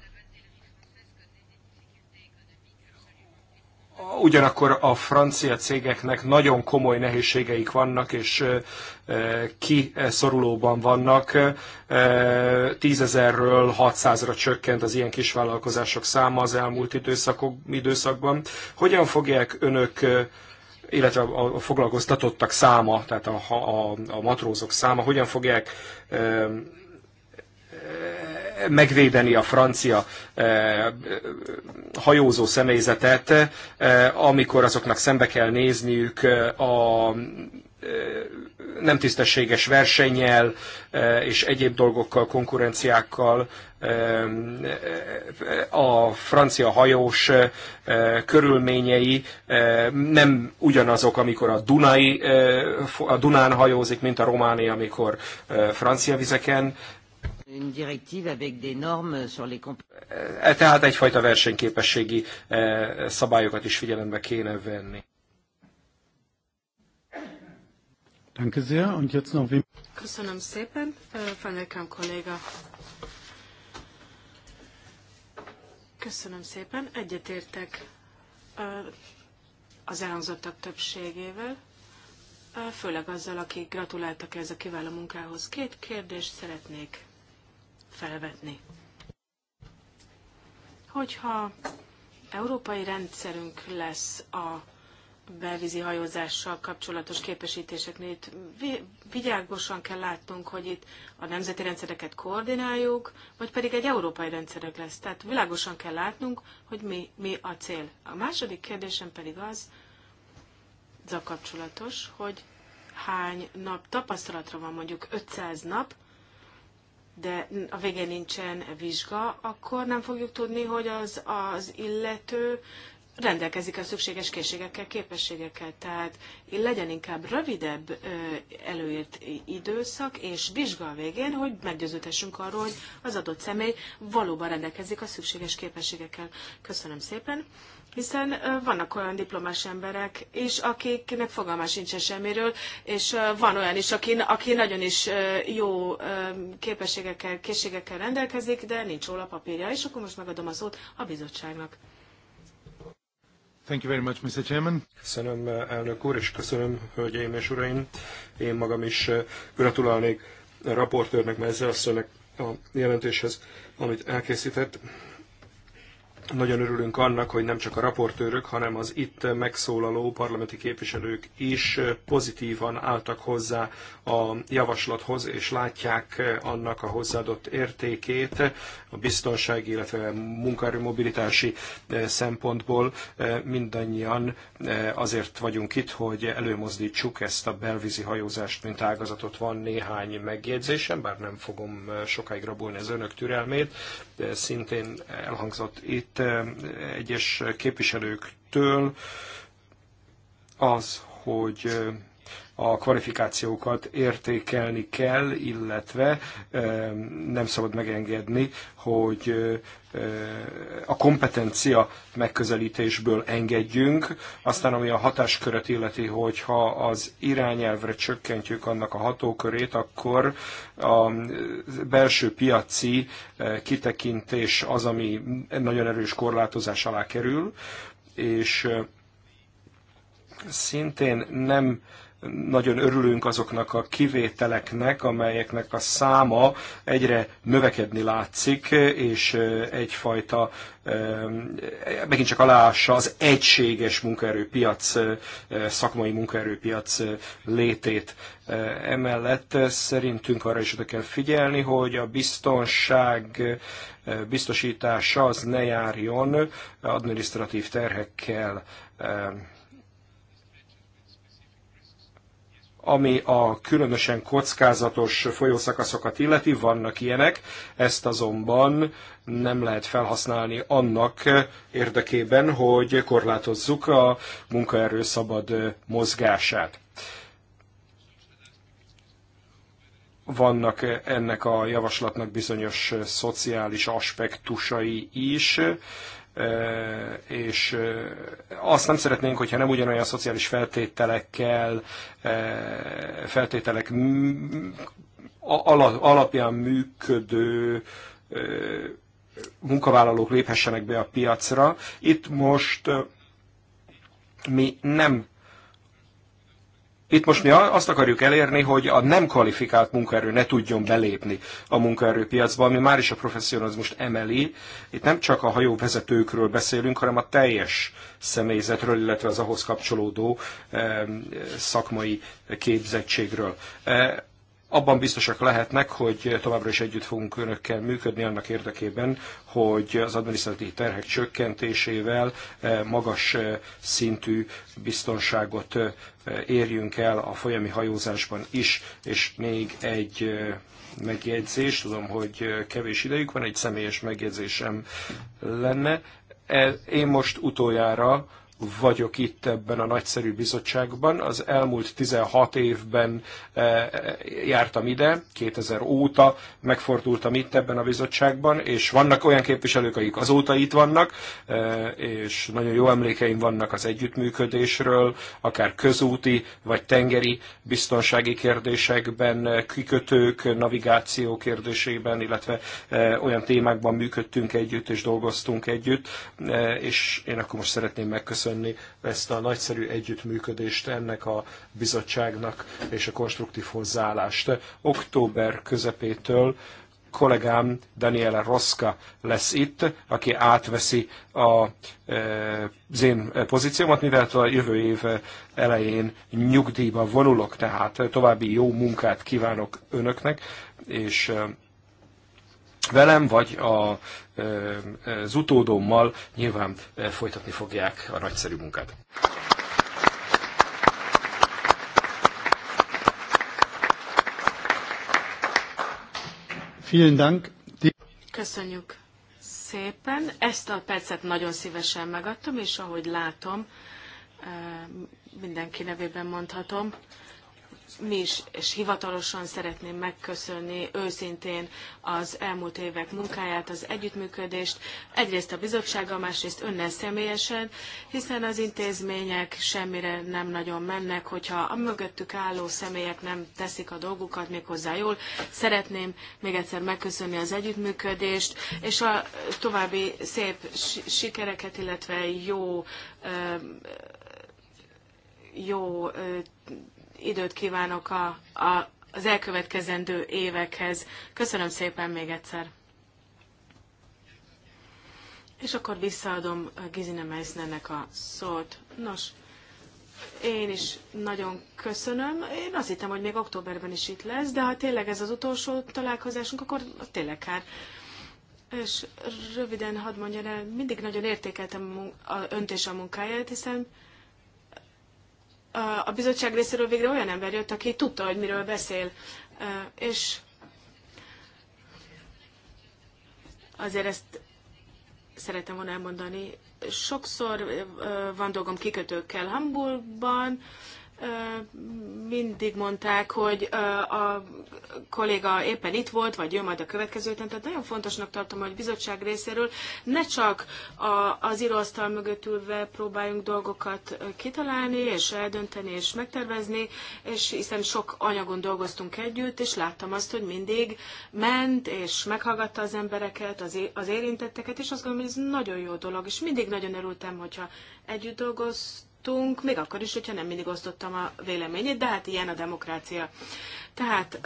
ugyanakkor a francia cégeknek nagyon komoly nehézségeik vannak, és kiszorulóban vannak. Tízezerről 600-ra csökkent az ilyen kisvállalkozások száma az elmúlt időszakok, időszakban. Hogyan fogják önök illetve a foglalkoztatottak száma, tehát a, a, a matrózok száma, hogyan fogják megvédeni a francia eh, eh, hajózó személyzetet, eh, amikor azoknak szembe kell nézniük a nem tisztességes versennyel és egyéb dolgokkal, konkurenciákkal a francia hajós körülményei nem ugyanazok, amikor a, Dunai, a Dunán hajózik, mint a Románia, amikor francia vizeken E, tehát egyfajta versenyképességi e, szabályokat is figyelembe kéne venni.
Köszönöm szépen, e, Fanyekám kolléga. Köszönöm szépen, egyetértek az elhangzottak többségével, főleg azzal, akik gratuláltak ez a kiváló munkához. Két kérdést szeretnék felvetni. Hogyha európai rendszerünk lesz a belvízi hajózással kapcsolatos képesítéseknél, itt vigyágosan kell látnunk, hogy itt a nemzeti rendszereket koordináljuk, vagy pedig egy európai rendszerek lesz. Tehát világosan kell látnunk, hogy mi, mi a cél. A második kérdésem pedig az, az a kapcsolatos, hogy hány nap tapasztalatra van, mondjuk 500 nap, de a végén nincsen vizsga, akkor nem fogjuk tudni, hogy az, az illető rendelkezik a szükséges készségekkel, képességekkel. Tehát legyen inkább rövidebb előírt időszak és vizsga a végén, hogy meggyőződhessünk arról, hogy az adott személy valóban rendelkezik a szükséges képességekkel. Köszönöm szépen hiszen vannak olyan diplomás emberek is, akiknek fogalma sincsen semmiről, és van olyan is, aki, aki nagyon is jó képességekkel, készségekkel rendelkezik, de nincs róla papírja. És akkor most megadom a szót a bizottságnak.
Thank you very much, Mr. Chairman. Köszönöm, elnök úr, és köszönöm, hölgyeim és uraim. Én magam is gratulálnék a raportőrnek, Mezzel asszonynak a jelentéshez, amit elkészített. Nagyon örülünk annak, hogy nem csak a raportőrök, hanem az itt megszólaló parlamenti képviselők is pozitívan álltak hozzá a javaslathoz, és látják annak a hozzáadott értékét a biztonsági, illetve munkaerő mobilitási szempontból. Mindannyian azért vagyunk itt, hogy előmozdítsuk ezt a belvízi hajózást, mint ágazatot. Van néhány megjegyzésem, bár nem fogom sokáig rabolni az önök türelmét szintén elhangzott itt eh, egyes képviselőktől az, hogy eh, a kvalifikációkat értékelni kell, illetve nem szabad megengedni, hogy a kompetencia megközelítésből engedjünk, aztán ami a hatásköret illeti, hogyha az irányelvre csökkentjük annak a hatókörét, akkor a belső piaci kitekintés az, ami nagyon erős korlátozás alá kerül, és szintén nem nagyon örülünk azoknak a kivételeknek, amelyeknek a száma egyre növekedni látszik, és egyfajta megint csak aláássa az egységes munkaerőpiac, szakmai munkaerőpiac létét. Emellett szerintünk arra is oda kell figyelni, hogy a biztonság biztosítása az ne járjon adminisztratív terhekkel Ami a különösen kockázatos folyószakaszokat illeti, vannak ilyenek, ezt azonban nem lehet felhasználni annak érdekében, hogy korlátozzuk a munkaerő szabad mozgását. vannak ennek a javaslatnak bizonyos szociális aspektusai is és azt nem szeretnénk, hogyha nem ugyanolyan szociális feltételekkel, feltételek alapján működő munkavállalók léphessenek be a piacra. Itt most mi nem itt most mi azt akarjuk elérni, hogy a nem kvalifikált munkaerő ne tudjon belépni a munkaerőpiacba, ami már is a professzionalizmust emeli. Itt nem csak a hajóvezetőkről beszélünk, hanem a teljes személyzetről, illetve az ahhoz kapcsolódó szakmai képzettségről. E, abban biztosak lehetnek, hogy továbbra is együtt fogunk önökkel működni annak érdekében, hogy az adminisztratív terhek csökkentésével eh, magas eh, szintű biztonságot eh, érjünk el a folyami hajózásban is, és még egy megjegyzés, tudom, hogy kevés idejük van, egy személyes megjegyzésem lenne. Én most utoljára vagyok itt ebben a nagyszerű bizottságban. Az elmúlt 16 évben eh, jártam ide, 2000 óta megfordultam itt ebben a bizottságban, és vannak olyan képviselők, akik azóta itt vannak, eh, és nagyon jó emlékeim vannak az együttműködésről, akár közúti vagy tengeri biztonsági kérdésekben, kikötők, navigáció kérdésében, illetve eh, olyan témákban működtünk együtt és dolgoztunk együtt, és én akkor most szeretném megköszönni köszönni ezt a nagyszerű együttműködést ennek a bizottságnak és a konstruktív hozzáállást. Október közepétől kollégám Daniela Roska lesz itt, aki átveszi a, e, az én pozíciómat, mivel a jövő év elején nyugdíjba vonulok, tehát további jó munkát kívánok önöknek, és e, velem, vagy a, az utódommal nyilván folytatni fogják a nagyszerű munkát.
Vielen Dank.
Köszönjük szépen. Ezt a percet nagyon szívesen megadtam, és ahogy látom, mindenki nevében mondhatom, mi is, és hivatalosan szeretném megköszönni őszintén az elmúlt évek munkáját, az együttműködést, egyrészt a bizottsággal, másrészt önnel személyesen, hiszen az intézmények semmire nem nagyon mennek, hogyha a mögöttük álló személyek nem teszik a dolgukat méghozzá jól. Szeretném még egyszer megköszönni az együttműködést, és a további szép sikereket, illetve jó jó időt kívánok a, a, az elkövetkezendő évekhez. Köszönöm szépen még egyszer. És akkor visszaadom uh, Gizine Meissnernek a szót. Nos, én is nagyon köszönöm. Én azt hittem, hogy még októberben is itt lesz, de ha tényleg ez az utolsó találkozásunk, akkor tényleg kár. És röviden hadd mondjam el, mindig nagyon értékeltem a önt és a munkáját, hiszen a bizottság részéről végre olyan ember jött, aki tudta, hogy miről beszél. És azért ezt szeretem volna elmondani. Sokszor van dolgom kikötőkkel Hamburgban, mindig mondták, hogy a kolléga éppen itt volt, vagy jön majd a következő héten, tehát nagyon fontosnak tartom, hogy bizottság részéről ne csak az íróasztal mögött ülve próbáljunk dolgokat kitalálni, és eldönteni, és megtervezni, és hiszen sok anyagon dolgoztunk együtt, és láttam azt, hogy mindig ment, és meghallgatta az embereket, az, az érintetteket, és azt gondolom, hogy ez nagyon jó dolog, és mindig nagyon örültem, hogyha együtt dolgoztunk, hallottunk, még akkor is, hogyha nem mindig osztottam a véleményét, de hát ilyen a demokrácia. Tehát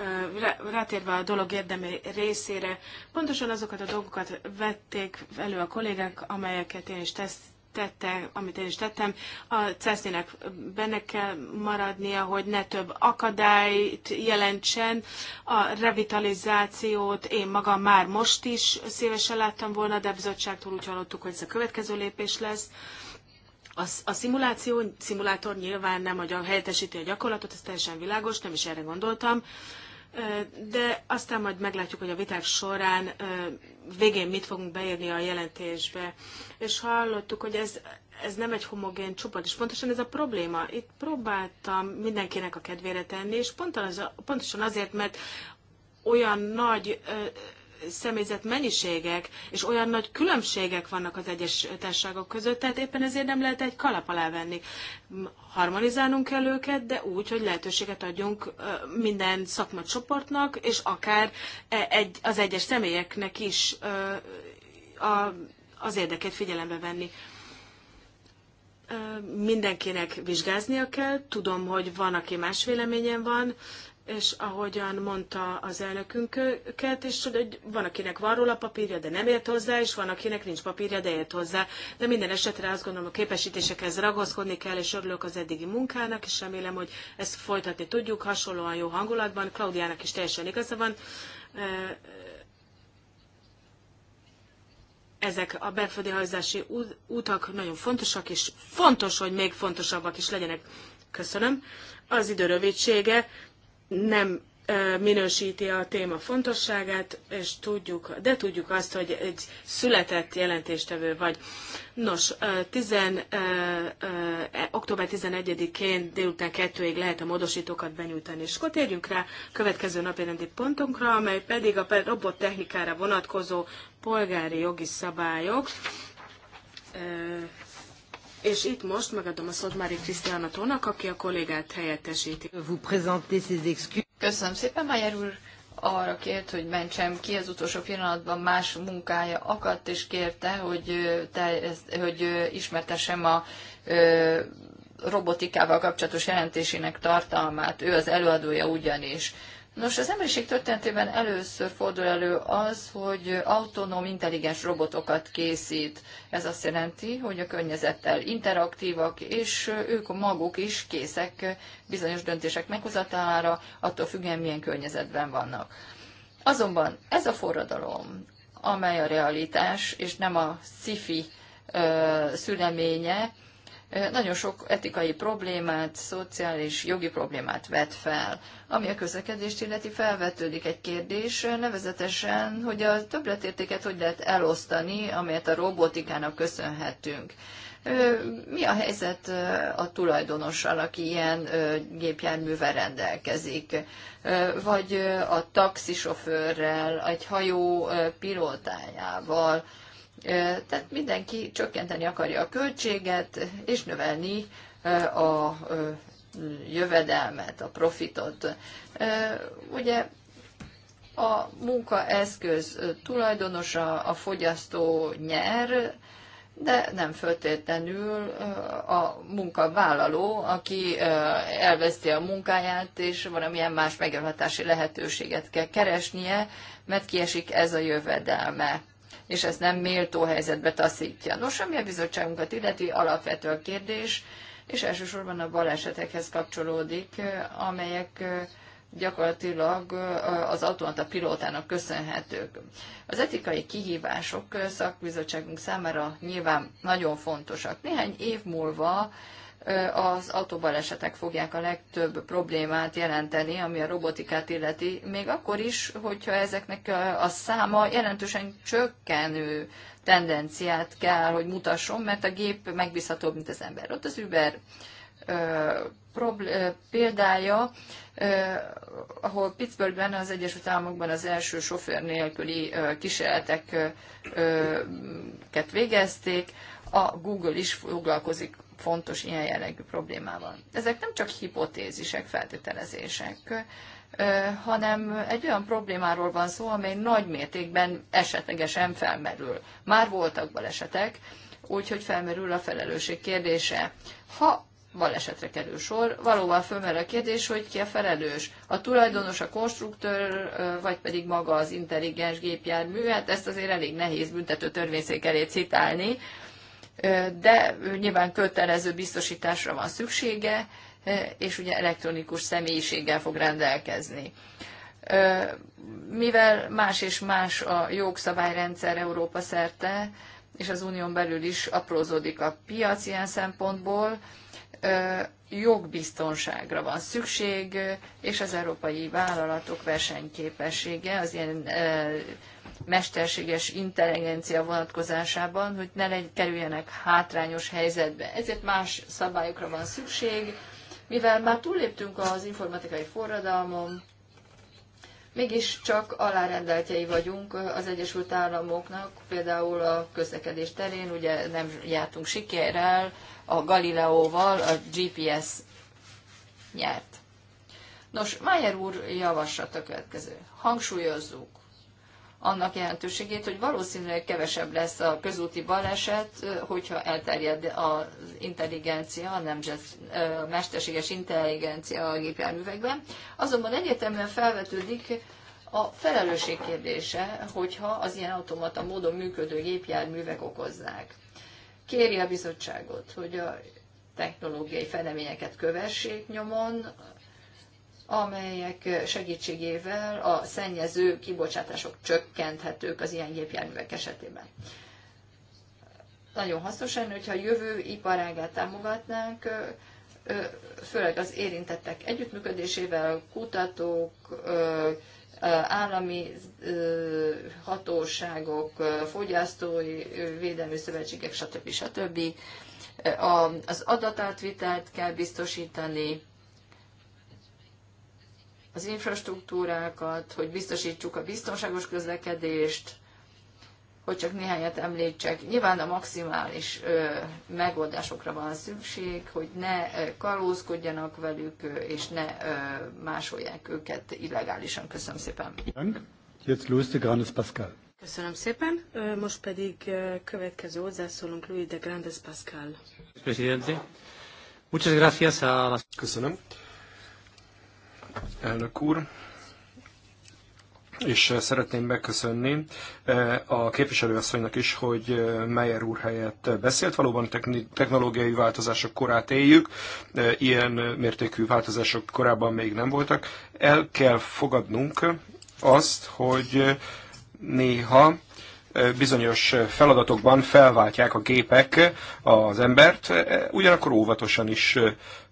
rátérve a dolog érdemi részére, pontosan azokat a dolgokat vették elő a kollégák, amelyeket én is teszt, tette, amit én is tettem, a CESZ-nek benne kell maradnia, hogy ne több akadályt jelentsen, a revitalizációt én magam már most is szívesen láttam volna, de bizottságtól úgy hallottuk, hogy ez a következő lépés lesz a, a szimuláció, szimulátor nyilván nem a, helyettesíti a gyakorlatot, ez teljesen világos, nem is erre gondoltam, de aztán majd meglátjuk, hogy a viták során végén mit fogunk beírni a jelentésbe. És hallottuk, hogy ez, ez nem egy homogén csoport, és pontosan ez a probléma. Itt próbáltam mindenkinek a kedvére tenni, és az, pontosan azért, mert olyan nagy személyzet mennyiségek és olyan nagy különbségek vannak az egyes társaságok között, tehát éppen ezért nem lehet egy kalap alá venni. Harmonizálnunk kell őket, de úgy, hogy lehetőséget adjunk minden szakmacsoportnak, és akár e, egy, az egyes személyeknek is a, az érdeket figyelembe venni mindenkinek vizsgáznia kell. Tudom, hogy van, aki más véleményen van, és ahogyan mondta az elnökünket, és hogy van, akinek van róla papírja, de nem ért hozzá, és van, akinek nincs papírja, de ért hozzá. De minden esetre azt gondolom, a képesítésekhez ragaszkodni kell, és örülök az eddigi munkának, és remélem, hogy ezt folytatni tudjuk, hasonlóan jó hangulatban. Klaudiának is teljesen igaza van. Ezek a belföldi útak nagyon fontosak, és fontos, hogy még fontosabbak is legyenek. Köszönöm. Az idő rövidsége nem minősíti a téma fontosságát, és tudjuk, de tudjuk azt, hogy egy született jelentéstevő vagy. Nos, 10, e, október 11-én délután kettőig ig lehet a módosítókat benyújtani. És akkor térjünk rá következő napi rendi pontunkra, amely pedig a robottechnikára vonatkozó polgári jogi szabályok és itt most megadom a szót Mári Krisztiánatónak, aki a kollégát
helyettesíti. Köszönöm szépen, Májer úr arra kért, hogy mentsem ki, az utolsó pillanatban más munkája akadt, és kérte, hogy, te, hogy ismertessem a robotikával kapcsolatos jelentésének tartalmát. Ő az előadója ugyanis. Nos, az emberiség történetében először fordul elő az, hogy autonóm, intelligens robotokat készít. Ez azt jelenti, hogy a környezettel interaktívak, és ők maguk is készek bizonyos döntések meghozatára, attól függően milyen környezetben vannak. Azonban ez a forradalom, amely a realitás, és nem a sci-fi szüleménye, nagyon sok etikai problémát, szociális, jogi problémát vet fel. Ami a közlekedést illeti, felvetődik egy kérdés, nevezetesen, hogy a többletértéket hogy lehet elosztani, amelyet a robotikának köszönhetünk. Mi a helyzet a tulajdonossal, aki ilyen gépjárművel rendelkezik? Vagy a taxisofőrrel, egy hajó pilótájával? Tehát mindenki csökkenteni akarja a költséget, és növelni a jövedelmet, a profitot. Ugye a munkaeszköz tulajdonosa, a fogyasztó nyer, de nem föltétlenül a munkavállaló, aki elveszti a munkáját, és valamilyen más megjelhatási lehetőséget kell keresnie, mert kiesik ez a jövedelme és ezt nem méltó helyzetbe taszítja. Nos, ami a bizottságunkat illeti, alapvető a kérdés, és elsősorban a balesetekhez kapcsolódik, amelyek gyakorlatilag az automata pilótának köszönhetők. Az etikai kihívások szakbizottságunk számára nyilván nagyon fontosak. Néhány év múlva az autóbalesetek fogják a legtöbb problémát jelenteni, ami a robotikát illeti, még akkor is, hogyha ezeknek a száma jelentősen csökkenő tendenciát kell, hogy mutasson, mert a gép megbízhatóbb, mint az ember. Ott az Uber példája, ahol Pittsburghben, az Egyesült Államokban az első sofőr nélküli kísérleteket végezték, a Google is foglalkozik fontos ilyen jellegű problémával. Ezek nem csak hipotézisek, feltételezések, hanem egy olyan problémáról van szó, amely nagy mértékben esetlegesen felmerül. Már voltak balesetek, úgyhogy felmerül a felelősség kérdése. Ha balesetre kerül sor, valóban fölmerül a kérdés, hogy ki a felelős. A tulajdonos, a konstruktőr, vagy pedig maga az intelligens gépjármű, hát ezt azért elég nehéz büntető törvényszék elé citálni, de nyilván kötelező biztosításra van szüksége, és ugye elektronikus személyiséggel fog rendelkezni. Mivel más és más a jogszabályrendszer Európa szerte, és az unión belül is aprózódik a piac ilyen szempontból, jogbiztonságra van szükség, és az európai vállalatok versenyképessége az ilyen mesterséges intelligencia vonatkozásában, hogy ne legy, kerüljenek hátrányos helyzetbe. Ezért más szabályokra van szükség, mivel már túlléptünk az informatikai forradalmon, mégis csak alárendeltjei vagyunk az Egyesült Államoknak, például a közlekedés terén, ugye nem jártunk sikerrel, a Galileóval a GPS nyert. Nos, Mayer úr a következő. Hangsúlyozzuk, annak jelentőségét, hogy valószínűleg kevesebb lesz a közúti baleset, hogyha elterjed az intelligencia, a nemzet, a mesterséges intelligencia a gépjárművekben. Azonban egyetemben felvetődik a felelősség kérdése, hogyha az ilyen automata módon működő gépjárművek okozzák. Kéri a bizottságot, hogy a technológiai feleményeket kövessék nyomon, amelyek segítségével a szennyező kibocsátások csökkenthetők az ilyen gépjárművek esetében. Nagyon hasznos lenne, hogyha a jövő iparágát támogatnánk, főleg az érintettek együttműködésével, kutatók, állami hatóságok, fogyasztói védelmi szövetségek, stb. stb. Az adatátvitelt kell biztosítani, az infrastruktúrákat, hogy biztosítsuk a biztonságos közlekedést, hogy csak néhányat említsek. Nyilván a maximális ö, megoldásokra van szükség, hogy ne kalózkodjanak velük, és ne ö, másolják őket illegálisan. Köszönöm szépen. Pascal. Köszönöm szépen. Most pedig következő hozzászólunk
Louis de Grandes Pascal.
Presidente. Muchas gracias a... Köszönöm elnök úr, és eh, szeretném megköszönni eh, a képviselőasszonynak is, hogy eh, Meyer úr helyett beszélt. Valóban technológiai változások korát éljük, ilyen mértékű változások korábban még nem voltak. El kell fogadnunk azt, hogy néha bizonyos feladatokban felváltják a gépek az embert, ugyanakkor óvatosan is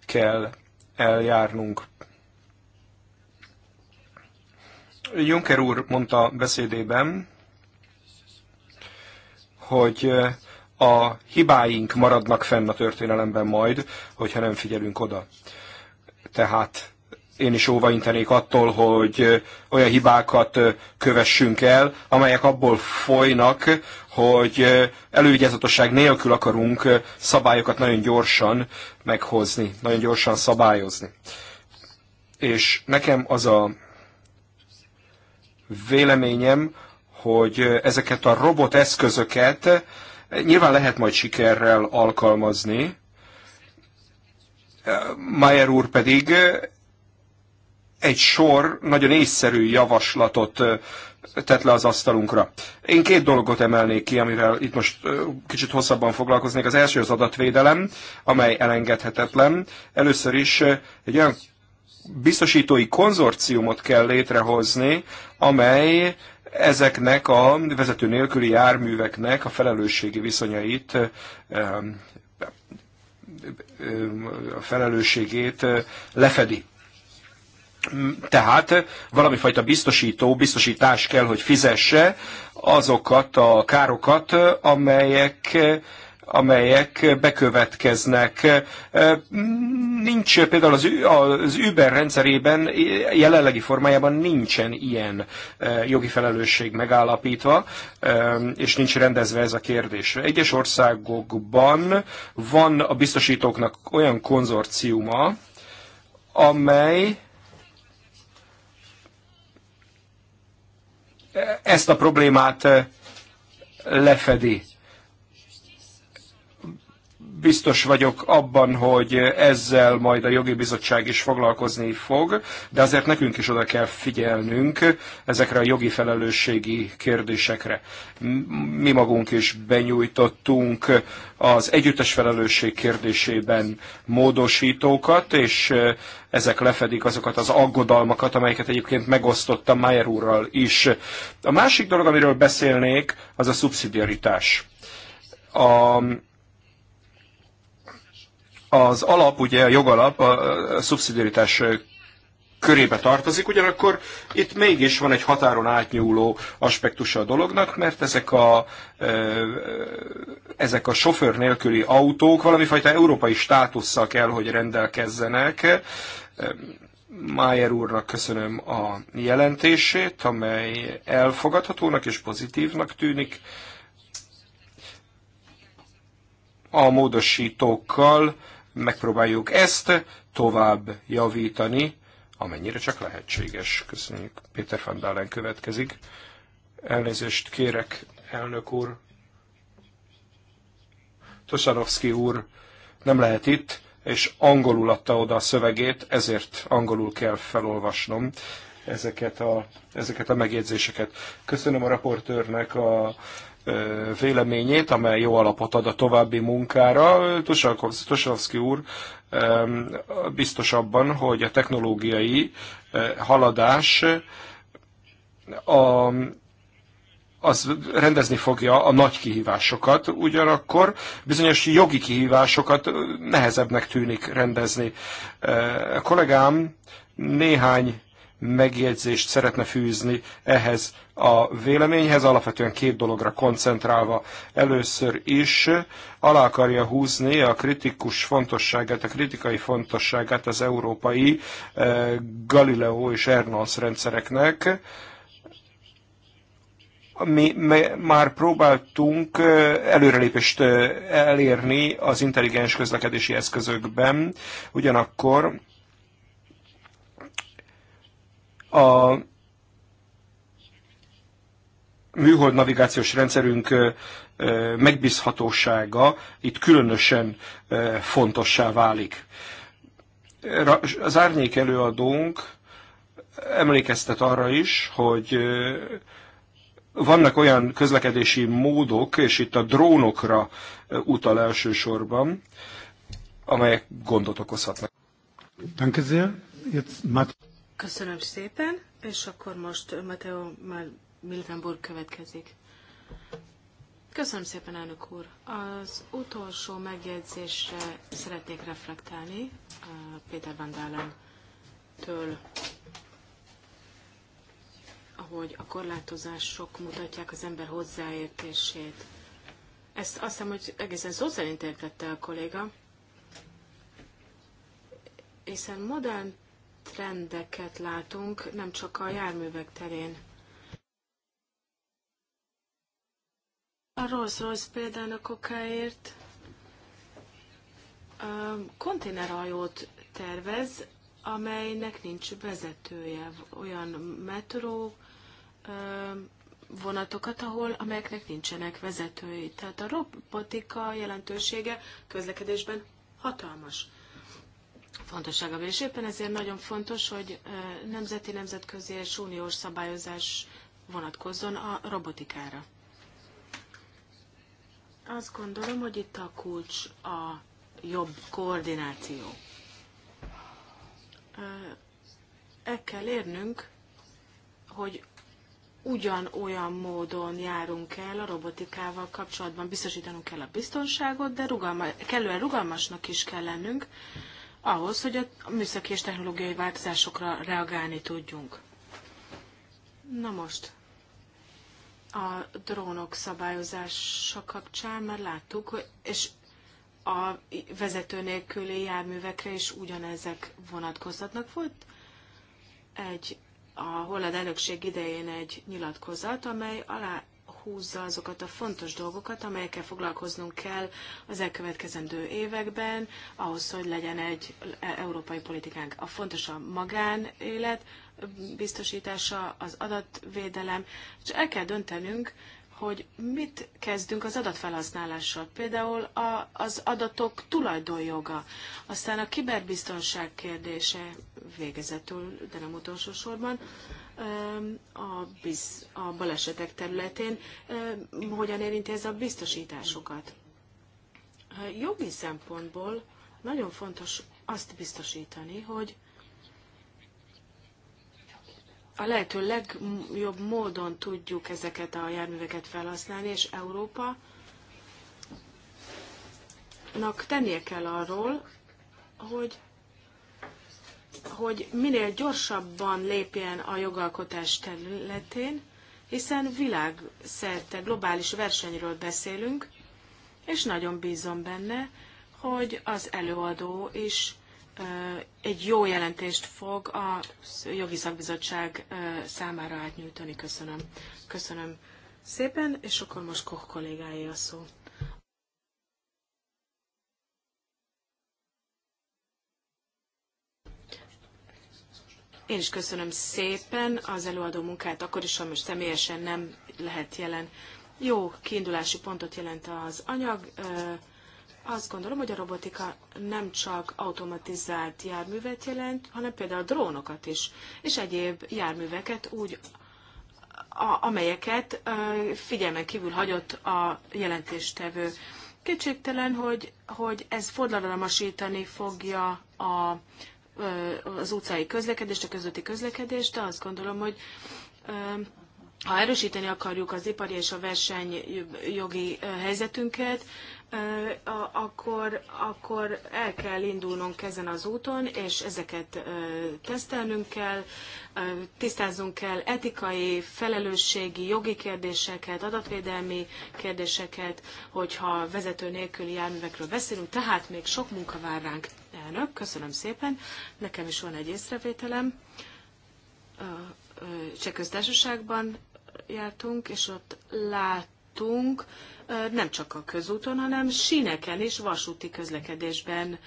kell eljárnunk. Juncker úr mondta beszédében, hogy a hibáink maradnak fenn a történelemben majd, hogyha nem figyelünk oda. Tehát én is óvaintenék attól, hogy olyan hibákat kövessünk el, amelyek abból folynak, hogy elővigyázatosság nélkül akarunk szabályokat nagyon gyorsan meghozni, nagyon gyorsan szabályozni. És nekem az a véleményem, hogy ezeket a robot eszközöket nyilván lehet majd sikerrel alkalmazni. Mayer úr pedig egy sor nagyon észszerű javaslatot tett le az asztalunkra. Én két dolgot emelnék ki, amivel itt most kicsit hosszabban foglalkoznék. Az első az adatvédelem, amely elengedhetetlen. Először is egy olyan biztosítói konzorciumot kell létrehozni, amely ezeknek a vezető nélküli járműveknek a felelősségi viszonyait a felelősségét lefedi. Tehát valami fajta biztosító, biztosítás kell, hogy fizesse azokat a károkat, amelyek amelyek bekövetkeznek. Nincs például az, az Uber rendszerében, jelenlegi formájában nincsen ilyen jogi felelősség megállapítva, és nincs rendezve ez a kérdés. Egyes országokban van a biztosítóknak olyan konzorciuma, amely e- ezt a problémát lefedi biztos vagyok abban, hogy ezzel majd a jogi bizottság is foglalkozni fog, de azért nekünk is oda kell figyelnünk ezekre a jogi felelősségi kérdésekre. Mi magunk is benyújtottunk az együttes felelősség kérdésében módosítókat, és eh, ezek lefedik azokat az aggodalmakat, amelyeket egyébként megosztottam Mayer úrral is. A másik dolog, amiről beszélnék, az a szubszidiaritás. A az alap, ugye a jogalap a szubszidiaritás körébe tartozik, ugyanakkor itt mégis van egy határon átnyúló aspektusa a dolognak, mert ezek a, ezek a sofőr nélküli autók valamifajta európai státusszal kell, hogy rendelkezzenek. Májer úrnak köszönöm a jelentését, amely elfogadhatónak és pozitívnak tűnik. A módosítókkal megpróbáljuk ezt tovább javítani, amennyire csak lehetséges. Köszönjük. Péter van Dalen következik. Elnézést kérek, elnök úr. Tosanovszki úr nem lehet itt, és angolul adta oda a szövegét, ezért angolul kell felolvasnom ezeket a, ezeket a megjegyzéseket. Köszönöm a raportőrnek a véleményét, amely jó alapot ad a további munkára. Tusalkovszki úr biztos abban, hogy a technológiai haladás a az rendezni fogja a nagy kihívásokat, ugyanakkor bizonyos jogi kihívásokat nehezebbnek tűnik rendezni. A kollégám néhány megjegyzést szeretne fűzni ehhez a véleményhez, alapvetően két dologra koncentrálva. Először is alá akarja húzni a kritikus fontosságát, a kritikai fontosságát az európai eh, Galileo és Ernals rendszereknek, mi már próbáltunk eh, előrelépést eh, elérni az intelligens közlekedési eszközökben, ugyanakkor a műhold navigációs rendszerünk megbízhatósága itt különösen fontossá válik. Az árnyék előadónk emlékeztet arra is, hogy vannak olyan közlekedési módok, és itt a drónokra utal elsősorban, amelyek gondot okozhatnak. Danke
sehr. Jetzt
Köszönöm szépen, és akkor most Mateo már Miltenburg következik. Köszönöm szépen, elnök úr. Az utolsó megjegyzésre szeretnék reflektálni Péter Van Dalen-től, hogy a korlátozások mutatják az ember hozzáértését. Ezt azt hiszem, hogy egészen szó szerint értette a kolléga, hiszen modern trendeket látunk, nem csak a járművek terén. A rossz royce példának okáért konténerhajót tervez, amelynek nincs vezetője. Olyan metró vonatokat, ahol, amelyeknek nincsenek vezetői. Tehát a robotika jelentősége közlekedésben hatalmas fontosságából. És éppen ezért nagyon fontos, hogy nemzeti, nemzetközi és uniós szabályozás vonatkozzon a robotikára. Azt gondolom, hogy itt a kulcs a jobb koordináció. E kell érnünk, hogy ugyanolyan módon járunk el a robotikával kapcsolatban. Biztosítanunk kell a biztonságot, de rugalma, kellően rugalmasnak is kell lennünk, ahhoz, hogy a műszaki és technológiai változásokra reagálni tudjunk. Na most, a drónok szabályozása kapcsán már láttuk, és a vezető nélküli járművekre is ugyanezek vonatkozhatnak. Volt egy a holland elnökség idején egy nyilatkozat, amely alá meghúzza azokat a fontos dolgokat, amelyekkel foglalkoznunk kell az elkövetkezendő években, ahhoz, hogy legyen egy európai politikánk. A fontos a magánélet biztosítása, az adatvédelem, és el kell döntenünk, hogy mit kezdünk az adatfelhasználással, például a, az adatok tulajdonjoga, aztán a kiberbiztonság kérdése végezetül, de nem utolsó sorban, a, biz, a balesetek területén hogyan érinti ez a biztosításokat. Jogi szempontból nagyon fontos azt biztosítani, hogy a lehető legjobb módon tudjuk ezeket a járműveket felhasználni, és Európa nak tennie kell arról, hogy hogy minél gyorsabban lépjen a jogalkotás területén, hiszen világszerte globális versenyről beszélünk, és nagyon bízom benne, hogy az előadó is egy jó jelentést fog a jogi szakbizottság számára átnyújtani. Köszönöm. Köszönöm szépen, és akkor most Koch kollégáé a szó. Én is köszönöm szépen az előadó munkát, akkor is, ha most személyesen nem lehet jelen. Jó kiindulási pontot jelent az anyag. Azt gondolom, hogy a robotika nem csak automatizált járművet jelent, hanem például drónokat is, és egyéb járműveket úgy, a, amelyeket figyelmen kívül hagyott a jelentéstevő. Kétségtelen, hogy, hogy ez forradalmasítani fogja a az utcai közlekedést, a közötti közlekedést, de azt gondolom, hogy ha erősíteni akarjuk az ipari és a versenyjogi helyzetünket, akkor, akkor el kell indulnunk ezen az úton, és ezeket tesztelnünk kell, tisztáznunk kell etikai, felelősségi, jogi kérdéseket, adatvédelmi kérdéseket, hogyha vezető nélküli járművekről beszélünk, tehát még sok munka vár ránk. Elnök, köszönöm szépen, nekem is van egy észrevételem. Cseh köztársaságban jártunk, és ott láttunk, nem csak a közúton, hanem síneken és vasúti közlekedésben.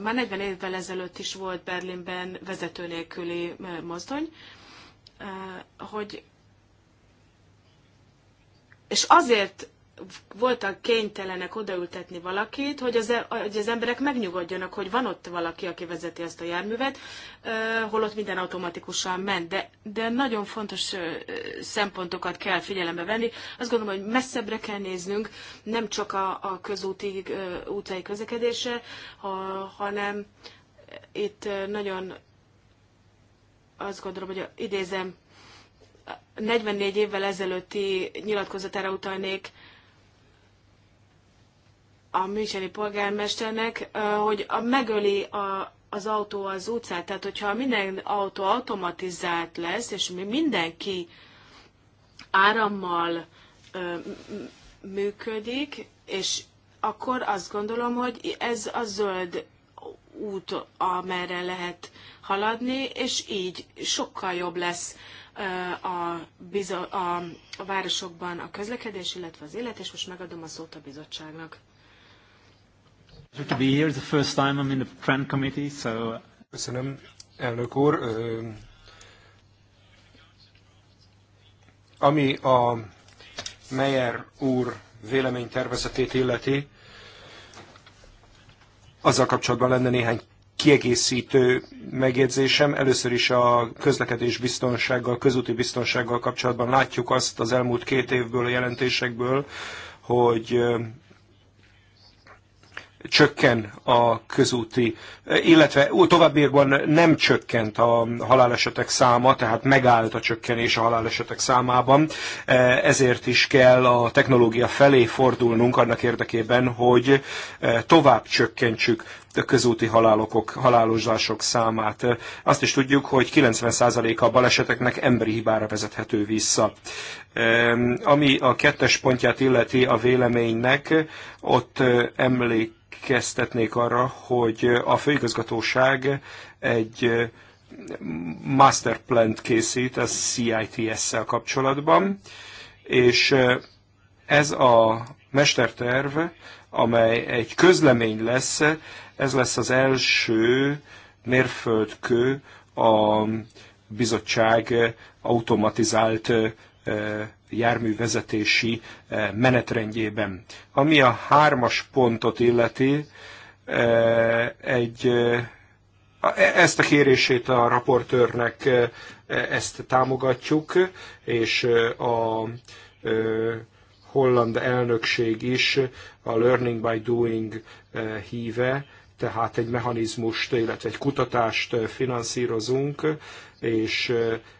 Már 40 évvel ezelőtt is volt Berlinben vezető nélküli mozdony, hogy és azért voltak kénytelenek odaültetni valakit, hogy az, e- hogy az emberek megnyugodjanak, hogy van ott valaki, aki vezeti azt a járművet, holott minden automatikusan ment. De, de nagyon fontos szempontokat kell figyelembe venni. Azt gondolom, hogy messzebbre kell néznünk, nem csak a, a közúti útai közlekedése, ha, hanem itt nagyon azt gondolom, hogy idézem 44 évvel ezelőtti nyilatkozatára utalnék a müncheni polgármesternek, hogy a, megöli a, az autó az utcát. Tehát, hogyha minden autó automatizált lesz, és mi mindenki árammal ö, működik, és akkor azt gondolom, hogy ez a zöld út, amerre lehet haladni, és így sokkal jobb lesz a, bizo- a, a városokban a közlekedés, illetve az élet, és most megadom a szót a bizottságnak.
To be here the first time I'm in the Trend Committee, so... Uh, Köszönöm, elnök úr. Ami a Meyer úr véleménytervezetét illeti, azzal kapcsolatban lenne néhány kiegészítő megjegyzésem. Először is a közlekedés biztonsággal, közúti biztonsággal kapcsolatban látjuk azt az elmúlt két évből a jelentésekből, hogy csökken a közúti, illetve továbbiakban nem csökkent a halálesetek száma, tehát megállt a csökkenés a halálesetek számában, e, ezért is kell a technológia felé fordulnunk annak érdekében, hogy e, tovább csökkentsük közúti halálokok, halálozások számát. Azt is tudjuk, hogy 90%-a a baleseteknek emberi hibára vezethető vissza. Ami a kettes pontját illeti a véleménynek, ott emlékeztetnék arra, hogy a főigazgatóság egy masterplant készít a CITS-szel kapcsolatban, és ez a mesterterv, amely egy közlemény lesz, ez lesz az első mérföldkő a bizottság automatizált járművezetési menetrendjében. Ami a hármas pontot illeti, egy, e, ezt a kérését a raportőrnek ezt támogatjuk, és a holland elnökség is a Learning by Doing híve, tehát egy mechanizmust, illetve egy kutatást finanszírozunk, és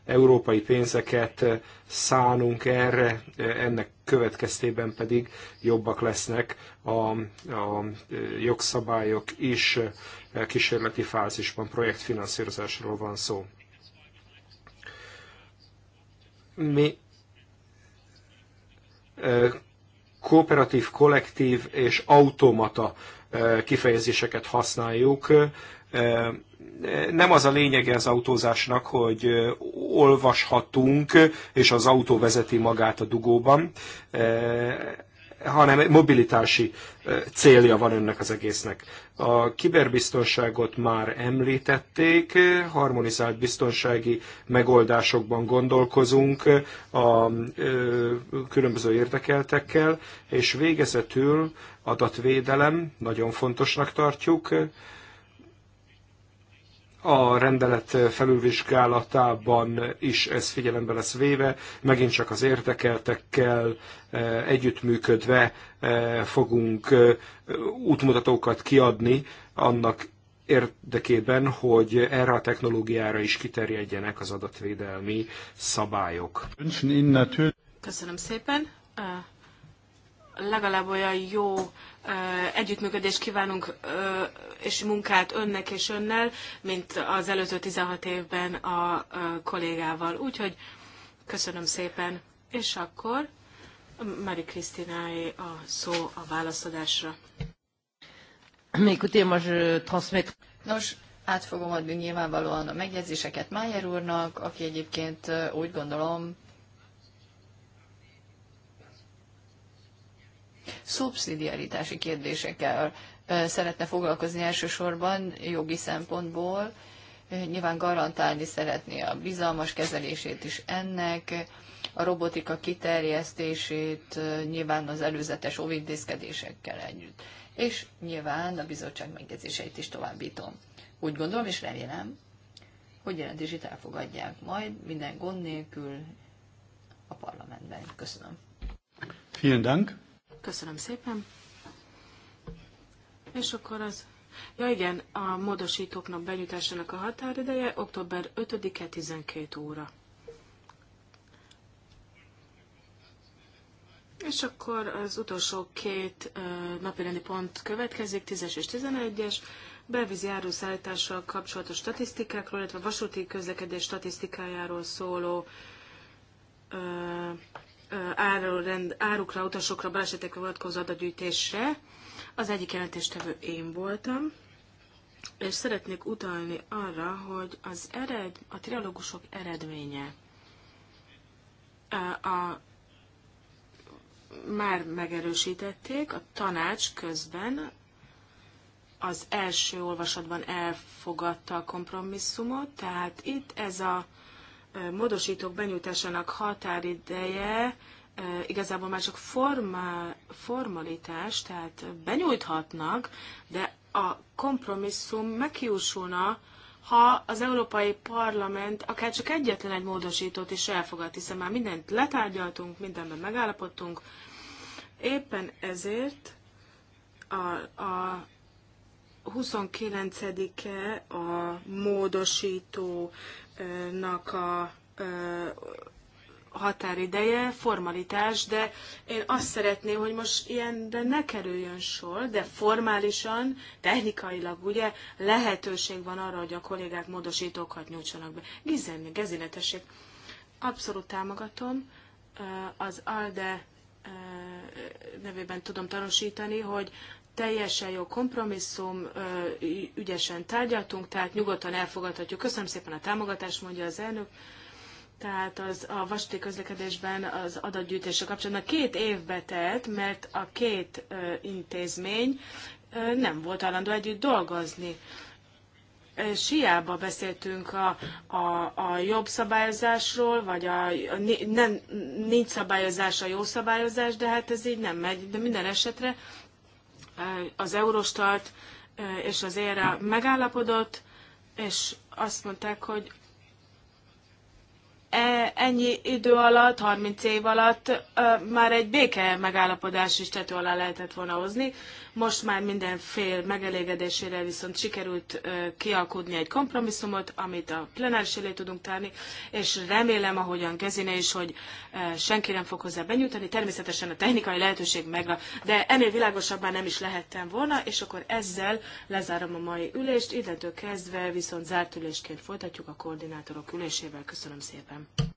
európai pénzeket szánunk erre, ennek következtében pedig jobbak lesznek a, a jogszabályok is. Kísérleti fázisban projektfinanszírozásról van szó. Mi kooperatív, kollektív és automata eh, kifejezéseket használjuk. Eh, nem az a lényege az autózásnak, hogy eh, olvashatunk, és az autó vezeti magát a dugóban hanem mobilitási célja van önnek az egésznek. A kiberbiztonságot már említették, harmonizált biztonsági megoldásokban gondolkozunk a különböző érdekeltekkel, és végezetül adatvédelem, nagyon fontosnak tartjuk, a rendelet felülvizsgálatában is ez figyelembe lesz véve, megint csak az érdekeltekkel eh, együttműködve eh, fogunk eh, útmutatókat kiadni annak érdekében, hogy erre a technológiára is kiterjedjenek az adatvédelmi szabályok.
Köszönöm szépen! Legalább olyan jó együttműködést kívánunk és munkát önnek és önnel, mint az előző 16 évben a kollégával. Úgyhogy köszönöm szépen. És akkor Mari Krisztináé a szó a válaszadásra.
Nos, át fogom adni nyilvánvalóan a megjegyzéseket Májer úrnak, aki egyébként úgy gondolom szubszidiaritási kérdésekkel szeretne foglalkozni elsősorban jogi szempontból, nyilván garantálni szeretné a bizalmas kezelését is ennek, a robotika kiterjesztését, nyilván az előzetes óvintézkedésekkel együtt. És nyilván a bizottság megjegyzéseit is továbbítom. Úgy gondolom és remélem, hogy jelentését elfogadják majd minden gond nélkül a parlamentben. Köszönöm. Vielen Dank. Köszönöm szépen.
És akkor az... Ja igen, a módosítóknak benyújtásának a határideje október 5-e 12 óra. És akkor az utolsó két ö, napirendi pont következik, 10-es és 11-es, belvízi áruszállítással kapcsolatos statisztikákról, illetve vasúti közlekedés statisztikájáról szóló árurend, árukra, utasokra, balesetekre vonatkozó adatgyűjtésre, Az egyik jelentéstevő én voltam, és szeretnék utalni arra, hogy az ered, a trialógusok eredménye a, már megerősítették, a tanács közben az első olvasatban elfogadta a kompromisszumot, tehát itt ez a módosítók benyújtásának határideje igazából már csak forma, formalitás, tehát benyújthatnak, de a kompromisszum megjósulna, ha az Európai Parlament akár csak egyetlen egy módosítót is elfogad, hiszen már mindent letárgyaltunk, mindenben megállapodtunk. Éppen ezért a, a 29-e a módosító nak a határideje, formalitás, de én azt szeretném, hogy most ilyenben ne kerüljön sor, de formálisan, technikailag ugye lehetőség van arra, hogy a kollégák módosítókat nyújtsanak be. Gizenni, gezinetesség. Abszolút támogatom. Az ALDE nevében tudom tanúsítani, hogy teljesen jó kompromisszum, ügyesen tárgyaltunk, tehát nyugodtan elfogadhatjuk. Köszönöm szépen a támogatást, mondja az elnök. Tehát az, a vasúti közlekedésben az adatgyűjtésre kapcsolatban két évbe telt, mert a két ö, intézmény ö, nem volt állandó együtt dolgozni. Siába beszéltünk a, a, a jobb szabályozásról, vagy a, a nem, nincs szabályozás a jó szabályozás, de hát ez így nem megy, de minden esetre az Eurostart és az ERA megállapodott, és azt mondták, hogy e, ennyi idő alatt, 30 év alatt már egy béke megállapodás is tető alá lehetett volna hozni, most már minden fél megelégedésére viszont sikerült kialkudni egy kompromisszumot, amit a plenáris elé tudunk tárni, és remélem, ahogyan Gezine is, hogy senki nem fog hozzá benyújtani. Természetesen a technikai lehetőség meg, de ennél világosabban nem is lehettem volna, és akkor ezzel lezárom a mai ülést, illető kezdve viszont zárt ülésként folytatjuk a koordinátorok ülésével. Köszönöm szépen!